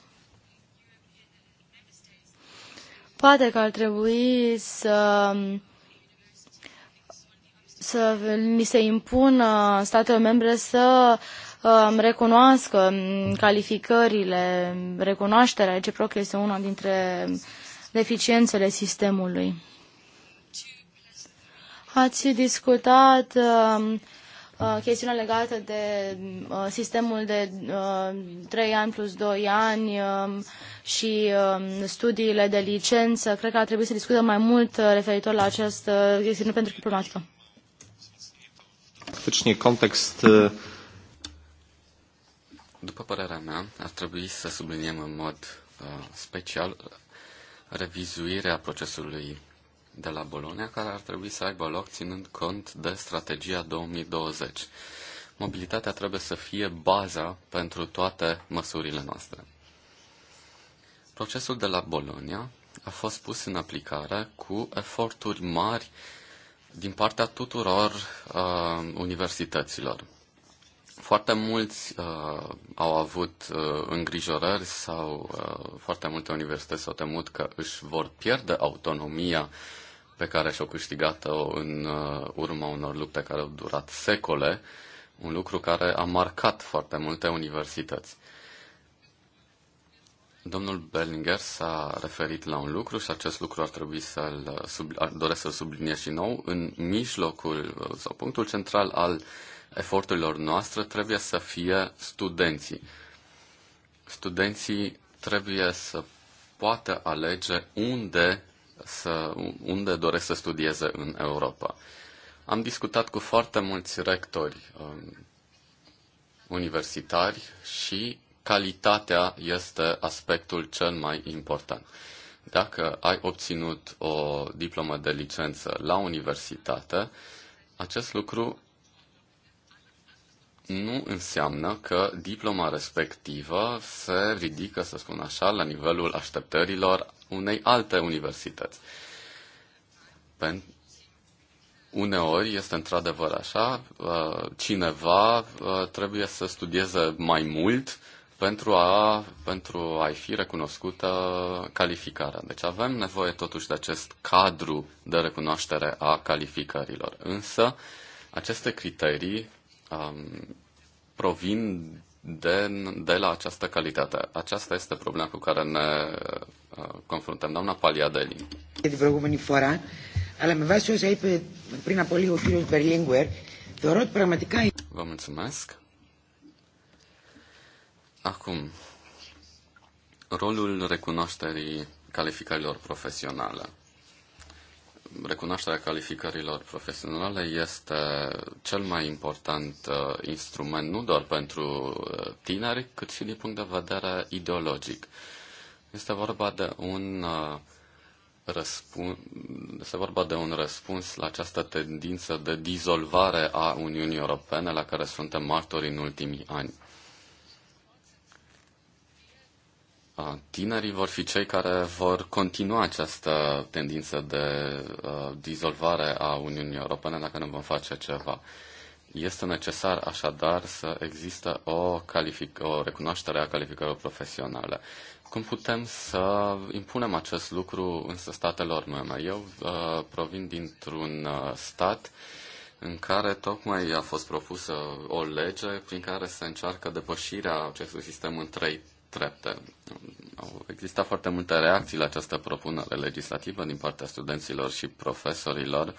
Poate că ar trebui să uh, să li se impună statelor membre să um, recunoască um, calificările, recunoașterea reciprocă este una dintre deficiențele sistemului. Ați discutat um, uh, chestiunea legată de uh, sistemul de uh, 3 ani plus 2 ani uh, și uh, studiile de licență. Cred că ar trebui să discutăm mai mult uh, referitor la această chestiune pentru diplomatică faktycznie kontekst. După părerea mea, ar trebui să subliniem în mod uh, special revizuirea procesului de la Bologna, care ar trebui să aibă loc ținând cont de strategia 2020. Mobilitatea trebuie să fie baza pentru toate măsurile noastre. Procesul de la Bologna a fost pus în aplicare cu eforturi mari uh, din partea tuturor uh, universităților. Foarte mulți uh, au avut uh, îngrijorări sau uh, foarte multe universități s-au temut că își vor pierde autonomia pe care și-au câștigat-o în uh, urma unor lupte care au durat secole, un lucru care a marcat foarte multe universități. Domnul Bellinger s-a referit la un lucru și acest lucru ar trebui să-l uh, sub, ar doresc să-l subliniez și nou. În mijlocul uh, sau punctul central al eforturilor noastre trebuie să fie studenții. Studenții trebuie să poată alege unde, să, unde doresc să studieze în Europa. Am discutat cu foarte mulți rectori um, universitari și calitatea este aspectul cel mai important. Dacă ai obținut o diplomă de licență la universitate, acest lucru nu înseamnă că diploma respectivă se ridică, să spun așa, la nivelul așteptărilor unei alte universități. Pentru uneori este într-adevăr așa, uh, cineva uh, trebuie să studieze mai mult pentru a, pentru a fi recunoscută calificarea. Deci avem nevoie totuși de acest cadru de recunoaștere a calificărilor. Însă, aceste criterii um, provin de, de la această calitate. Aceasta este problema cu care ne uh, confruntăm. Doamna Paliadeli. Την προηγούμενη φορά, αλλά με βάση όσα είπε πριν από λίγο ο κύριος Berlinguer, θεωρώ ότι πραγματικά... Vă mulțumesc. Acum, rolul recunoașterii calificărilor profesionale. Recunoașterea calificărilor profesionale este cel mai important uh, instrument nu doar pentru uh, tineri, cât și din punct de vedere ideologic. Este vorba de un uh, răspuns, este vorba de un răspuns la această tendință de dizolvare a Uniunii Europene la care suntem martori în ultimii ani. Tinerii vor fi cei care vor continua această tendință de dizolvare a Uniunii Europene dacă nu vom face ceva. Este necesar așadar să există o, calific- o recunoaștere a calificărilor profesionale. Cum putem să impunem acest lucru însă statelor membre? Eu uh, provin dintr-un stat în care tocmai a fost propusă o lege prin care se încearcă depășirea acestui sistem în trei trepte. Au existat foarte multe reacții la această propunere legislativă din partea studenților și profesorilor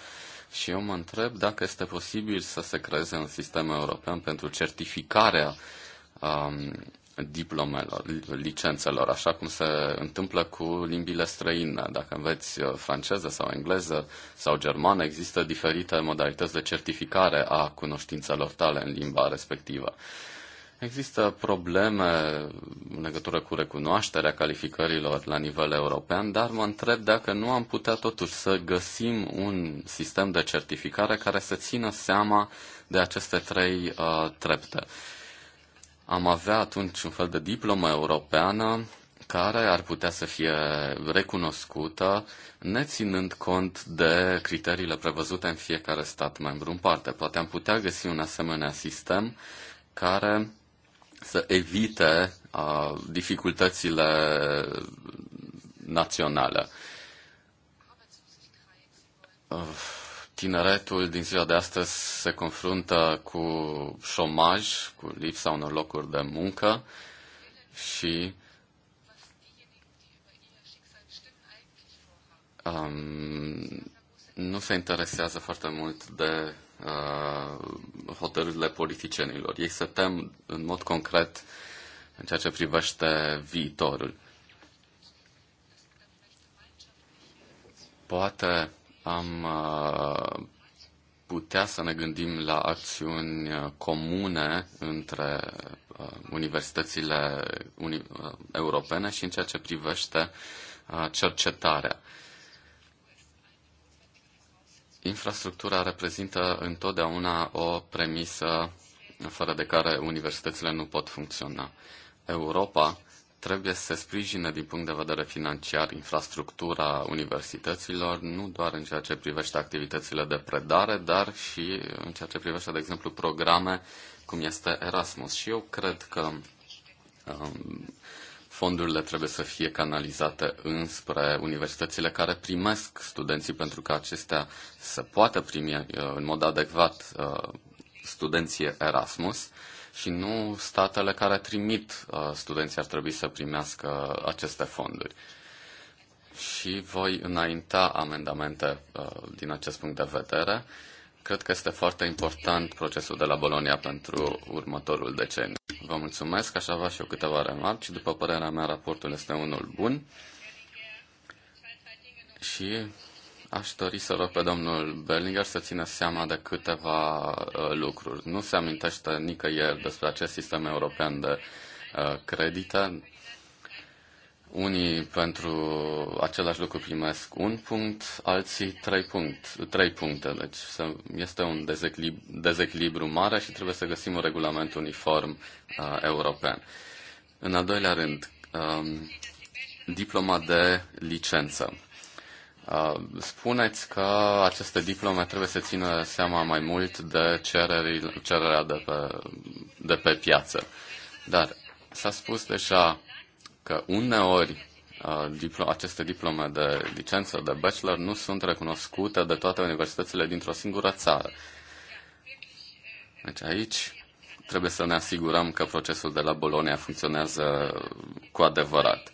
și eu mă întreb dacă este posibil să se creeze un sistem european pentru certificarea um, diplomelor, licențelor, așa cum se întâmplă cu limbile străine. Dacă înveți uh, franceză sau engleză sau germană, există diferite modalități de certificare a cunoștințelor tale în limba respectivă. Există probleme în legătură cu recunoașterea calificărilor la nivel european, dar mă întreb dacă nu am putea totuși să găsim un sistem de certificare care să țină seama de aceste trei uh, trepte. Am avea atunci un fel de diplomă europeană care ar putea să fie recunoscută, neținând cont de criteriile prevăzute în fiecare stat membru în parte. Poate am putea găsi un asemenea sistem care să evite uh, dificultățile naționale. Uh, tineretul din ziua de astăzi se confruntă cu șomaj, cu lipsa unor locuri de muncă și um, nu se interesează foarte mult de Uh, hotărârile politicienilor. Ei se tem în mod concret în ceea ce privește viitorul. Poate am uh, putea să ne gândim la acțiuni uh, comune între universitățile europene și în ceea ce privește cercetarea. Infrastructura reprezintă întotdeauna o premisă fără de care universitățile nu pot funcționa. Europa trebuie să sprijine din punct de vedere financiar infrastructura universităților, nu doar în ceea ce privește activitățile de predare, dar și în ceea ce privește, de exemplu, programe cum este Erasmus. Și eu cred că um, fondurile trebuie să fie canalizate înspre universitățile care primesc studenții pentru că acestea să poată primi uh, în mod adecvat uh, studenții Erasmus și nu statele care trimit uh, studenții ar trebui să primească aceste fonduri. Și voi înainta amendamente din acest punct de vedere Cred că este foarte important procesul de la Bolonia pentru următorul deceniu. Vă mulțumesc, aș avea și eu câteva remarci. După părerea mea, raportul este unul bun și aș dori să rog pe domnul Bellinger să țină seama de câteva uh, lucruri. Nu se amintește nicăieri despre acest sistem european de uh, credite. Unii pentru același lucru primesc un punct, alții trei, punct, trei puncte. Deci este un dezechilibru mare și trebuie să găsim un regulament uniform uh, european. În al doilea rând, um, diploma de licență. Uh, spuneți că aceste diplome trebuie să țină seama mai mult de cererea de pe, de pe piață. Dar s-a spus deja că uneori uh, aceste diplome de licență de bachelor nu sunt recunoscute de toate universitățile dintr-o singură țară. Deci aici trebuie să ne asigurăm că procesul de la Bolonia funcționează cu adevărat.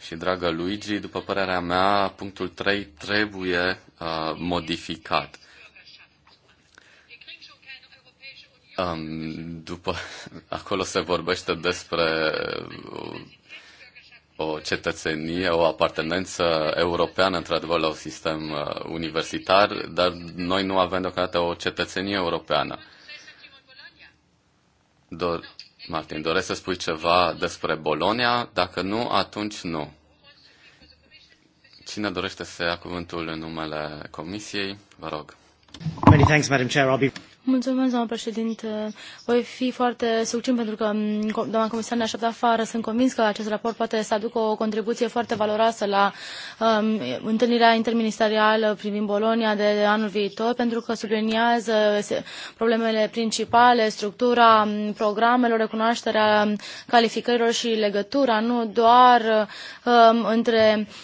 Și, dragă Luigi, după părerea mea, punctul 3 trebuie uh, modificat. Um, după, (laughs) acolo se vorbește despre uh, o cetățenie, o apartenență europeană, într-adevăr, la un sistem uh, universitar, dar noi nu avem deocamdată o cetățenie europeană. Do, Martin, doresc să spui ceva despre Bolonia? Dacă nu, atunci nu. Cine dorește să ia cuvântul în numele Comisiei? Vă rog. Many thanks, Madam Chair. I'll be... Mulțumesc, doamnă președinte. Voi fi foarte succint pentru că mm, doamna comisar ne așteaptă afară. Sunt convins că acest raport poate să aducă o contribuție foarte valoroasă la um, întâlnirea interministerială privind Bolonia de anul viitor, pentru că subliniază problemele principale, structura mm, programelor, recunoașterea calificărilor și legătura, nu doar um, între uh,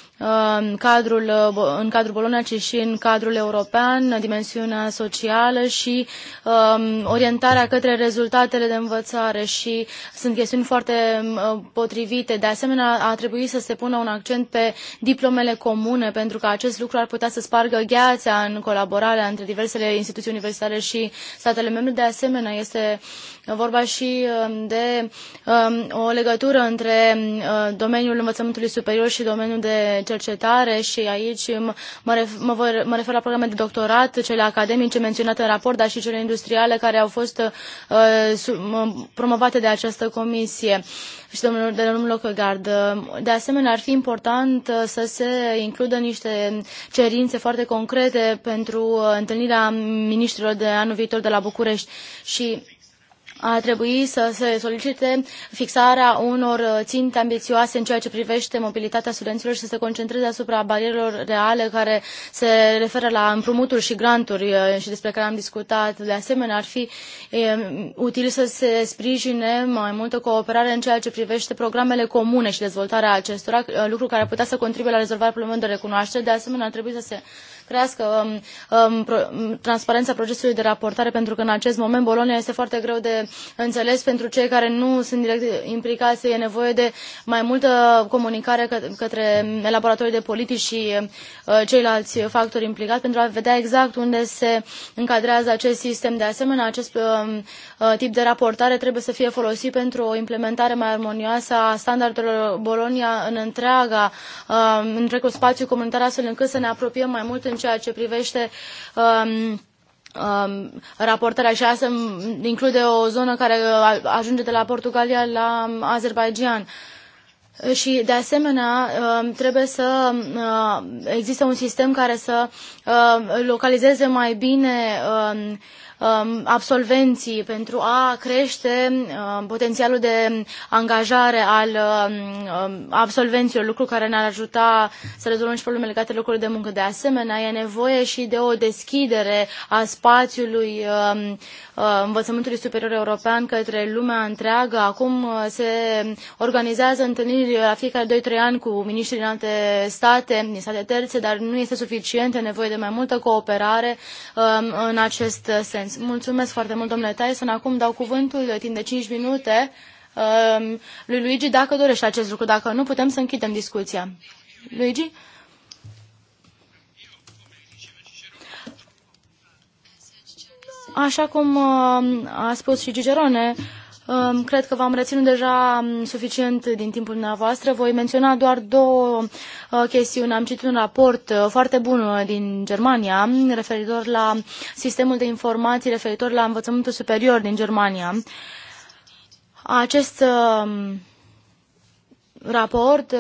în cadrul, în cadrul Bologna, ci și în cadrul european, dimensiunea socială și um, orientarea către rezultatele de învățare și sunt chestiuni foarte um, potrivite. De asemenea, a trebuit să se pună un accent pe diplomele comune, pentru că acest lucru ar putea să spargă gheața în colaborarea între diversele instituții universitare și statele membre. De asemenea, este uh, vorba și um, de um, o legătură între uh, domeniul învățământului superior și domeniul de cercetare și aici mă, mă, vor, mă refer la programe de doctorat, cele academice menționate în raport, dar și cele industriale care au fost uh, promovate de această comisie și de domnul Lockegaard. Uh, de asemenea, ar fi important să se includă niște cerințe foarte concrete pentru întâlnirea ministrilor de anul viitor de la București și a trebui să se solicite fixarea unor uh, ținte ambițioase în ceea ce privește mobilitatea studenților și să se concentreze asupra barierelor reale care se referă la împrumuturi și granturi uh, și despre care am discutat. De asemenea, ar fi um, util să se sprijine mai multă cooperare în ceea ce privește programele comune și dezvoltarea acestora, uh, lucru care ar putea să contribuie la rezolvarea problemelor de recunoaștere. De asemenea, ar trebui să se crească um, um pro, um, transparența procesului de raportare, pentru că în acest moment Bolonia este foarte greu de înțeles pentru cei care nu sunt direct implicați. E nevoie de mai multă comunicare către elaboratorii de politici și uh, ceilalți factori implicați pentru a vedea exact unde se încadrează acest sistem. De asemenea, acest um, uh, tip de raportare trebuie să fie folosit pentru o implementare mai armonioasă a standardelor Bolonia în întreaga, uh, întregul spațiu comunitar, astfel încât să ne apropiem mai mult în ceea ce privește um, um, raportarea și asta include o zonă care uh, ajunge de la Portugalia la um, Azerbaijan. Și, de asemenea, um, trebuie să uh, existe un sistem care să uh, localizeze mai bine um, Um, absolvenții, pentru a crește um, potențialul de angajare al um, absolvenților, lucru care ne-ar ajuta să rezolvăm și probleme legate de locurile de muncă. De asemenea, e nevoie și de o deschidere a spațiului uh, învățământului superior european către lumea întreagă. Acum uh, se organizează întâlniri la fiecare 2-3 ani cu miniștrii din alte state, din state terțe, dar nu este suficient, e nevoie de mai multă cooperare în acest sens. Goerens. Mulțumesc foarte mult, domnule Tyson. Acum dau cuvântul eh, timp de 5 minute eh, lui Luigi dacă dorește acest lucru. Dacă nu, putem să închidem discuția. Luigi? Așa cum eh, a spus și Gigerone, Cred că v-am reținut deja suficient din timpul dumneavoastră. Voi menționa doar două uh, chestiuni. Am citit un raport uh, foarte bun uh, din Germania referitor la sistemul de informații referitor la învățământul superior din Germania. Acest raport, uh,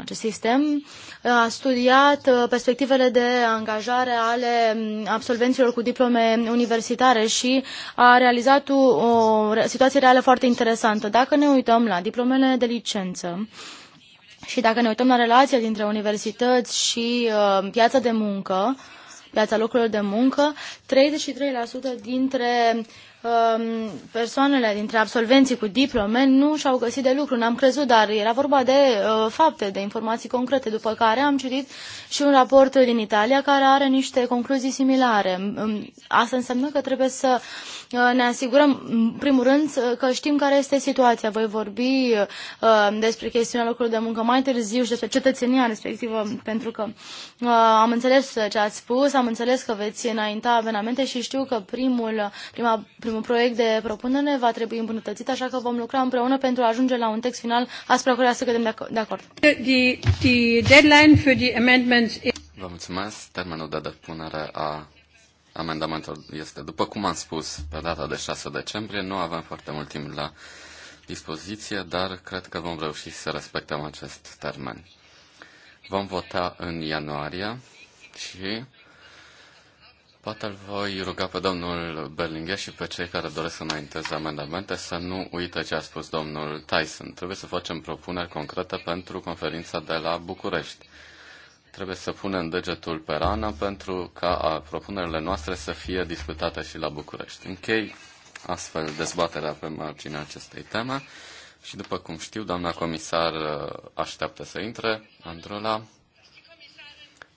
acest sistem, uh, a studiat uh, perspectivele de angajare ale um, absolvenților cu diplome universitare și a realizat o situație reală foarte interesantă. Dacă ne uităm la diplomele de licență, și dacă ne uităm la relația dintre universități și uh, piața de muncă, piața locurilor de muncă, 33% dintre Um, persoanele dintre absolvenții cu diplome nu și-au găsit de lucru, n-am crezut, dar era vorba de uh, fapte, de informații concrete, după care am citit și un raport din Italia care are niște concluzii similare. Um, um, asta înseamnă că trebuie să uh, ne asigurăm, în primul rând, uh, că știm care este situația. Voi vorbi uh, despre chestiunea locului de muncă mai târziu și despre cetățenia respectivă, pentru că uh, am înțeles ce ați spus, am înțeles că veți înainta amenamente și știu că primul, prima, primul un proiect de propunere va trebui îmbunătățit, așa că vom lucra împreună pentru a ajunge la un text final asupra căruia să cădem de acord. The, deadline for the amendments Vă mulțumesc. Termenul de depunere a amendamentul este, după cum am spus, pe data de 6 decembrie. Nu avem foarte mult timp la dispoziție, dar cred că vom reuși să respectăm acest termen. Vom vota în ianuarie și Poate îl voi ruga pe domnul Berlinghe și pe cei care doresc să înainteze amendamente să nu uită ce a spus domnul Tyson. Trebuie să facem propuneri concrete pentru conferința de la București. Trebuie să punem degetul pe rană pentru ca propunerile noastre să fie discutate și la București. Închei astfel dezbaterea pe marginea acestei teme și după cum știu, doamna comisar uh, așteaptă să intre, Androla.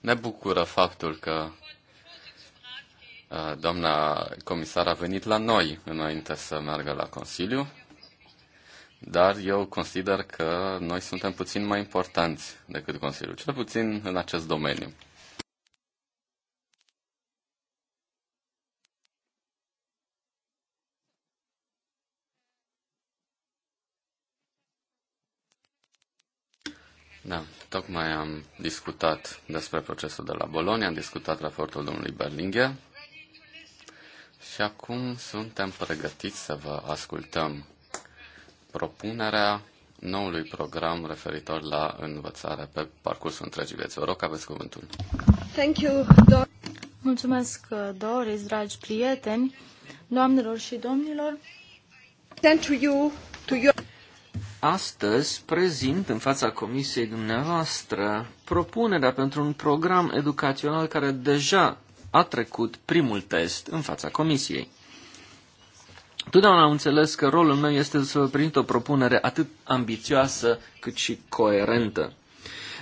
Ne bucură faptul că Uh, doamna comisar a venit la noi înainte să meargă la Consiliu, dar eu consider că noi suntem puțin mai importanți decât Consiliul, cel puțin în acest domeniu. Da, tocmai am discutat despre procesul de la Bologna, am discutat raportul domnului Berlinghe, și acum suntem pregătiți să vă ascultăm propunerea noului program referitor la învățare pe parcursul întregii vieți. Vă rog, aveți cuvântul. Thank you, Dor- Mulțumesc, uh, Doris, dragi prieteni, doamnelor și domnilor. Thank you, to you. Astăzi prezint în fața comisiei dumneavoastră propunerea pentru un program educațional care deja a trecut primul test în fața comisiei. Totdeauna am înțeles că rolul meu este să prezint o propunere atât ambițioasă cât și coerentă.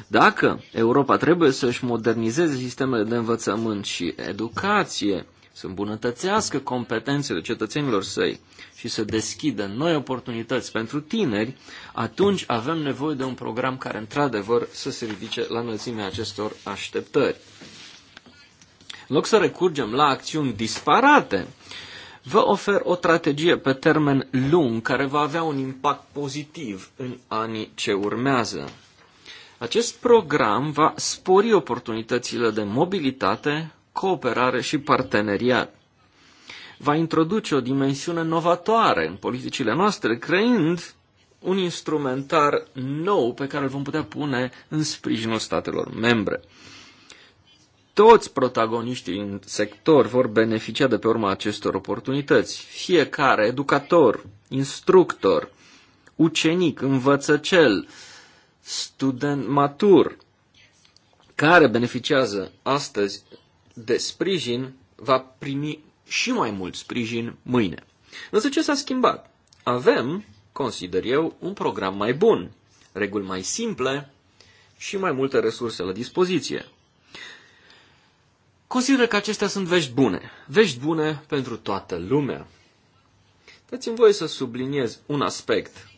Dacă Europa trebuie să-și modernizeze sistemele de învățământ și educație, să îmbunătățească competențele cetățenilor săi și să deschidă noi oportunități pentru tineri, atunci avem nevoie de un program care, într-adevăr, să se ridice la înălțimea acestor așteptări. În loc să recurgem la acțiuni disparate, vă ofer o strategie pe termen lung care va avea un impact pozitiv în anii ce urmează. Acest program va spori oportunitățile de mobilitate, cooperare și parteneriat. Va introduce o dimensiune novatoare în politicile noastre, creând un instrumentar nou pe care îl vom putea pune în sprijinul statelor membre toți protagoniștii în sector vor beneficia de pe urma acestor oportunități. Fiecare educator, instructor, ucenic, învățăcel, student matur, care beneficiază astăzi de sprijin, va primi și mai mult sprijin mâine. Însă ce s-a schimbat? Avem, consider eu, un program mai bun, reguli mai simple și mai multe resurse la dispoziție. Consideră că acestea sunt vești bune. Vești bune pentru toată lumea. Dați-mi voie să subliniez un aspect.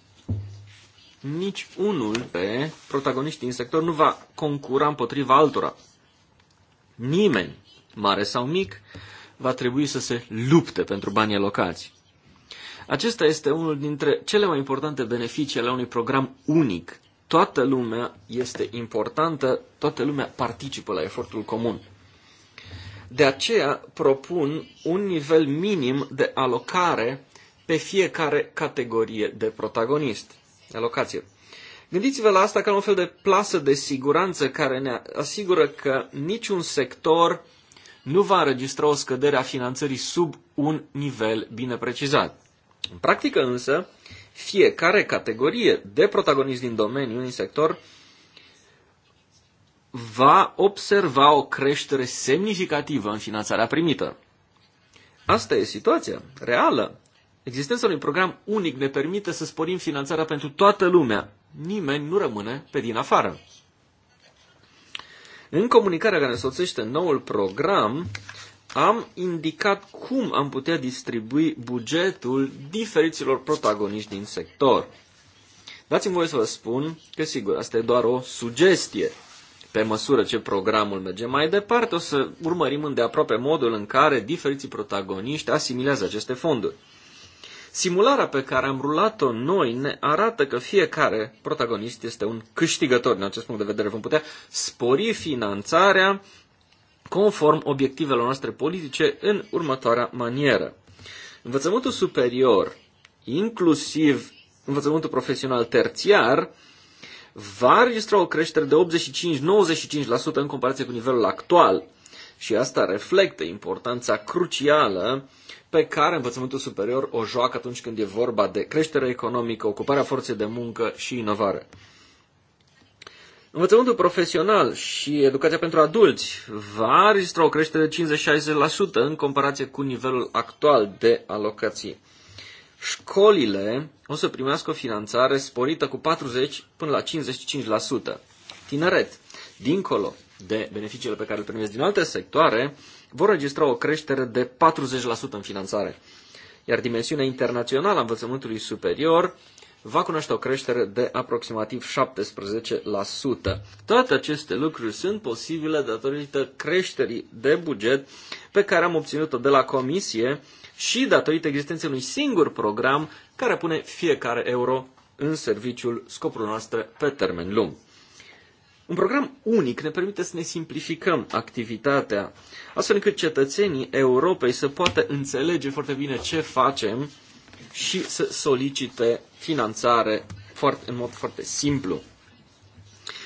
Nici unul pe protagoniștii din sector nu va concura împotriva altora. Nimeni, mare sau mic, va trebui să se lupte pentru banii alocați. Acesta este unul dintre cele mai importante beneficii ale unui program unic. Toată lumea este importantă, toată lumea participă la efortul comun. De aceea propun un nivel minim de alocare pe fiecare categorie de protagonist. Alocație. Gândiți-vă la asta ca un fel de plasă de siguranță care ne asigură că niciun sector nu va înregistra o scădere a finanțării sub un nivel bine precizat. În practică însă, fiecare categorie de protagonist din domeniu, din sector, va observa o creștere semnificativă în finanțarea primită. Asta e situația reală. Existența unui program unic ne permite să sporim finanțarea pentru toată lumea. Nimeni nu rămâne pe din afară. În comunicarea care însoțește noul program, am indicat cum am putea distribui bugetul diferiților protagoniști din sector. Dați-mi voie să vă spun că, sigur, asta e doar o sugestie pe măsură ce programul merge mai departe, o să urmărim îndeaproape modul în care diferiții protagoniști asimilează aceste fonduri. Simularea pe care am rulat-o noi ne arată că fiecare protagonist este un câștigător. în acest punct de vedere vom putea spori finanțarea conform obiectivelor noastre politice în următoarea manieră. Învățământul superior, inclusiv învățământul profesional terțiar, va registra o creștere de 85-95% în comparație cu nivelul actual. Și asta reflectă importanța crucială pe care învățământul superior o joacă atunci când e vorba de creștere economică, ocuparea forței de muncă și inovare. Învățământul profesional și educația pentru adulți va registra o creștere de 50-60% în comparație cu nivelul actual de alocații. Școlile o să primească o finanțare sporită cu 40 până la 55%. Tineret, dincolo de beneficiile pe care le primesc din alte sectoare, vor registra o creștere de 40% în finanțare. Iar dimensiunea internațională a învățământului superior va cunoaște o creștere de aproximativ 17%. Toate aceste lucruri sunt posibile datorită creșterii de buget pe care am obținut-o de la Comisie și datorită existenței unui singur program care pune fiecare euro în serviciul scopurilor noastre pe termen lung. Un program unic ne permite să ne simplificăm activitatea, astfel încât cetățenii Europei să poată înțelege foarte bine ce facem și să solicite finanțare foarte, în mod foarte simplu.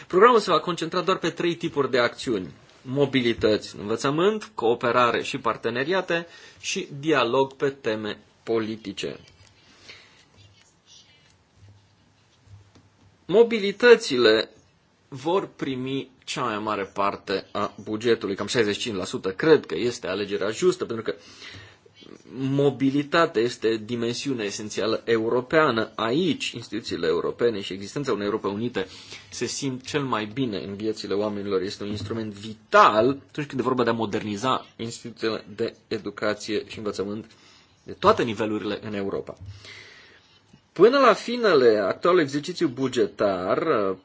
Programul se va concentra doar pe trei tipuri de acțiuni mobilități învățământ, cooperare și parteneriate și dialog pe teme politice. Mobilitățile vor primi cea mai mare parte a bugetului, cam 65%, cred că este alegerea justă, pentru că uh, mobilitate este dimensiunea esențială europeană. Aici instituțiile europene și existența unei Europe Unite se simt cel mai bine în viețile oamenilor. Este un instrument vital atunci când e vorba de a moderniza instituțiile de educație și învățământ de toate nivelurile în Europa. Până la finele actualului exercițiu bugetar,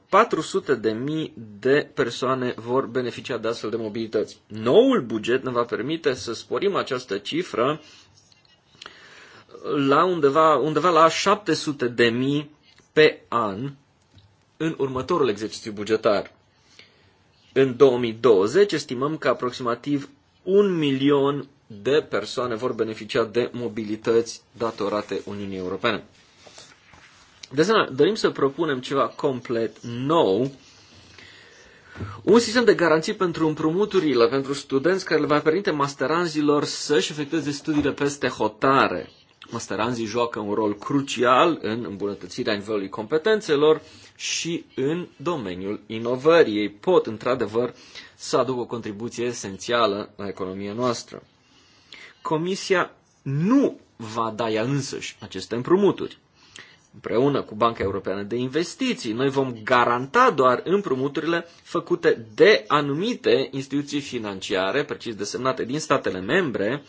400 de mii de persoane vor beneficia de astfel de mobilități. Noul buget ne va permite să sporim această cifră la undeva, undeva la 700 de mii pe an în următorul exercițiu bugetar. În 2020 estimăm că aproximativ un milion de persoane vor beneficia de mobilități datorate Uniunii Europene. De asemenea, dorim să propunem ceva complet nou, un sistem de garanții pentru împrumuturile, pentru studenți care le va permite masteranzilor să-și efectueze studiile peste hotare. Masteranzii joacă un rol crucial în îmbunătățirea nivelului competențelor și în domeniul inovării. Ei pot, într-adevăr, să aducă o contribuție esențială la economia noastră. Comisia nu va da ea însăși aceste împrumuturi împreună cu Banca Europeană de Investiții. Noi vom garanta doar împrumuturile făcute de anumite instituții financiare, precis desemnate din statele membre,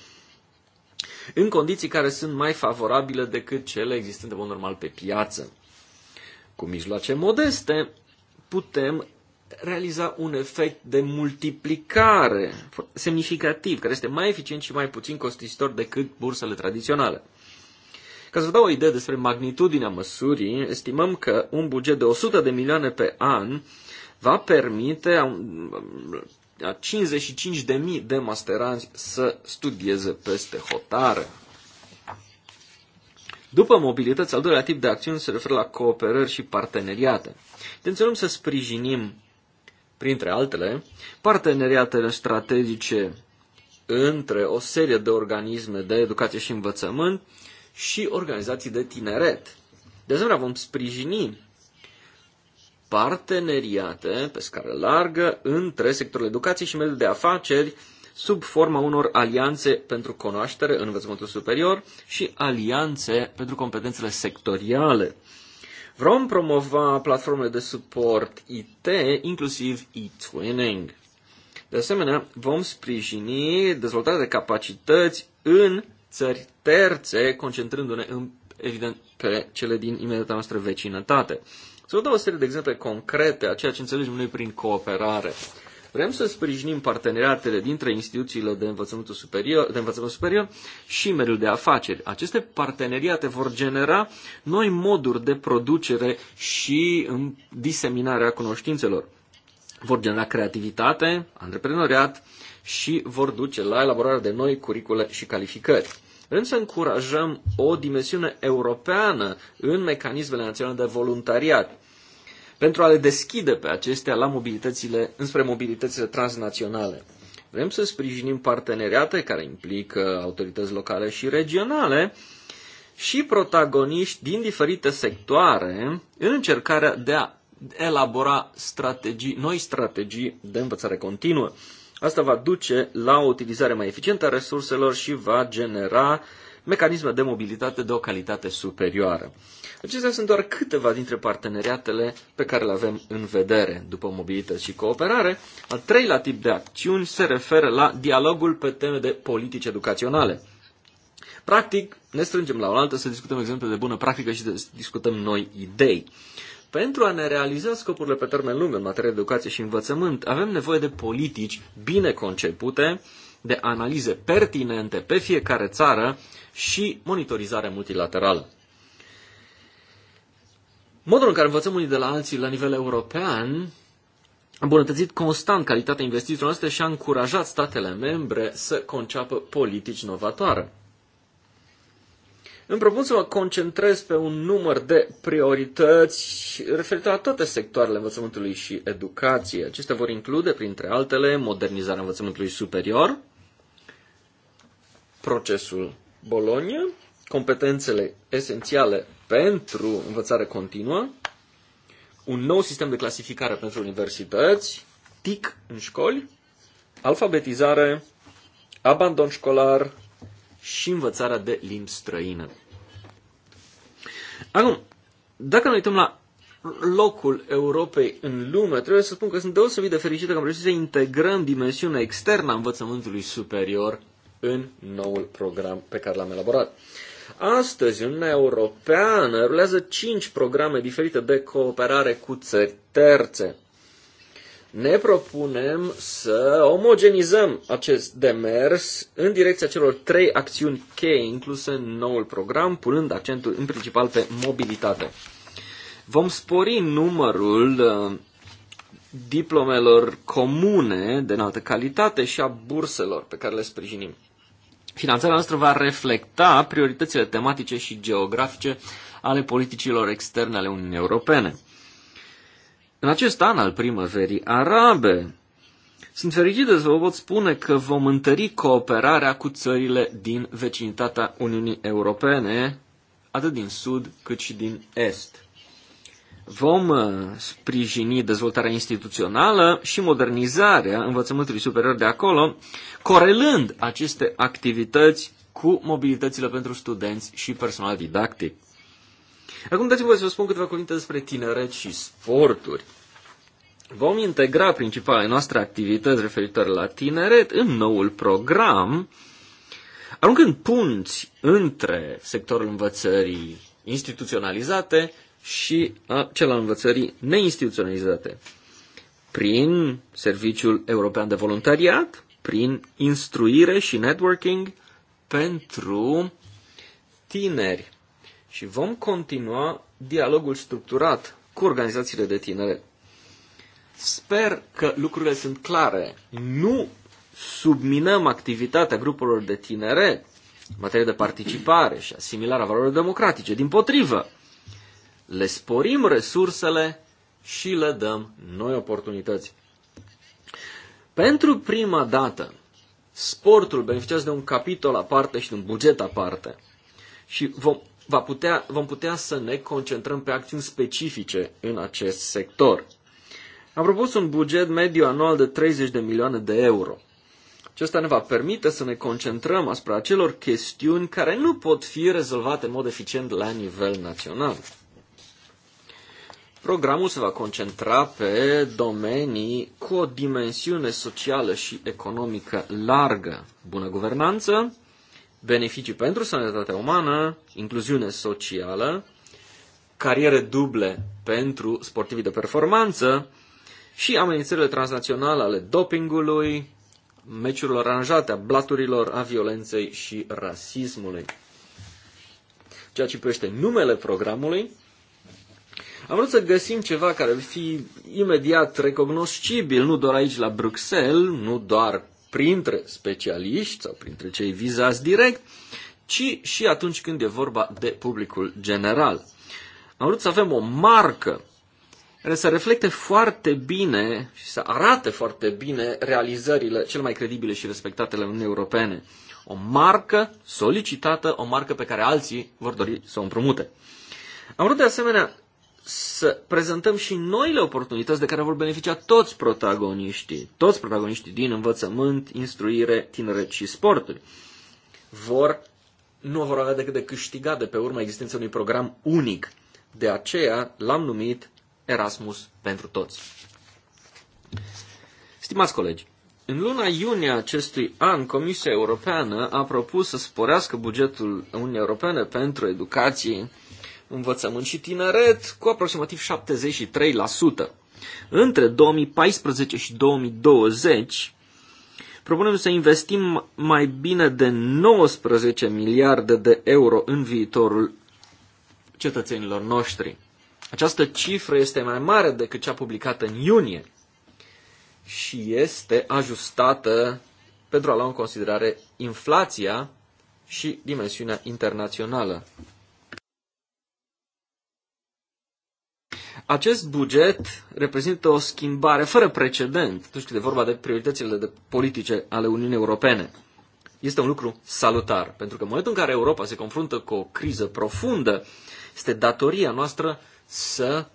în condiții care sunt mai favorabile decât cele existente, în normal, pe piață. Cu mijloace modeste putem realiza un efect de multiplicare semnificativ, care este mai eficient și mai puțin costisitor decât bursele tradiționale. Ca să vă dau o idee despre magnitudinea măsurii, estimăm că un buget de 100 de milioane pe an va permite a, a 55 de mii de masteranți să studieze peste hotare. După mobilități, al doilea tip de acțiuni se referă la cooperări și parteneriate. Intenționăm să sprijinim, printre altele, parteneriatele strategice între o serie de organisme de educație și învățământ, și organizații de tineret. De asemenea, vom sprijini parteneriate pe scară largă între sectorul educației și mediul de afaceri sub forma unor alianțe pentru cunoaștere în învățământul superior și alianțe pentru competențele sectoriale. Vom promova platformele de suport IT, inclusiv e-twinning. De asemenea, vom sprijini dezvoltarea de capacități în țări terțe, concentrându-ne în, evident pe cele din imediata noastră vecinătate. Să vă dau o serie de exemple concrete a ceea ce înțelegem noi prin cooperare. Vrem să sprijinim parteneriatele dintre instituțiile de învățământ superior, de învățământ superior și mediul de afaceri. Aceste parteneriate vor genera noi moduri de producere și diseminarea cunoștințelor. Vor genera creativitate, antreprenoriat, și vor duce la elaborarea de noi curicule și calificări. Vrem să încurajăm o dimensiune europeană în mecanismele naționale de voluntariat pentru a le deschide pe acestea la mobilitățile, înspre mobilitățile transnaționale. Vrem să sprijinim parteneriate care implică autorități locale și regionale și protagoniști din diferite sectoare în încercarea de a elabora strategii, noi strategii de învățare continuă. Asta va duce la o utilizare mai eficientă a resurselor și va genera mecanisme de mobilitate de o calitate superioară. Acestea sunt doar câteva dintre parteneriatele pe care le avem în vedere după mobilități și cooperare. Al treilea tip de acțiuni se referă la dialogul pe teme de politici educaționale. Practic, ne strângem la oaltă să discutăm exemple de bună practică și să discutăm noi idei. Uh, pentru a ne realiza scopurile pe termen lung în materie de educație și învățământ, avem nevoie de politici bine concepute, de analize pertinente pe fiecare țară și monitorizare multilaterală. Modul în care învățăm unii de la alții la nivel european a îmbunătățit constant calitatea investițiilor noastre și a încurajat statele membre să conceapă politici novatoare. Îmi propun să mă concentrez pe un număr de priorități referitor la toate sectoarele învățământului și educației. Acestea vor include, printre altele, modernizarea învățământului superior, procesul Bologna, competențele esențiale pentru învățare continuă, un nou sistem de clasificare pentru universități, TIC în școli, alfabetizare, abandon școlar, și învățarea de limbi străine. Acum, dacă ne uităm la locul Europei în lume, trebuie să spun că sunt deosebit de fericită că am reușit să integrăm dimensiunea externă a învățământului superior în noul program pe care l-am elaborat. Astăzi, Uniunea Europeană rulează cinci programe diferite de cooperare cu țări terțe ne propunem să omogenizăm acest demers în direcția celor trei acțiuni cheie incluse în noul program, punând accentul în principal pe mobilitate. Vom spori numărul uh, diplomelor comune de înaltă calitate și a burselor pe care le sprijinim. Finanțarea noastră va reflecta prioritățile tematice și geografice ale politicilor externe ale Uniunii Europene în acest an al primăverii arabe. Sunt de să vă pot spune că vom întări cooperarea cu țările din vecinitatea Uniunii Europene, atât din sud cât și din est. Vom uh, sprijini dezvoltarea instituțională și modernizarea învățământului superior de acolo, corelând aceste activități cu mobilitățile pentru studenți și personal didactic. Acum dați-mi voi să vă spun câteva cuvinte despre tineret și sporturi. Vom integra principalele noastre activități referitoare la tineret în noul program, aruncând punți între sectorul învățării instituționalizate și a cel al învățării neinstituționalizate, prin Serviciul European de Voluntariat, prin instruire și networking pentru tineri și vom continua dialogul structurat cu organizațiile de tinere. Sper că lucrurile sunt clare. Nu subminăm activitatea grupurilor de tinere în materie de participare și asimilarea valorilor democratice. Din potrivă, le sporim resursele și le dăm noi oportunități. Pentru prima dată, sportul beneficiază de un capitol aparte și de un buget aparte. Și vom va putea, vom putea să ne concentrăm pe acțiuni specifice în acest sector. Am propus un buget mediu anual de 30 de milioane de euro. Acesta ne va permite să ne concentrăm asupra acelor chestiuni care nu pot fi rezolvate în mod eficient la nivel național. Programul se va concentra pe domenii cu o dimensiune socială și economică largă. Bună guvernanță, beneficii pentru sănătatea umană, incluziune socială, cariere duble pentru sportivii de performanță și amenințările transnaționale ale dopingului, meciurilor aranjate, a blaturilor, a violenței și rasismului. Ceea ce privește numele programului, am vrut să găsim ceva care ar fi imediat recognoscibil, nu doar aici la Bruxelles, nu doar printre specialiști sau printre cei vizați direct, ci și atunci când e vorba de publicul general. Am vrut să avem o marcă care să reflecte foarte bine și să arate foarte bine realizările cel mai credibile și respectate în Uniunii Europene. O marcă solicitată, o marcă pe care alții vor dori să o împrumute. Am vrut de asemenea să prezentăm și noile oportunități de care vor beneficia toți protagoniștii, toți protagoniștii din învățământ, instruire, tineret și sporturi. Vor, nu vor avea decât de câștigat de pe urma existenței unui program unic. De aceea l-am numit Erasmus pentru toți. Stimați colegi, în luna iunie acestui an, Comisia Europeană a propus să sporească bugetul Uniunii Europene pentru educație învățământ și tineret cu aproximativ 73%. Între 2014 și 2020 propunem să investim mai bine de 19 miliarde de euro în viitorul cetățenilor noștri. Această cifră este mai mare decât cea publicată în iunie și este ajustată pentru a lua în considerare inflația și dimensiunea internațională. Acest buget reprezintă o schimbare fără precedent atunci când e vorba de prioritățile de politice ale Uniunii Europene. Este un lucru salutar, pentru că în momentul în care Europa se confruntă cu o criză profundă, este datoria noastră să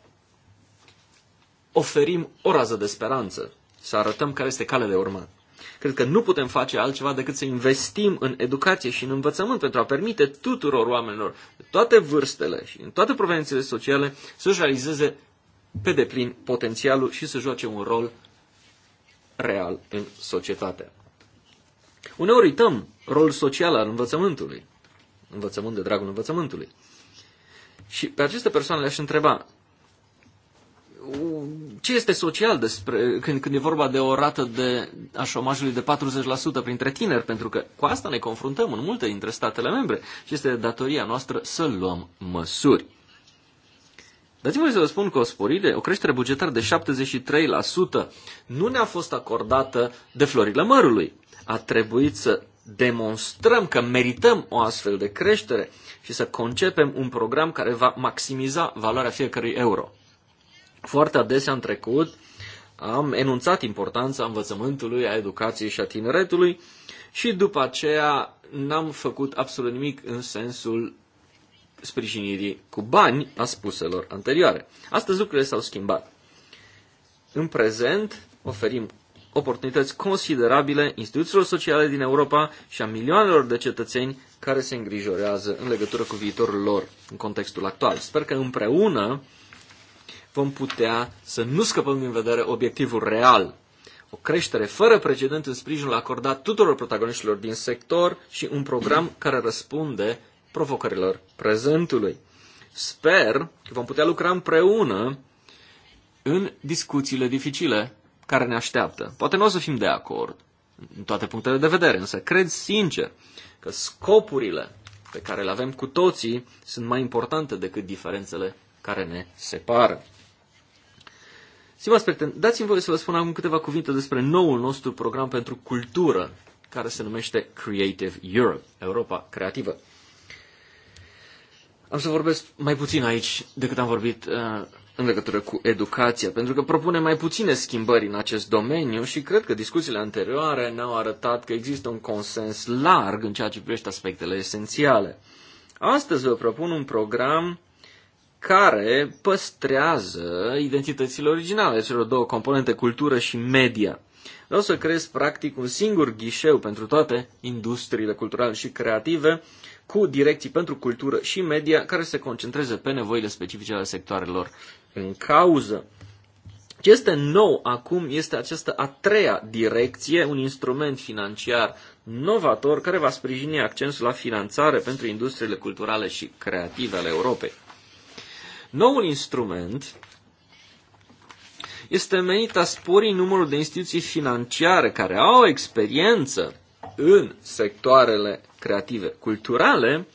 oferim o rază de speranță, să arătăm care este calea de urmat. Cred că nu putem face altceva decât să investim în educație și în învățământ pentru a permite tuturor oamenilor de toate vârstele și în toate proveniențele sociale să-și realizeze pe deplin potențialul și să joace un rol real în societate. Uneori uităm rolul social al învățământului, învățământ de dragul învățământului. Și pe aceste persoane le-aș întreba, ce este social despre, când, când e vorba de o rată de, a șomajului de 40% printre tineri, pentru că cu asta ne confruntăm în multe dintre statele membre și este datoria noastră să luăm măsuri. Dați-mi să vă spun că o sporire, o creștere bugetară de 73% nu ne-a fost acordată de florile mărului. A trebuit să demonstrăm că merităm o astfel de creștere și să concepem un program care va maximiza valoarea fiecărui euro. Foarte adesea în trecut am enunțat importanța învățământului, a educației și a tineretului și după aceea n-am făcut absolut nimic în sensul sprijinirii cu bani a spuselor anterioare. Astăzi lucrurile s-au schimbat. În prezent oferim oportunități considerabile instituțiilor sociale din Europa și a milioanelor de cetățeni care se îngrijorează în legătură cu viitorul lor în contextul actual. Sper că împreună vom putea să nu scăpăm din vedere obiectivul real. O creștere fără precedent în sprijinul acordat tuturor protagoniștilor din sector și un program care răspunde provocărilor prezentului. Sper că vom putea lucra împreună în discuțiile dificile care ne așteaptă. Poate nu o să fim de acord în toate punctele de vedere, însă cred sincer că scopurile pe care le avem cu toții sunt mai importante decât diferențele care ne separă. Stimați prieteni, dați-mi voie să vă spun acum câteva cuvinte despre noul nostru program pentru cultură, care se numește Creative Europe, Europa Creativă. Am să vorbesc mai puțin aici decât am vorbit uh, în legătură cu educația, pentru că propune mai puține schimbări în acest domeniu și cred că discuțiile anterioare ne-au arătat că există un consens larg în ceea ce privește aspectele esențiale. Astăzi vă propun un program care păstrează identitățile originale, celor două componente, cultură și media. Vreau să creez practic un singur ghișeu pentru toate industriile culturale și creative, cu direcții pentru cultură și media, care se concentreze pe nevoile specifice ale sectoarelor în cauză. Ce este nou acum este această a treia direcție, un instrument financiar novator care va sprijini accentul la finanțare pentru industriile culturale și creative ale Europei. Noul instrument este menit a spori numărul de instituții financiare care au experiență în sectoarele creative culturale,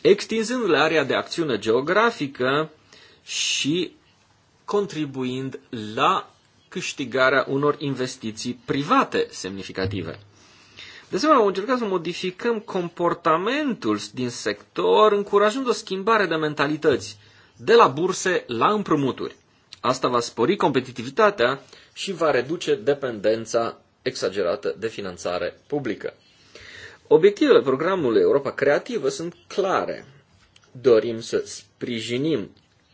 extinzându-le area de acțiune geografică și contribuind la câștigarea unor investiții private semnificative. De asemenea, am încercat să modificăm comportamentul din sector, încurajând o schimbare de mentalități de la burse la împrumuturi. Asta va spori competitivitatea și va reduce dependența exagerată de finanțare publică. Obiectivele programului Europa Creativă sunt clare. Dorim să sprijinim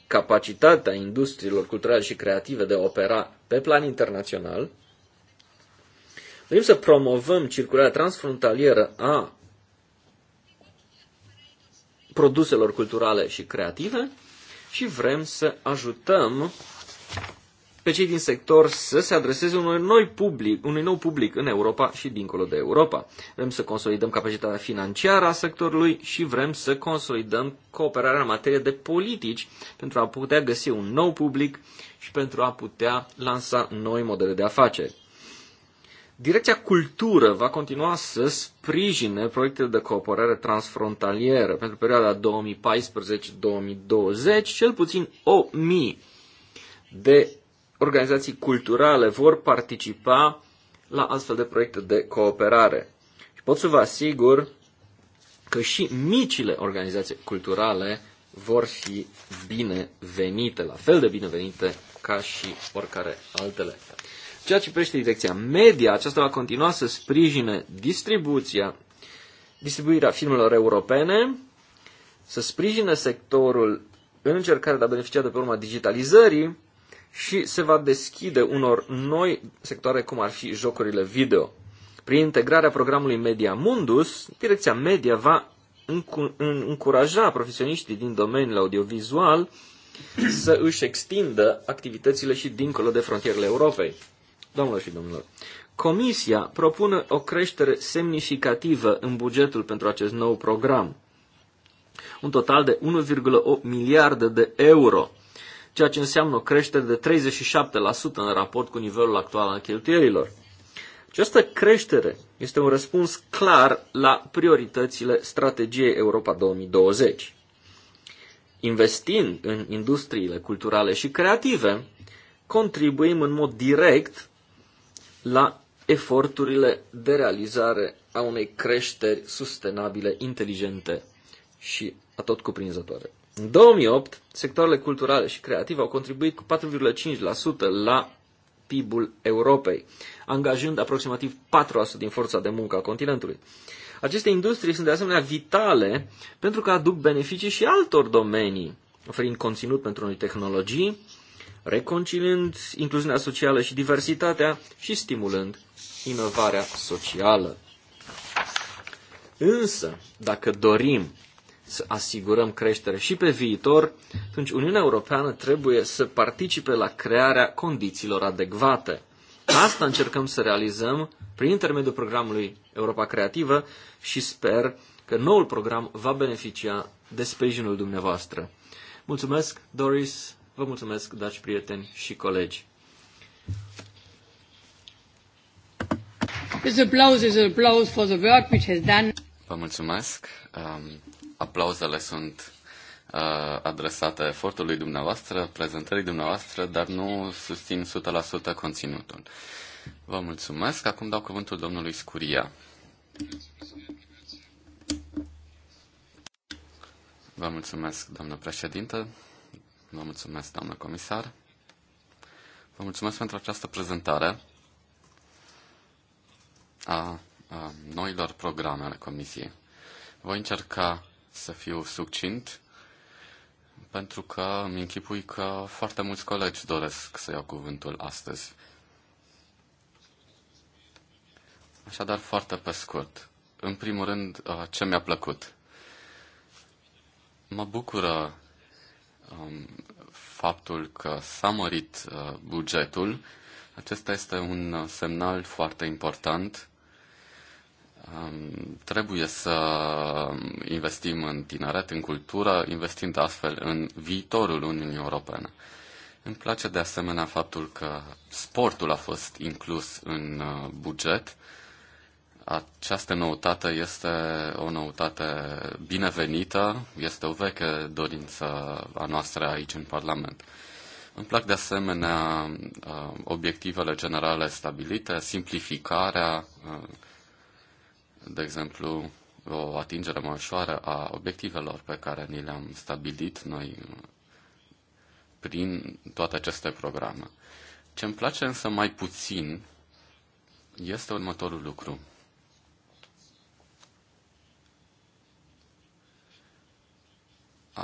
capacitatea industriilor culturale și creative de a opera pe plan internațional, Vrem să promovăm circularea transfrontalieră a produselor culturale și creative și vrem să ajutăm pe cei din sector să se adreseze unui, noi public, unui nou public în Europa și dincolo de Europa. Vrem să consolidăm capacitatea financiară a sectorului și vrem să consolidăm cooperarea în materie de politici pentru a putea găsi un nou public și pentru a putea lansa noi modele de afaceri. Direcția Cultură va continua să sprijine proiectele de cooperare transfrontalieră pentru perioada 2014-2020, cel puțin 1000 de organizații culturale vor participa la astfel de proiecte de cooperare. Și pot să vă asigur că și micile organizații culturale vor fi binevenite, la fel de binevenite ca și oricare altele ceea ce privește direcția media, aceasta va continua să sprijine distribuția, distribuirea filmelor europene, să sprijine sectorul în încercarea de a beneficia de pe urma digitalizării și se va deschide unor noi sectoare, cum ar fi jocurile video. Prin integrarea programului Media Mundus, direcția media va încuraja profesioniștii din domeniul audiovizual să își extindă activitățile și dincolo de frontierele Europei. Doamnelor și domnilor, Comisia propune o creștere semnificativă în bugetul pentru acest nou program, un total de 1,8 miliarde de euro, ceea ce înseamnă o creștere de 37% în raport cu nivelul actual al cheltuielilor. Această creștere este un răspuns clar la prioritățile strategiei Europa 2020. Investind în industriile culturale și creative, contribuim în mod direct la eforturile de realizare a unei creșteri sustenabile, inteligente și tot cuprinzătoare. În 2008, sectoarele culturale și creative au contribuit cu 4,5% la PIB-ul Europei, angajând aproximativ 4% din forța de muncă a continentului. Aceste industrie sunt de asemenea vitale pentru că aduc beneficii și altor domenii, oferind conținut pentru noi tehnologii, reconciliând incluziunea socială și diversitatea și stimulând inovarea socială. Însă, dacă dorim să asigurăm creștere și pe viitor, atunci Uniunea Europeană trebuie să participe la crearea condițiilor adecvate. Asta încercăm să realizăm prin intermediul programului Europa Creativă și sper că noul program va beneficia de sprijinul dumneavoastră. Mulțumesc, Doris! Vă mulțumesc, dragi prieteni și colegi. This applause is an applause for the work which has done. Vă mulțumesc. Um, aplauzele sunt uh, adresate efortului dumneavoastră, prezentării dumneavoastră, dar nu susțin 100% conținutul. Vă mulțumesc. Acum dau cuvântul domnului Scuria. Vă mulțumesc, doamnă președintă, Vă mulțumesc, doamnă comisar. Vă mulțumesc pentru această prezentare a, a noilor programe ale Comisiei. Voi încerca să fiu succint, pentru că îmi închipui că foarte mulți colegi doresc să iau cuvântul astăzi. Așadar, foarte pe scurt. În primul rând, ce mi-a plăcut? Mă bucură um, faptul că s-a mărit uh, bugetul. Acesta este un uh, semnal foarte important. Um, trebuie să investim în tineret, în cultură, investind astfel în viitorul Uniunii Europene. Îmi place de asemenea faptul că sportul a fost inclus în uh, buget. Uh, această noutate este o noutate binevenită, este o veche dorință a noastră aici în Parlament. Îmi plac de asemenea uh, obiectivele generale stabilite, simplificarea, uh, de exemplu, o atingere mai ușoară a obiectivelor pe care ni le-am stabilit noi uh, prin toate aceste programe. Ce îmi place însă mai puțin este următorul lucru.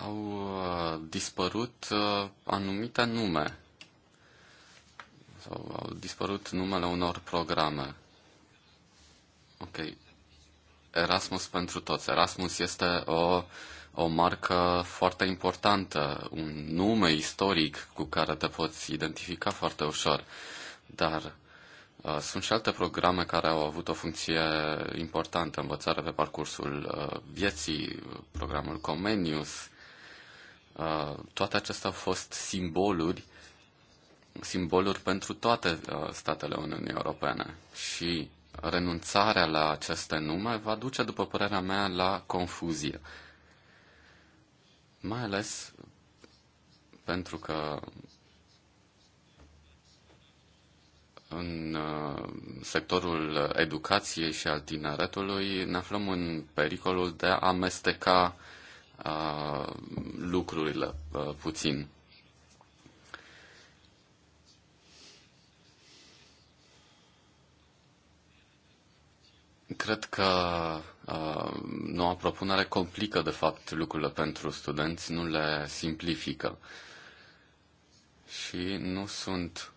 au uh, dispărut uh, anumite nume sau au dispărut numele unor programe. Ok. Erasmus pentru toți. Erasmus este o, o marcă foarte importantă, un nume istoric cu care te poți identifica foarte ușor. Dar uh, sunt și alte programe care au avut o funcție importantă, învățare pe parcursul uh, vieții, programul Comenius, Uh, toate acestea au fost simboluri simboluri pentru toate uh, statele Uniunii Europene și renunțarea la aceste nume va duce, după părerea mea, la confuzie. Mai ales pentru că în uh, sectorul educației și al tineretului ne aflăm în pericolul de a amesteca uh, lucrurile uh, puțin. Cred că uh, noua propunere complică, de fapt, lucrurile pentru studenți, nu le simplifică. Și nu sunt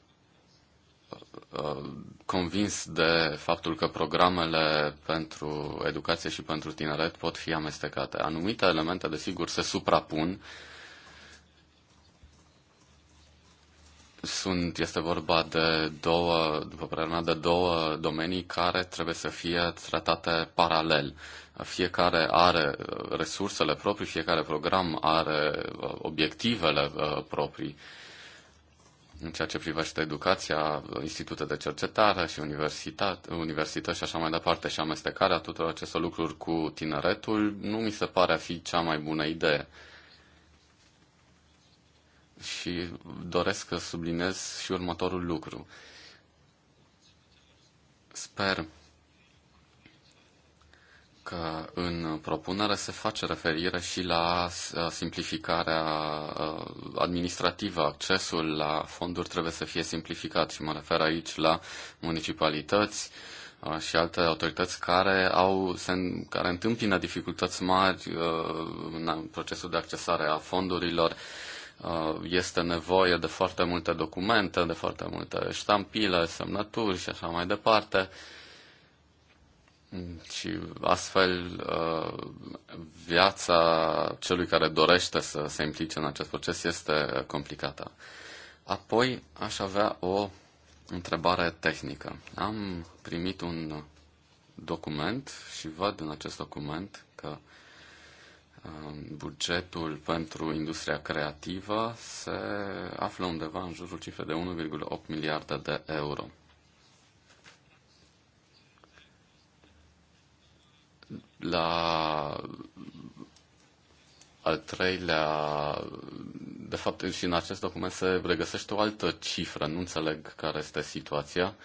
Uh, convins de faptul că programele pentru educație și pentru tineret pot fi amestecate. Anumite elemente, desigur, se suprapun. Sunt, este vorba de două, după părerea mea, de două domenii care trebuie să fie tratate paralel. Fiecare are uh, resursele proprii, fiecare program are uh, obiectivele proprii în ceea ce privește educația, institute de cercetare și universități și așa mai departe și amestecarea tuturor acestor lucruri cu tineretul, nu mi se pare a fi cea mai bună idee. Și doresc să subliniez și următorul lucru. Sper că în propunere se face referire și la uh, simplificarea uh, administrativă. Accesul la fonduri trebuie să fie simplificat și mă refer aici la municipalități uh, și alte autorități care, au, care întâmpină dificultăți mari în procesul de accesare a fondurilor este nevoie de foarte multe documente, de foarte multe ștampile, semnături și așa mai departe. Și astfel, uh, viața celui care dorește să se implice în acest proces este complicată. Apoi, aș avea o întrebare tehnică. Am primit un document și văd în acest document că uh, bugetul pentru industria creativă se află undeva în jurul cifrei de 1,8 miliarde de euro. la al treilea, de fapt, și în acest document se regăsește o altă cifră, nu înțeleg care este situația.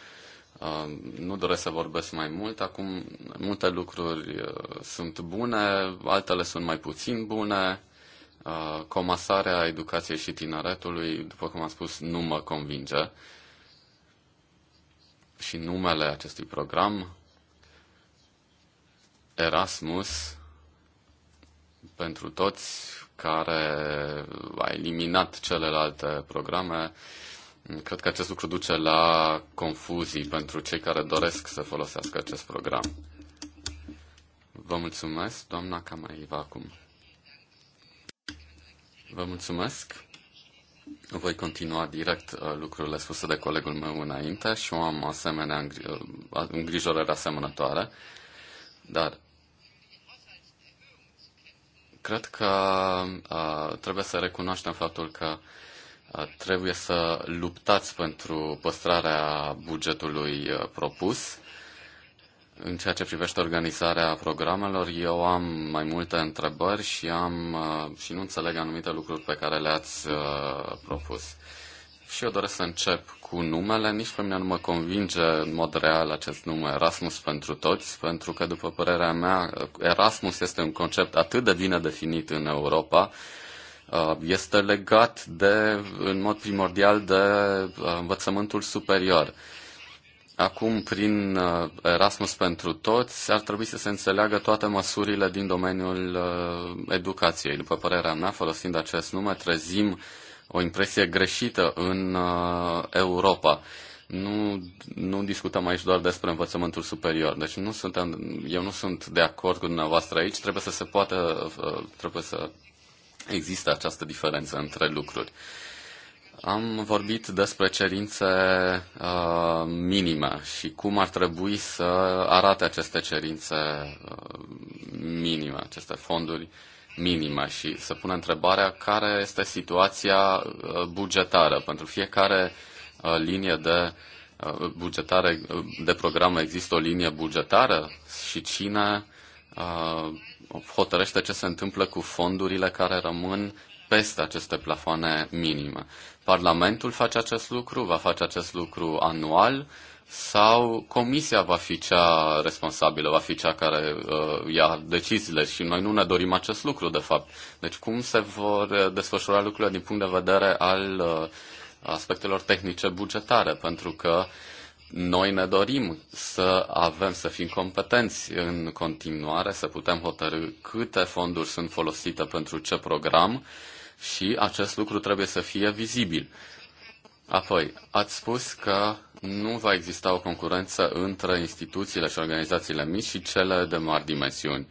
Uh, nu doresc să vorbesc mai mult. Acum, multe lucruri uh, sunt bune, altele sunt mai puțin bune. Uh, comasarea educației și tineretului, după cum am spus, nu mă convinge. Și numele acestui program Erasmus pentru toți care a eliminat celelalte programe. Cred că acest lucru duce la confuzii pentru cei care doresc să folosească acest program. Vă mulțumesc, doamna Camaiva, acum. Vă mulțumesc. Voi continua direct uh, lucrurile spuse de colegul meu înainte și o am asemenea uh, îngrijorări asemănătoare. Dar Cred că uh, trebuie să recunoaștem faptul că uh, trebuie să luptați pentru păstrarea bugetului uh, propus. În ceea ce privește organizarea programelor, eu am mai multe întrebări și, am, uh, și nu înțeleg anumite lucruri pe care le-ați uh, propus. Uh, și eu doresc să încep cu numele. Nici pe mine nu mă convinge în mod real acest nume Erasmus pentru toți, pentru că, după părerea mea, Erasmus este un concept atât de bine definit în Europa, uh, este legat de, în mod primordial de uh, învățământul superior. Acum, prin uh, Erasmus pentru toți, ar trebui să se înțeleagă toate măsurile din domeniul educației. După părerea mea, folosind acest nume, trezim o impresie greșită în uh, Europa. Nu, nu discutăm aici doar despre învățământul superior. Deci nu sunt, eu nu sunt de acord cu dumneavoastră aici. Trebuie să se poată, uh, trebuie să există această diferență între lucruri. Am vorbit despre cerințe uh, minime și cum ar trebui să arate aceste cerințe uh, minime, aceste fonduri minime și să pună întrebarea care este situația uh, bugetară. Pentru fiecare uh, linie de uh, bugetare, de program există o linie bugetară și cine hotărăște ce se întâmplă cu fondurile care rămân peste aceste plafoane minime. Parlamentul face acest lucru, va face acest lucru anual, sau comisia va fi cea responsabilă, va fi cea care uh, ia deciziile și noi nu ne dorim acest lucru, de fapt. Deci cum se vor uh, desfășura lucrurile din punct de vedere al uh, aspectelor tehnice bugetare, pentru că noi ne dorim să avem, să fim competenți în continuare, să putem hotărâ câte fonduri sunt folosite pentru ce program și acest lucru trebuie să fie vizibil. Apoi, ați spus că nu va exista o concurență între instituțiile și organizațiile mici și cele de mari dimensiuni.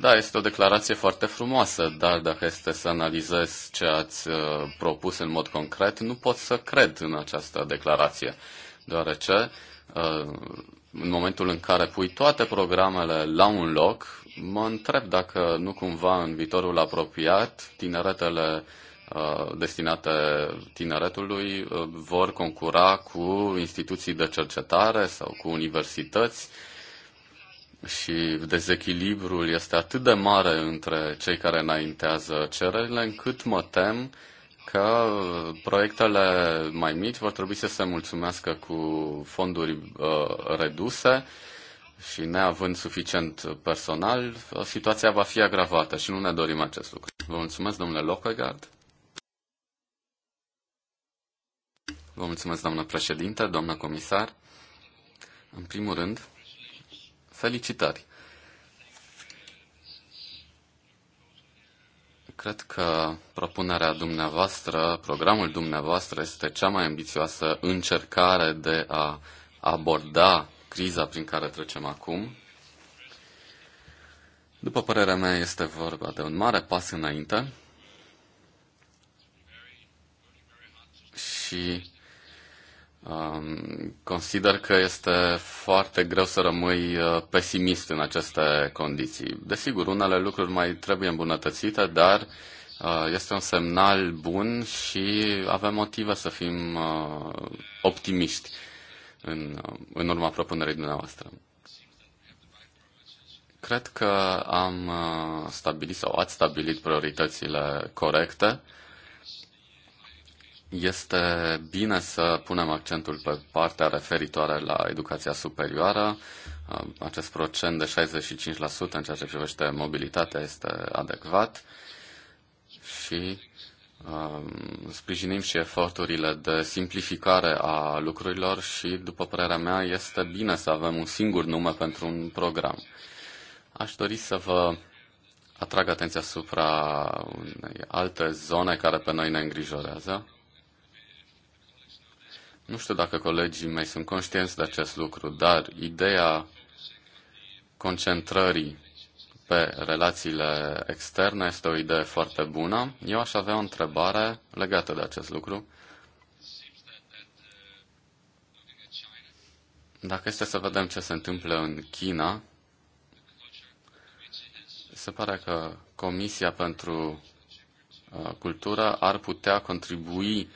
Da, este o declarație foarte frumoasă, dar dacă este să analizez ce ați uh, propus în mod concret, nu pot să cred în această declarație, deoarece uh, în momentul în care pui toate programele la un loc, mă întreb dacă nu cumva în viitorul apropiat tineretele Uh, destinate tineretului uh, vor concura cu instituții de cercetare sau cu universități și dezechilibrul este atât de mare între cei care înaintează cererile încât mă tem că proiectele mai mici vor trebui să se mulțumească cu fonduri uh, reduse și neavând suficient personal, situația va fi agravată și nu ne dorim acest lucru. Vă mulțumesc, domnule Locăgard. Vă mulțumesc, doamnă președinte, doamnă comisar. În primul rând, felicitări. Cred că propunerea dumneavoastră, programul dumneavoastră este cea mai ambițioasă încercare de a aborda criza prin care trecem acum. După părerea mea, este vorba de un mare pas înainte și Um, consider că este foarte greu să rămâi uh, pesimist în aceste condiții. Desigur, unele lucruri mai trebuie îmbunătățite, dar uh, este un semnal bun și avem motive să fim uh, optimiști în, în urma propunerii dumneavoastră. Cred că am stabilit sau ați stabilit prioritățile corecte este bine să punem accentul pe partea referitoare la educația superioară. Uh, acest procent de 65% în ceea ce privește mobilitatea este adecvat și uh, sprijinim și eforturile de simplificare a lucrurilor și, după părerea mea, este bine să avem un singur nume pentru un program. Aș dori să vă atrag atenția asupra unei alte zone care pe noi ne îngrijorează. Nu știu dacă colegii mei sunt conștienți de acest lucru, dar ideea concentrării pe relațiile externe este o idee foarte bună. Eu aș avea o întrebare legată de acest lucru. Dacă este să vedem ce se întâmplă în China, se pare că Comisia pentru uh, Cultură ar putea contribui uh,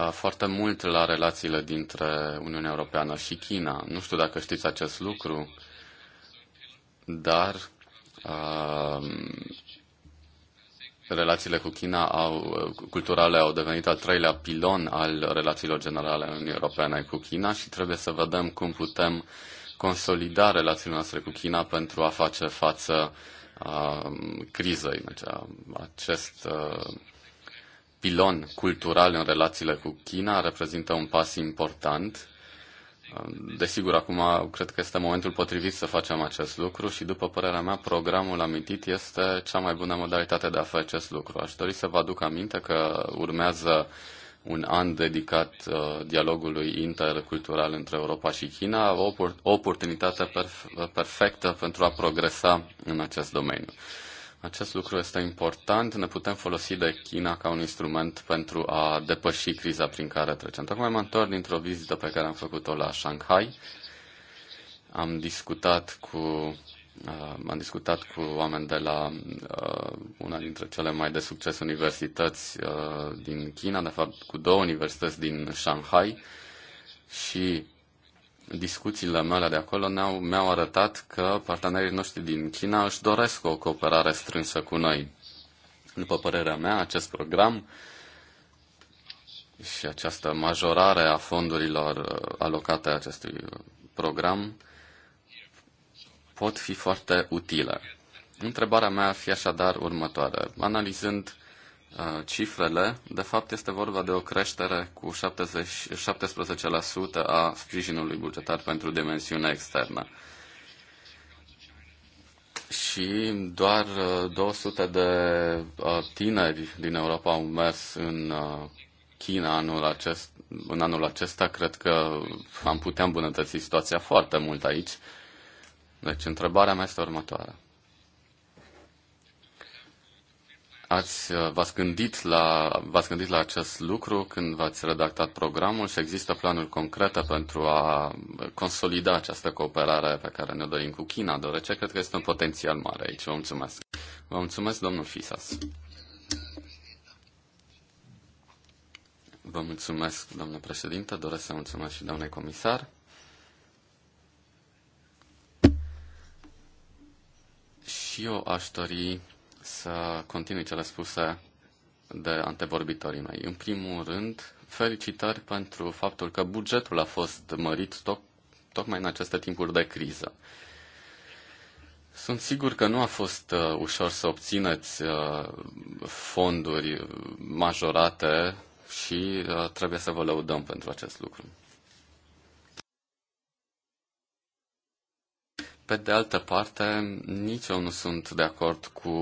Uh, foarte mult la relațiile dintre Uniunea Europeană și China. Nu știu dacă știți acest lucru, dar uh, relațiile cu China au, uh, culturale au devenit al treilea pilon al relațiilor generale în Uniunea Europeană cu China și trebuie să vedem cum putem consolida relațiile noastre cu China pentru a face față uh, crizei. Deci, uh, acest uh, pilon cultural în relațiile cu China reprezintă un pas important. Desigur, acum cred că este momentul potrivit să facem acest lucru și, după părerea mea, programul amintit este cea mai bună modalitate de a face acest lucru. Aș dori să vă aduc aminte că urmează un an dedicat uh, dialogului intercultural între Europa și China, o oportunitate perfectă pentru a progresa în acest domeniu. Acest lucru este important. Ne putem folosi de China ca un instrument pentru a depăși criza prin care trecem. Tocmai mă întorc dintr-o vizită pe care am făcut-o la Shanghai. Am discutat cu Uh, am discutat cu oameni de la uh, una dintre cele mai de succes universități uh, din China, de fapt cu două universități din Shanghai și discuțiile mele de acolo ne-au, mi-au arătat că partenerii noștri din China își doresc o cooperare strânsă cu noi. După părerea mea, acest program și această majorare a fondurilor uh, alocate acestui uh, program pot fi foarte utile. Întrebarea mea ar fi așadar următoare. Analizând uh, Uh, cifrele, de fapt este vorba de o creștere cu 70, 17% a sprijinului bugetar pentru dimensiunea externă. Și doar 200 uh, de uh, tineri din Europa au mers în China anul acest, în anul acesta. Cred că am putea îmbunătăți situația foarte mult aici. Deci întrebarea mea este următoarea. Ați, uh, v-ați, gândit la, v-ați gândit la acest lucru când v-ați redactat programul și există planuri concrete pentru a consolida această cooperare pe care ne dorim cu China, deoarece cred că este un potențial mare aici. Vă mulțumesc. Vă mulțumesc, domnul Fisas. Vă mulțumesc, domnule președinte. Doresc să mulțumesc și doamnei comisar. Și eu aș dori să continui cele spuse de antevorbitorii mei. În primul rând, felicitări pentru faptul că bugetul a fost mărit toc, tocmai în aceste timpuri de criză. Sunt sigur că nu a fost uh, ușor să obțineți uh, fonduri majorate și uh, trebuie să vă lăudăm pentru acest lucru. Pe de altă parte, nici eu nu sunt de acord cu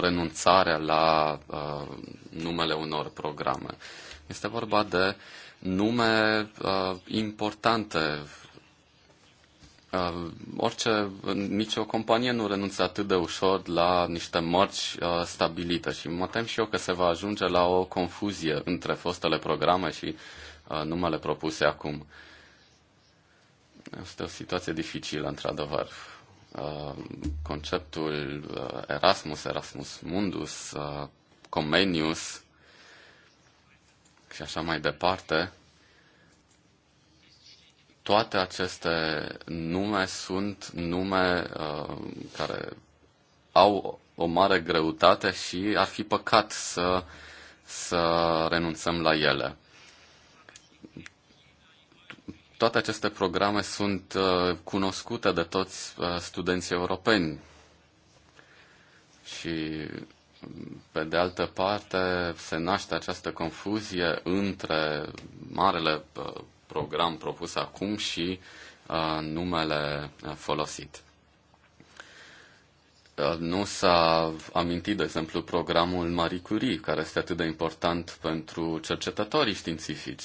renunțarea la uh, numele unor programe. Este vorba de nume uh, importante. Uh, orice, nici o companie nu renunță atât de ușor la niște mărci uh, stabilite și mă tem și eu că se va ajunge la o confuzie între fostele programe și uh, numele propuse acum. Uh, este o situație dificilă, într-adevăr. Uh, conceptul uh, Erasmus, Erasmus Mundus, uh, Comenius și așa mai departe, toate aceste nume sunt nume care au o mare greutate și ar fi păcat să, să renunțăm la ele toate aceste programe sunt uh, cunoscute de toți uh, studenții europeni. Și pe de altă parte, se naște această confuzie între marele uh, program propus acum și uh, numele folosit. Nu s-a amintit, de exemplu, programul Marie Curie, care este atât de important pentru cercetătorii științifici.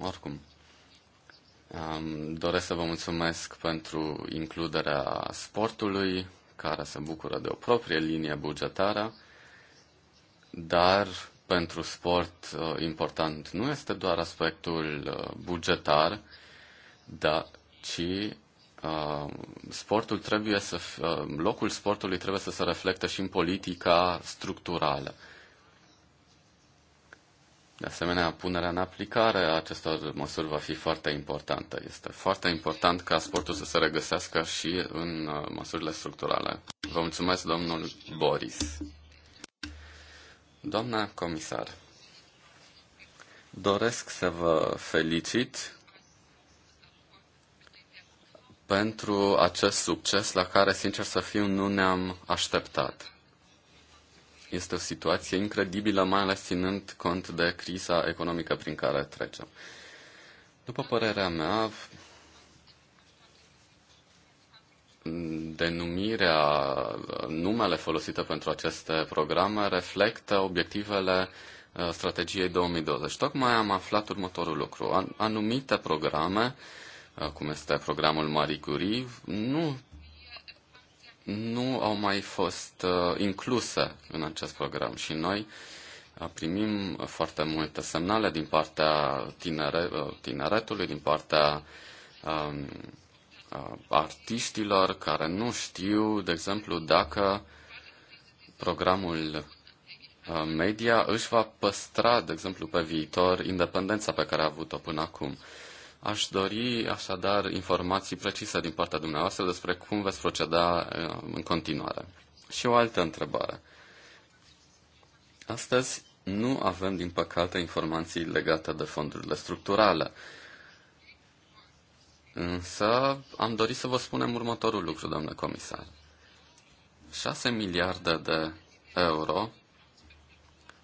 Oricum, doresc să vă mulțumesc pentru includerea sportului, care se bucură de o proprie linie bugetară, dar pentru sport uh, important nu este doar aspectul uh, bugetar, da, ci uh, sportul trebuie să, locul sportului trebuie să se reflecte și în politica structurală. De asemenea, punerea în aplicare a acestor măsuri va fi foarte importantă. Este foarte important ca sportul să se regăsească și în uh, măsurile structurale. Vă mulțumesc, domnul Boris. Doamna comisar, doresc să vă felicit pentru acest succes la care, sincer să fiu, nu ne-am așteptat este o situație incredibilă, mai ales ținând cont de criza economică prin care trecem. După părerea mea, denumirea, numele folosite pentru aceste programe reflectă obiectivele uh, strategiei 2020. Tocmai am aflat următorul lucru. Anumite programe, uh, cum este programul Marie Curie, nu nu au mai fost uh, incluse în acest program și noi uh, primim uh, foarte multe semnale din partea tinere, tineretului, din partea um, artiștilor care nu știu, de exemplu, dacă programul media își va păstra, de exemplu, pe viitor independența pe care a avut-o până acum. Aș dori așadar informații precise din partea dumneavoastră despre cum veți proceda eh, în continuare. Și o altă întrebare. Astăzi nu avem, din păcate, informații legate de fondurile structurale. Însă am dorit să vă spunem următorul lucru, doamnă comisar. 6 miliarde de euro,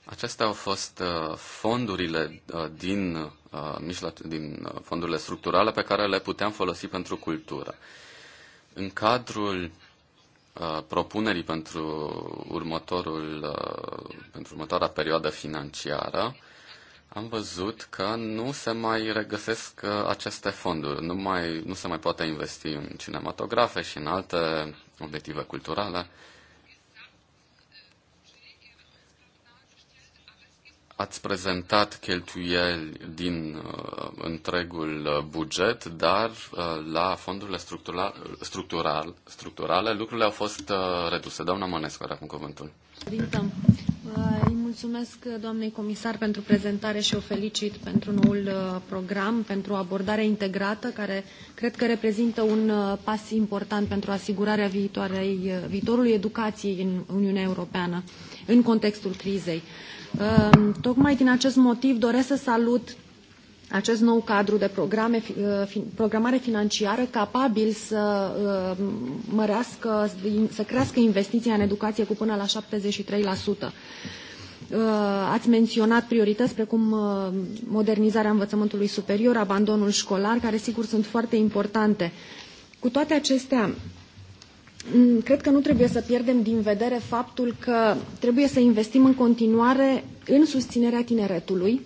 acestea au fost eh, fondurile eh, din Uh, din uh, fondurile structurale pe care le puteam folosi pentru cultură. În cadrul uh, propunerii pentru, următorul, pentru următoarea perioadă financiară, am văzut că nu se mai regăsesc aceste fonduri, nu, mai, nu se mai poate investi în cinematografe și în alte obiective culturale. Ați prezentat cheltuieli din uh, întregul uh, buget, dar uh, la fondurile structura, structural, structurale lucrurile au fost uh, reduse. Doamna Mănescu are acum cuvântul. uh, îi mulțumesc uh, doamnei comisar pentru prezentare și o felicit pentru noul uh, program, pentru o abordare integrată care cred că reprezintă un pas important pentru asigurarea viitoarei, viitorului educației în Uniunea Europeană în contextul crizei. Ehm, tocmai din acest motiv doresc să salut acest nou cadru de programe, eh, programare financiară capabil să ehm, mărească, să crească investiția în educație cu până la 73%. Eh, ați menționat priorități precum eh, modernizarea învățământului superior, abandonul școlar, care sigur sunt foarte importante. Cu toate acestea, Mm, cred că nu trebuie să pierdem din vedere faptul că trebuie să investim în continuare în susținerea tineretului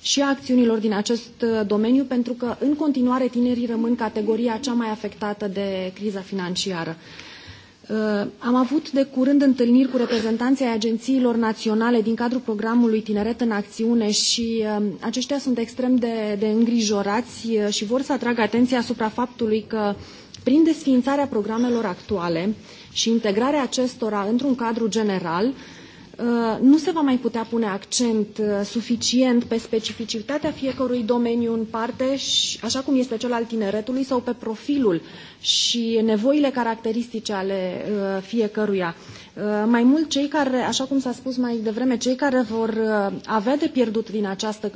și a acțiunilor din acest uh, domeniu, pentru că în continuare tinerii rămân categoria cea mai afectată de criza financiară. Uh, am avut de curând întâlniri cu reprezentanții ai agențiilor naționale din cadrul programului Tineret în Acțiune și uh, aceștia sunt extrem de, de îngrijorați și vor să atragă atenția asupra faptului că uh, prin desființarea programelor actuale și integrarea acestora într-un cadru general, Uh, nu se va mai putea pune accent uh, suficient pe specificitatea fiecărui domeniu în parte, și, așa cum este cel al tineretului, sau pe profilul și nevoile caracteristice ale uh, fiecăruia. Mai mult, cei care, așa cum s-a spus mai devreme, cei care vor avea de pierdut din această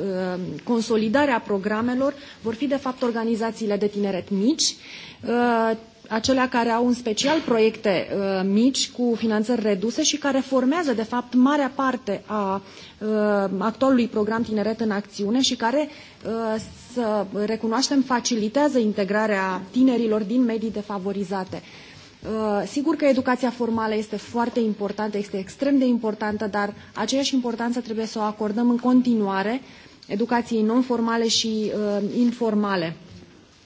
consolidare a programelor vor fi, de fapt, organizațiile de tineret mici, acelea care au în special proiecte uh, mici cu finanțări reduse și care formează, de fapt, marea parte a uh, actualului program Tineret în Acțiune și care, uh, să recunoaștem, facilitează integrarea tinerilor din medii defavorizate. Uh, sigur că educația formală este foarte importantă, este extrem de importantă, dar aceeași importanță trebuie să o acordăm în continuare educației non-formale și uh, informale.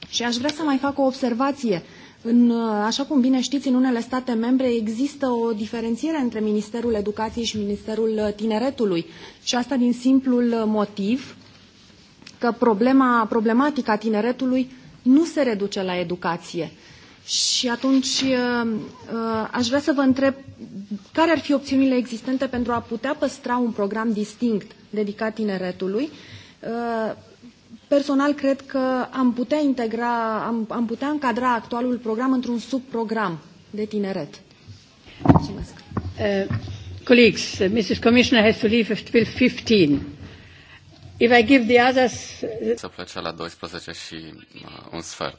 Și aș vrea să mai fac o observație uh, în, uh, așa cum bine știți, în unele state membre există o diferențiere între Ministerul Educației și Ministerul uh, Tineretului și asta din simplul uh, motiv că problema, problematica tineretului nu se reduce la educație. Și atunci aș vrea să vă întreb care ar fi opțiunile existente pentru a putea păstra un program distinct dedicat tineretului Personal, cred că am putea integra, am, am putea încadra actualul program într-un subprogram de tineret. Mulțumesc. Uh, colleagues, uh, Mrs. Commissioner has to leave at 15. If I give the others... Uh, să plece la 12 și uh, un sfert.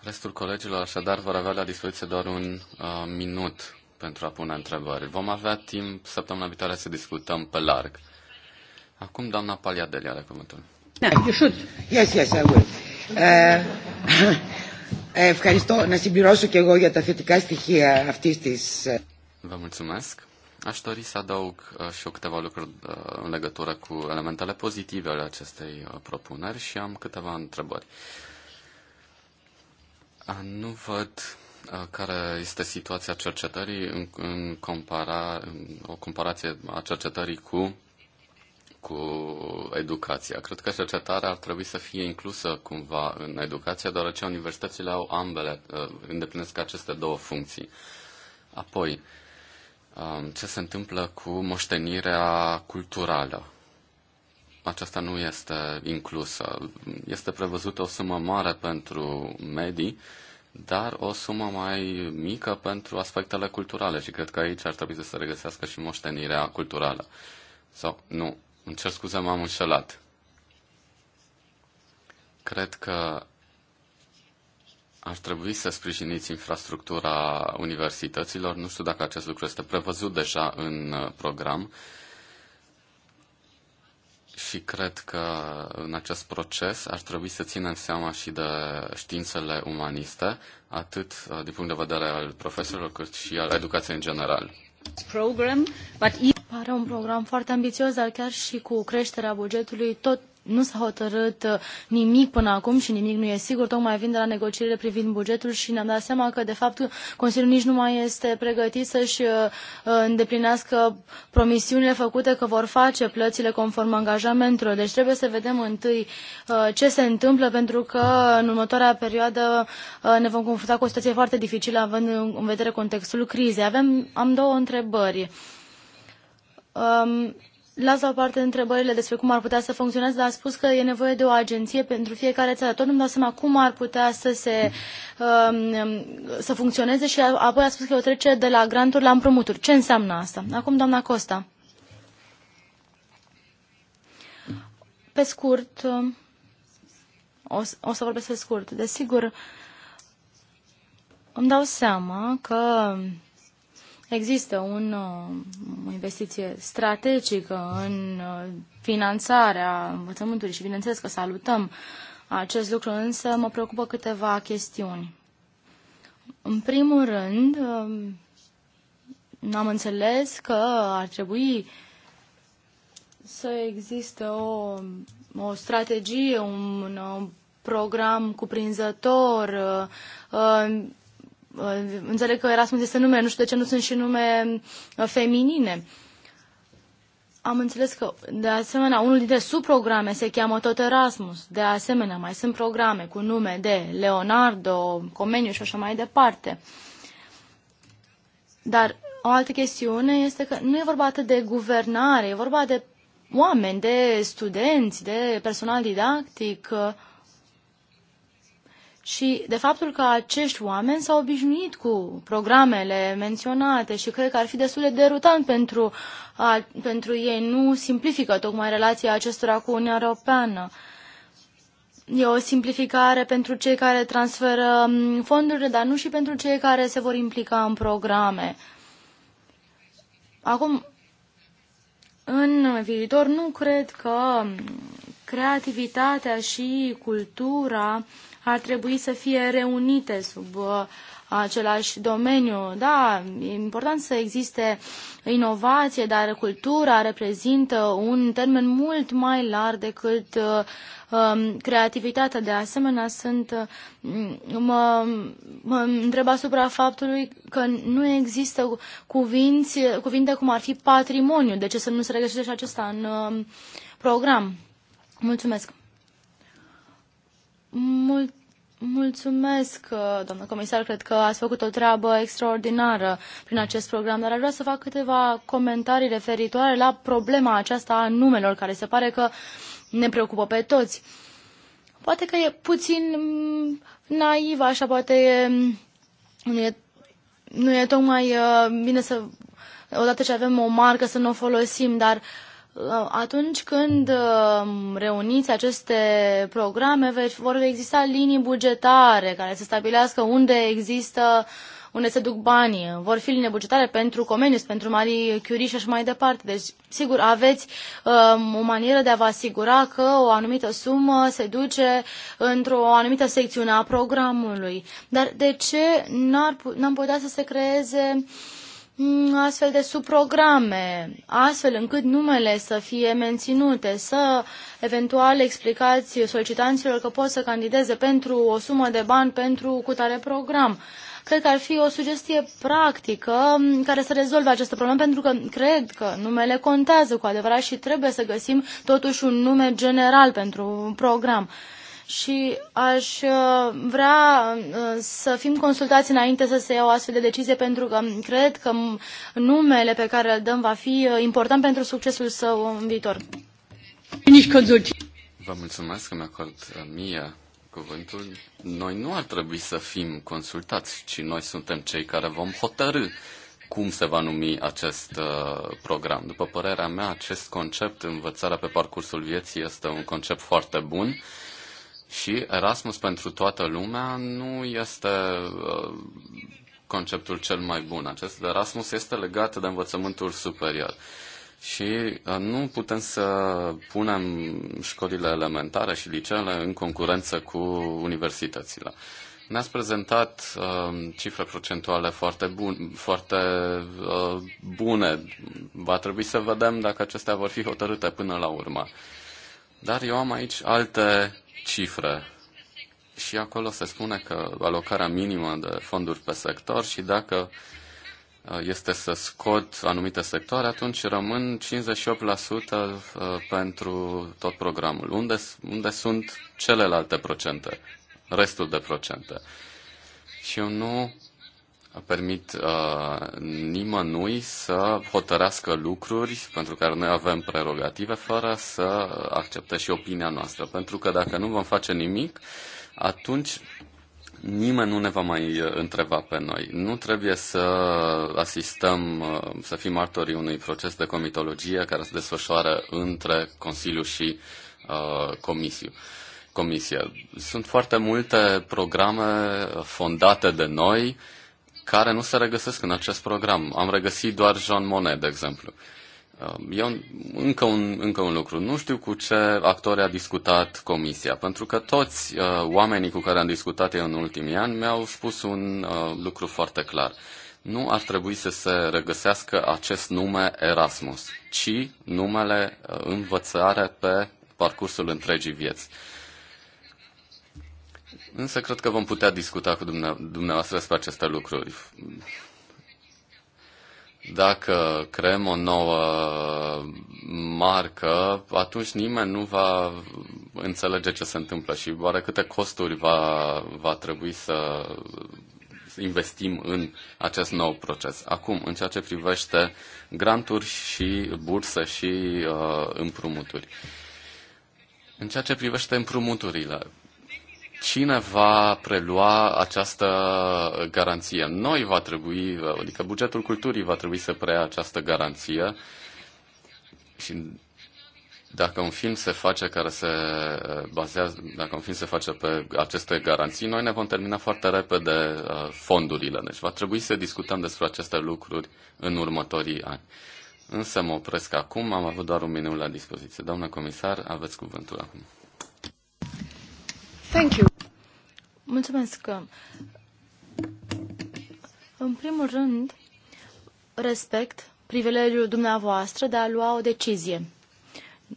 Restul colegilor așadar vor avea la dispoziție doar un uh, minut pentru a pune întrebări. Vom avea timp săptămâna viitoare să discutăm pe larg. Acum doamna Paliadeli are cuvântul. Ναι, you should. Yes, yes, I will. Ε, eh, (laughs) eh, ευχαριστώ να συμπληρώσω και εγώ για τα θετικά στοιχεία αυτή τη. Vă mulțumesc. Aș dori să adaug și eu câteva lucruri în legătură cu elementele pozitive ale acestei uh, propuneri și am câteva întrebări. Nu văd uh, care este situația cercetării în, în, compara, în o comparație a cercetării cu cu educația. Cred că cercetarea ar trebui să fie inclusă cumva în educație, deoarece universitățile au ambele, uh, îndeplinesc aceste două funcții. Apoi, um, ce se întâmplă cu moștenirea culturală? Aceasta nu este inclusă. Este prevăzută o sumă mare pentru medii, dar o sumă mai mică pentru aspectele culturale și cred că aici ar trebui să se regăsească și moștenirea culturală. Sau, nu, îmi cer scuze, m-am înșelat. Cred că ar trebui să sprijiniți infrastructura universităților. Nu știu dacă acest lucru este prevăzut deja în uh, program. Și cred că în acest proces ar trebui să ținem seama și de științele umaniste, atât uh, din punct de vedere al profesorilor, cât și al educației în general program, Pare un program foarte ambițios, dar chiar și cu creșterea bugetului, tot nu s-a hotărât uh, nimic până acum și nimic nu e sigur. Tocmai vin de la negocierile privind bugetul și ne-am dat seama că, de fapt, Consiliul nici nu mai este pregătit să-și uh, uh, îndeplinească promisiunile făcute că vor face plățile conform angajamentelor. Deci trebuie să vedem întâi ce se întâmplă, pentru că în următoarea perioadă ne vom confrunta cu o situație foarte dificilă, având în vedere contextul crizei. Avem, am două întrebări. Um, las la o parte întrebările despre cum ar putea să funcționeze, dar a spus că e nevoie de o agenție pentru fiecare țară. Tot nu-mi dau seama cum ar putea să, se, um, um, să funcționeze și apoi a spus că o trece de la granturi la împrumuturi. Ce înseamnă asta? Acum, doamna Costa. Pe scurt, um, o, o să vorbesc pe scurt. Desigur, îmi dau seama că Există un, uh, o investiție strategică în uh, finanțarea învățământului și bineînțeles că salutăm acest lucru, însă mă preocupă câteva chestiuni. În primul rând, um, am înțeles că ar trebui să existe o, o strategie, un, un program cuprinzător, uh, Uh, înțeleg că Erasmus este nume, nu știu de ce nu sunt și nume uh, feminine. Am înțeles că, de asemenea, unul dintre subprograme se cheamă tot Erasmus. De asemenea, mai sunt programe cu nume de Leonardo, Comeniu și așa mai departe. Dar o altă chestiune este că nu e vorba atât de guvernare, e vorba de oameni, de studenți, de personal didactic, uh, și de faptul că acești oameni s-au obișnuit cu programele menționate și cred că ar fi destul de derutant pentru, a, pentru ei. Nu simplifică tocmai relația acestora cu Uniunea Europeană. E o simplificare pentru cei care transferă fondurile, dar nu și pentru cei care se vor implica în programe. Acum, în viitor, nu cred că creativitatea și cultura uh, ar trebui să fie reunite sub uh, același domeniu. Da, e important să existe inovație, dar cultura reprezintă un termen mult mai larg decât uh, um, creativitatea. De asemenea, sunt, uh, mă, mă întreb asupra faptului că nu există cuvinți, cuvinte cum ar fi patrimoniu. De ce să nu se regăsește și acesta în program? Mulțumesc! mult mulțumesc, uh, doamnă comisar, cred că ați făcut o treabă extraordinară prin acest program, dar aș vrea să fac câteva comentarii referitoare la problema aceasta a numelor, care se pare că ne preocupă pe toți. Poate că e puțin mm, naivă, așa, poate e, mm, nu, e, nu e tocmai uh, bine să, odată ce avem o marcă, să nu o folosim, dar uh, atunci când um, reuniți aceste programe, vor exista linii bugetare care să stabilească unde există unde se duc banii, vor fi linii bugetare pentru Comenius, pentru Marie Curie și așa mai departe. Deci, sigur, aveți um, o manieră de a vă asigura că o anumită sumă se duce într-o anumită secțiune a programului. Dar de ce n-am putea să se creeze uh, Mm, astfel de subprograme, astfel încât numele să fie menținute, să eventual explicați solicitanților că pot să candideze pentru o sumă de bani pentru cutare program. Cred că ar fi o sugestie practică mm, care să rezolve această problemă, pentru că cred că numele contează cu adevărat și trebuie să găsim totuși un nume general pentru un program și aș uh, vrea uh, să fim consultați înainte să se iau astfel de decizie pentru că cred că numele pe care îl dăm va fi uh, important pentru succesul său în viitor. Vă mulțumesc că mi acord mie cuvântul. Noi nu ar trebui să fim consultați, ci noi suntem cei care vom hotărâ cum se va numi acest uh, program. După părerea mea, acest concept, învățarea pe parcursul vieții, este un concept foarte bun și Erasmus pentru toată lumea nu este uh, conceptul cel mai bun. Acest Erasmus este legat de învățământul superior. Și uh, nu putem să punem școlile elementare și liceele în concurență cu universitățile. Ne-ați prezentat uh, cifre procentuale foarte, bun, foarte uh, bune. Va trebui să vedem dacă acestea vor fi hotărâte până la urmă. Dar eu am aici alte cifre și acolo se spune că alocarea minimă de fonduri pe sector și dacă uh, este să scot anumite sectoare, atunci rămân 58% uh, pentru tot programul. Unde, unde sunt celelalte procente, restul de procente? Și eu nu permit uh, nimănui să hotărească lucruri pentru care noi avem prerogative fără să accepte și opinia noastră. Pentru că dacă nu vom face nimic, atunci nimeni nu ne va mai uh, întreba pe noi. Nu trebuie să asistăm, uh, să fim martorii unui proces de comitologie care se desfășoară între Consiliu și uh, Comisiu. Comisie. Sunt foarte multe programe uh, fondate de noi uh, care nu se regăsesc în acest program. Am regăsit doar Jean Monnet, de exemplu. Uh, un, încă un, încă un lucru. Nu știu cu ce actori a discutat comisia, pentru că toți uh, oamenii cu care am discutat eu în ultimii ani mi-au spus un uh, lucru foarte clar. Nu ar trebui să se regăsească acest nume Erasmus, ci numele uh, învățare pe parcursul întregii vieți. Uh, Însă cred că vom putea discuta cu dumneavoastră despre aceste lucruri. Dacă creăm o nouă marcă, atunci nimeni nu va înțelege ce se întâmplă și oare câte costuri va, va trebui să investim în acest nou proces. Acum, în ceea ce privește granturi și bursă și uh, împrumuturi. În ceea ce privește împrumuturile, Cine va prelua această garanție? Noi va trebui, adică bugetul culturii va trebui să preia această garanție și dacă un film se face care se uh, bazează, dacă un film se face pe aceste garanții, noi ne vom termina foarte repede uh, fondurile. Deci va trebui să discutăm despre aceste lucruri în următorii ani. Însă mă opresc acum, am avut doar un minut la dispoziție. Doamna comisar, aveți cuvântul acum. Thank you. În primul rând, respect privilegiul dumneavoastră de a lua o decizie.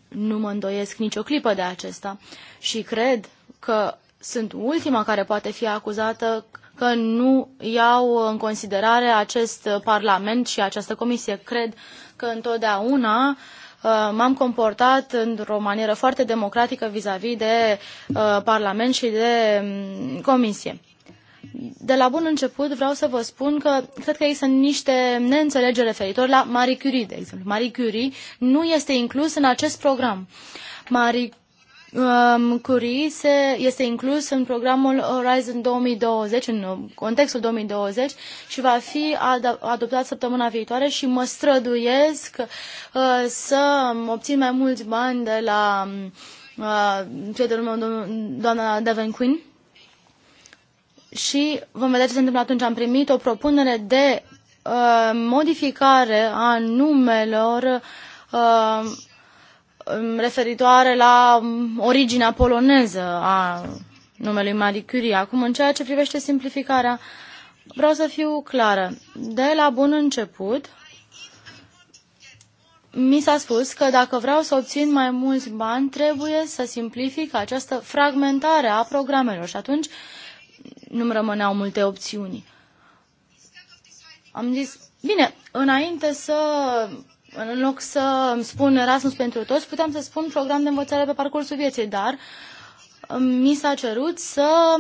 Nu mă îndoiesc nicio clipă de acesta și cred că sunt ultima care poate fi acuzată că nu iau în considerare acest Parlament și această comisie. Cred că întotdeauna Uh, m-am comportat într-o manieră foarte democratică vis-a-vis de uh, Parlament și de um, Comisie. De la bun început vreau să vă spun că cred că există niște neînțelegeri referitor la Marie Curie, de exemplu. Marie Curie nu este inclus în acest program. Marie um, Curie se, este inclus în programul Horizon 2020, în uh, contextul 2020 și va fi ad adoptat săptămâna viitoare și mă străduiesc uh, să um, obțin mai mulți bani de la um, uh, prietenul meu, doamna Devon Quinn. Și vom vedea ce se întâmplă atunci. Am primit o propunere de uh, modificare a numelor uh, Um, referitoare la um, originea poloneză a numelui Marie Curie. Acum, în ceea ce privește simplificarea, vreau să fiu clară. De la bun început, mi s-a spus că dacă vreau să obțin mai mulți bani, trebuie să simplific această fragmentare a programelor și atunci nu-mi rămâneau multe opțiuni. Am zis, bine, înainte să în loc să îmi spun Erasmus pentru toți, puteam să spun program de învățare pe parcursul vieții, dar um, mi s-a cerut să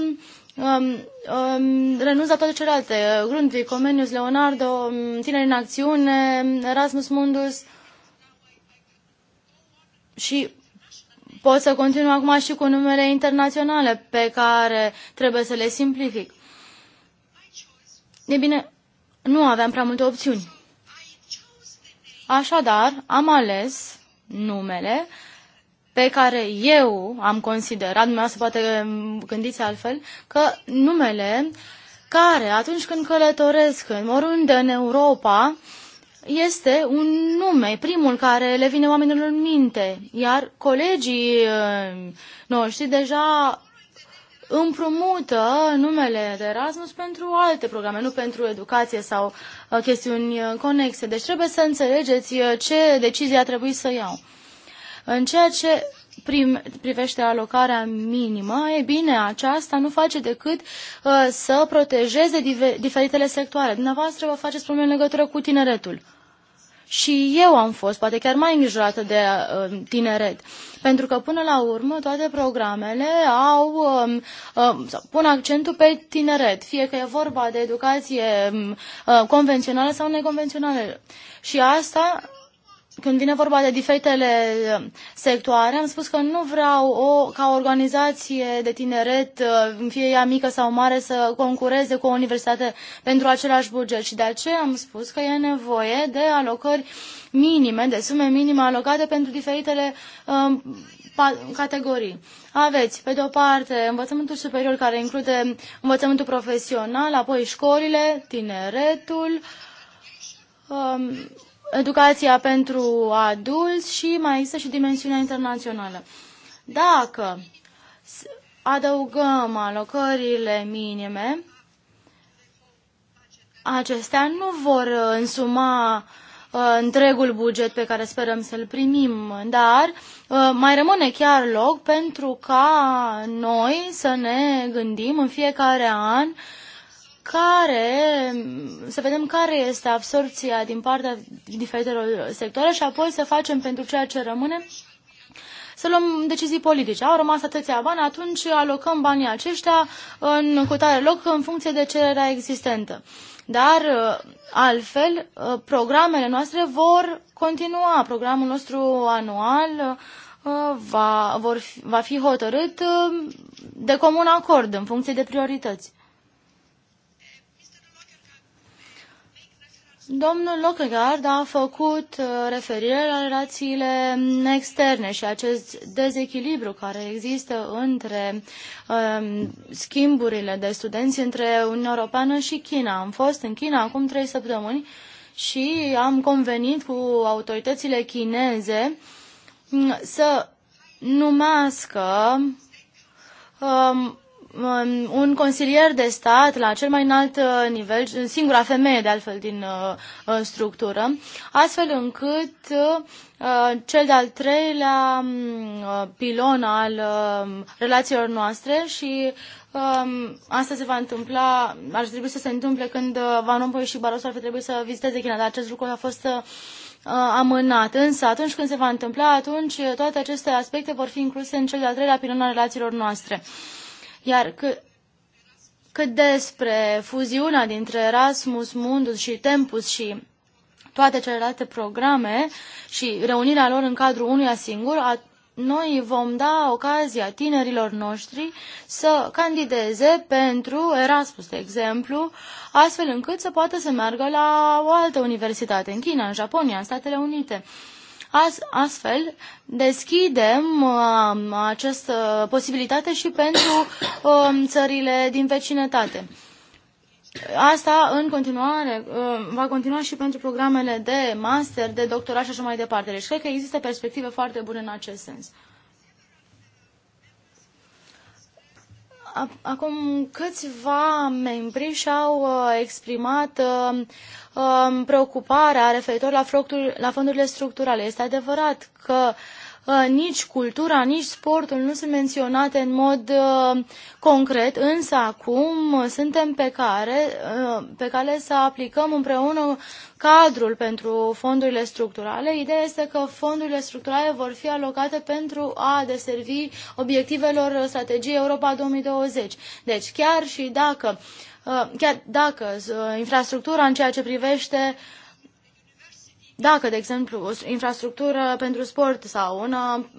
um, um, renunț la toate celelalte. Grundtvig, Comenius, Leonardo, um, Tineri în acțiune, Erasmus Mundus și pot să continu acum și cu numele internaționale pe care trebuie să le simplific. E bine, nu aveam prea multe opțiuni. Așadar, am ales numele pe care eu am considerat, dumneavoastră poate mm, gândiți altfel, că numele care atunci când călătoresc în oriunde în Europa este un nume, primul care le vine oamenilor în minte, iar colegii mm, noștri deja împrumută numele de Erasmus pentru alte programe, nu pentru educație sau uh, chestiuni uh, conexe. Deci trebuie să înțelegeți uh, ce decizie a trebuit să iau. În ceea ce prim, privește alocarea minimă, e bine, aceasta nu face decât uh, să protejeze diferitele sectoare. Dumneavoastră vă faceți probleme în legătură cu tineretul și eu am fost poate chiar mai îngrijorată de uh, tineret. Pentru că până la urmă toate programele au, um, uh, pun accentul pe tineret, fie că e vorba de educație um, uh, convențională sau neconvențională. Și asta când vine vorba de diferitele uh, sectoare, am spus că nu vreau o, ca o organizație de tineret, uh, fie ea mică sau mare, să concureze cu o universitate pentru același buget și de aceea am spus că e nevoie de alocări minime, de sume minime alocate pentru diferitele um, categorii. Aveți, pe de o parte, învățământul superior care include învățământul profesional, apoi școlile, tineretul, um, educația pentru adulți și mai există și dimensiunea internațională. Dacă adăugăm alocările minime, acestea nu vor însuma uh, întregul buget pe care sperăm să-l primim, dar uh, mai rămâne chiar loc pentru ca noi să ne gândim în fiecare an uh, care, să vedem care este absorpția din partea diferitelor sectoare și apoi să facem pentru ceea ce rămâne să luăm decizii politice. Au rămas atâția bani, atunci alocăm banii aceștia în cutare loc în funcție de cererea existentă. Dar altfel, programele noastre vor continua. Programul nostru anual uh, va, vor, va fi hotărât uh, de comun acord în funcție de priorități. Domnul Lockegaard a făcut uh, referire la relațiile externe și acest dezechilibru care există între um, schimburile de studenți între Uniunea Europeană și China. Am fost în China acum trei săptămâni și am convenit cu autoritățile chineze mm, să numească um, Um, un consilier de stat la cel mai înalt uh, nivel, singura femeie de altfel din uh, uh, structură, astfel încât cel de-al treilea um, pilon al um, relațiilor noastre și asta se va întâmpla, ar trebui să se întâmple când Van Rompuy și Barroso ar fi trebuit să viziteze China, dar acest lucru a fost amânat. Însă atunci când se va întâmpla, atunci toate aceste aspecte vor fi incluse în cel de-al treilea pilon al relațiilor noastre. Uh, iar că cât despre fuziunea dintre Erasmus, Mundus și Tempus și toate celelalte programe și reunirea lor în cadrul unuia singur, a, noi vom da ocazia tinerilor noștri să candideze pentru Erasmus, de exemplu, astfel încât să poată să meargă la o altă universitate, în China, în Japonia, în Statele Unite. Uh, Astfel, deschidem uh, această posibilitate și pentru um, țările din vecinătate. Asta în continuare uh, va continua și pentru programele de master, de doctorat și așa mai departe. Deci cred că există perspective foarte bune în acest sens. Acum câțiva membri și-au uh, exprimat uh, um, preocuparea referitor la, fondurile structurale. Este adevărat că Uh, nici cultura, nici sportul nu sunt menționate în mod uh, concret, însă acum suntem pe care, uh, pe care să aplicăm împreună cadrul pentru fondurile structurale. Ideea este că fondurile structurale vor fi alocate pentru a deservi obiectivelor strategiei Europa 2020. Deci chiar și dacă chiar dacă infrastructura în ceea ce privește uh, dacă, de exemplu, o infrastructură pentru sport sau una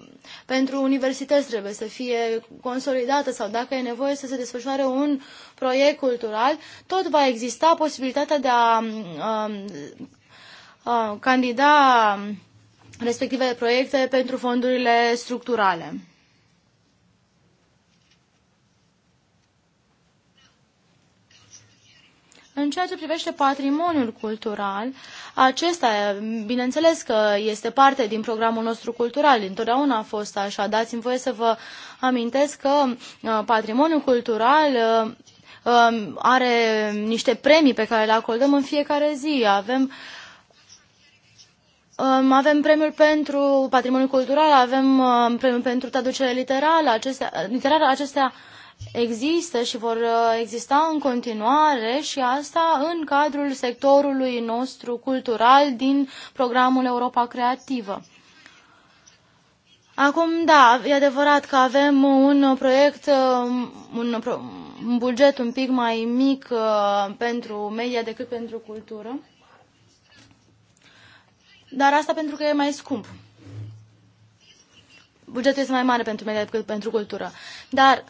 pentru universități trebuie să fie consolidată sau dacă e nevoie să se desfășoare un proiect cultural, tot va exista posibilitatea de a mm, um, uh, candida respectivele proiecte pentru fondurile structurale. În ceea ce privește patrimoniul cultural, acesta, bineînțeles că este parte din programul nostru cultural, întotdeauna a fost așa. Dați-mi voie să vă amintesc că uh, patrimoniul cultural uh, um, are niște premii pe care le acordăm în fiecare zi. Avem um, avem premiul pentru patrimoniul cultural, avem um, premiul pentru traducere literară, acestea, literară, acestea există și vor uh, exista în continuare și asta în cadrul sectorului nostru cultural din programul Europa Creativă. Acum, da, e adevărat că avem un proiect, uh, un, un buget un pic mai mic uh, pentru media decât pentru cultură, dar asta pentru că e mai scump. Bugetul este mai mare pentru media decât pentru cultură. Dar uh,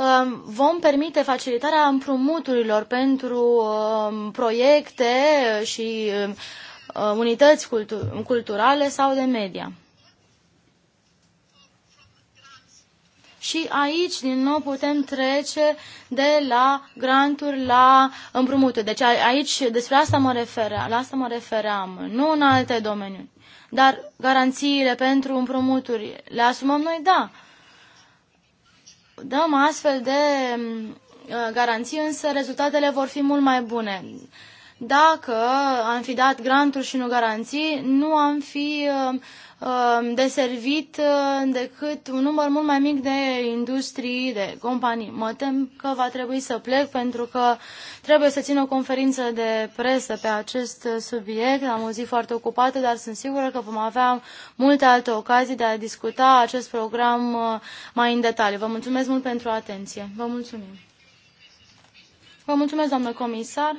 Um, vom permite facilitarea împrumuturilor pentru um, proiecte și um, unități cultu culturale sau de media. Și aici, din nou, putem trece de la granturi la împrumuturi. Deci aici, despre asta mă, referea, la asta mă refeream, nu în alte domenii. Dar garanțiile pentru împrumuturi le asumăm noi? Da dăm astfel de mm, uh, garanții, însă rezultatele vor fi mult mai bune. Dacă am fi dat granturi și nu garanții, nu am fi uh, Um, de servit uh, decât un număr mult mai mic de industrii, de companii. Mă tem că va trebui să plec pentru că trebuie să țin o conferință de presă pe acest subiect. Am o zi foarte ocupată, dar sunt sigură că vom avea multe alte ocazii de a discuta acest program uh, mai în detaliu. Vă mulțumesc mult pentru atenție. Vă mulțumim. Vă mulțumesc, doamnă comisar.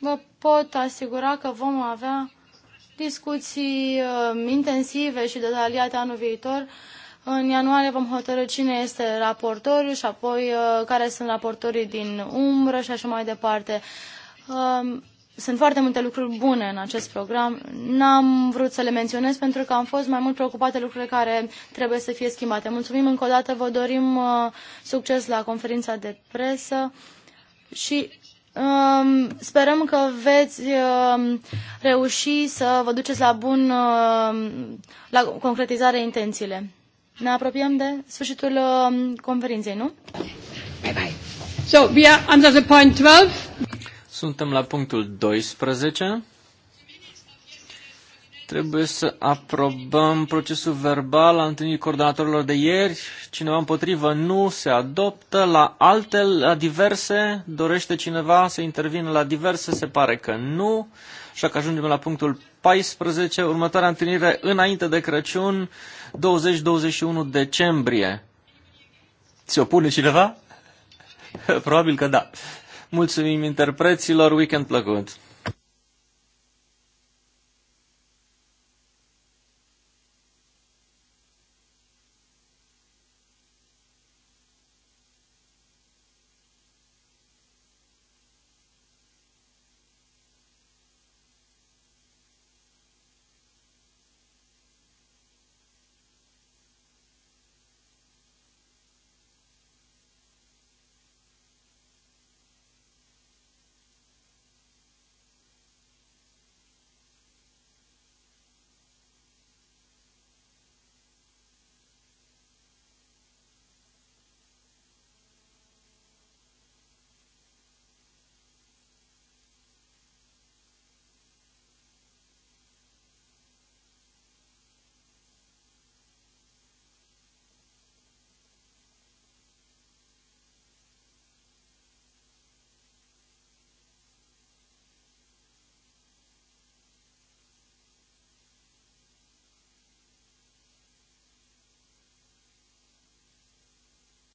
Vă pot asigura că vom avea discuții uh, intensive și detaliate anul viitor. În ianuarie vom hotărâ cine este raportorul și apoi uh, care sunt raportorii din umbră și așa mai departe. Um, sunt foarte multe lucruri bune în acest program. N-am vrut să le menționez pentru că am fost mai mult preocupate lucrurile care trebuie să fie schimbate. Mulțumim încă o dată, vă dorim uh, succes la conferința de presă și Um, sperăm că veți um, reuși să vă duceți la bun, um, la concretizare intențiile. Ne apropiem de sfârșitul conferinței, nu? Bye bye. So, we are under the point 12. Suntem la punctul 12. Trebuie să aprobăm procesul verbal al întâlnirii coordonatorilor de ieri. Cineva împotrivă nu se adoptă. La alte, la diverse, dorește cineva să intervină la diverse? Se pare că nu. Așa că ajungem la punctul 14. Următoarea întâlnire înainte de Crăciun, 20-21 decembrie. Se opune cineva? (laughs) Probabil că da. Mulțumim interpreților, weekend plăcut!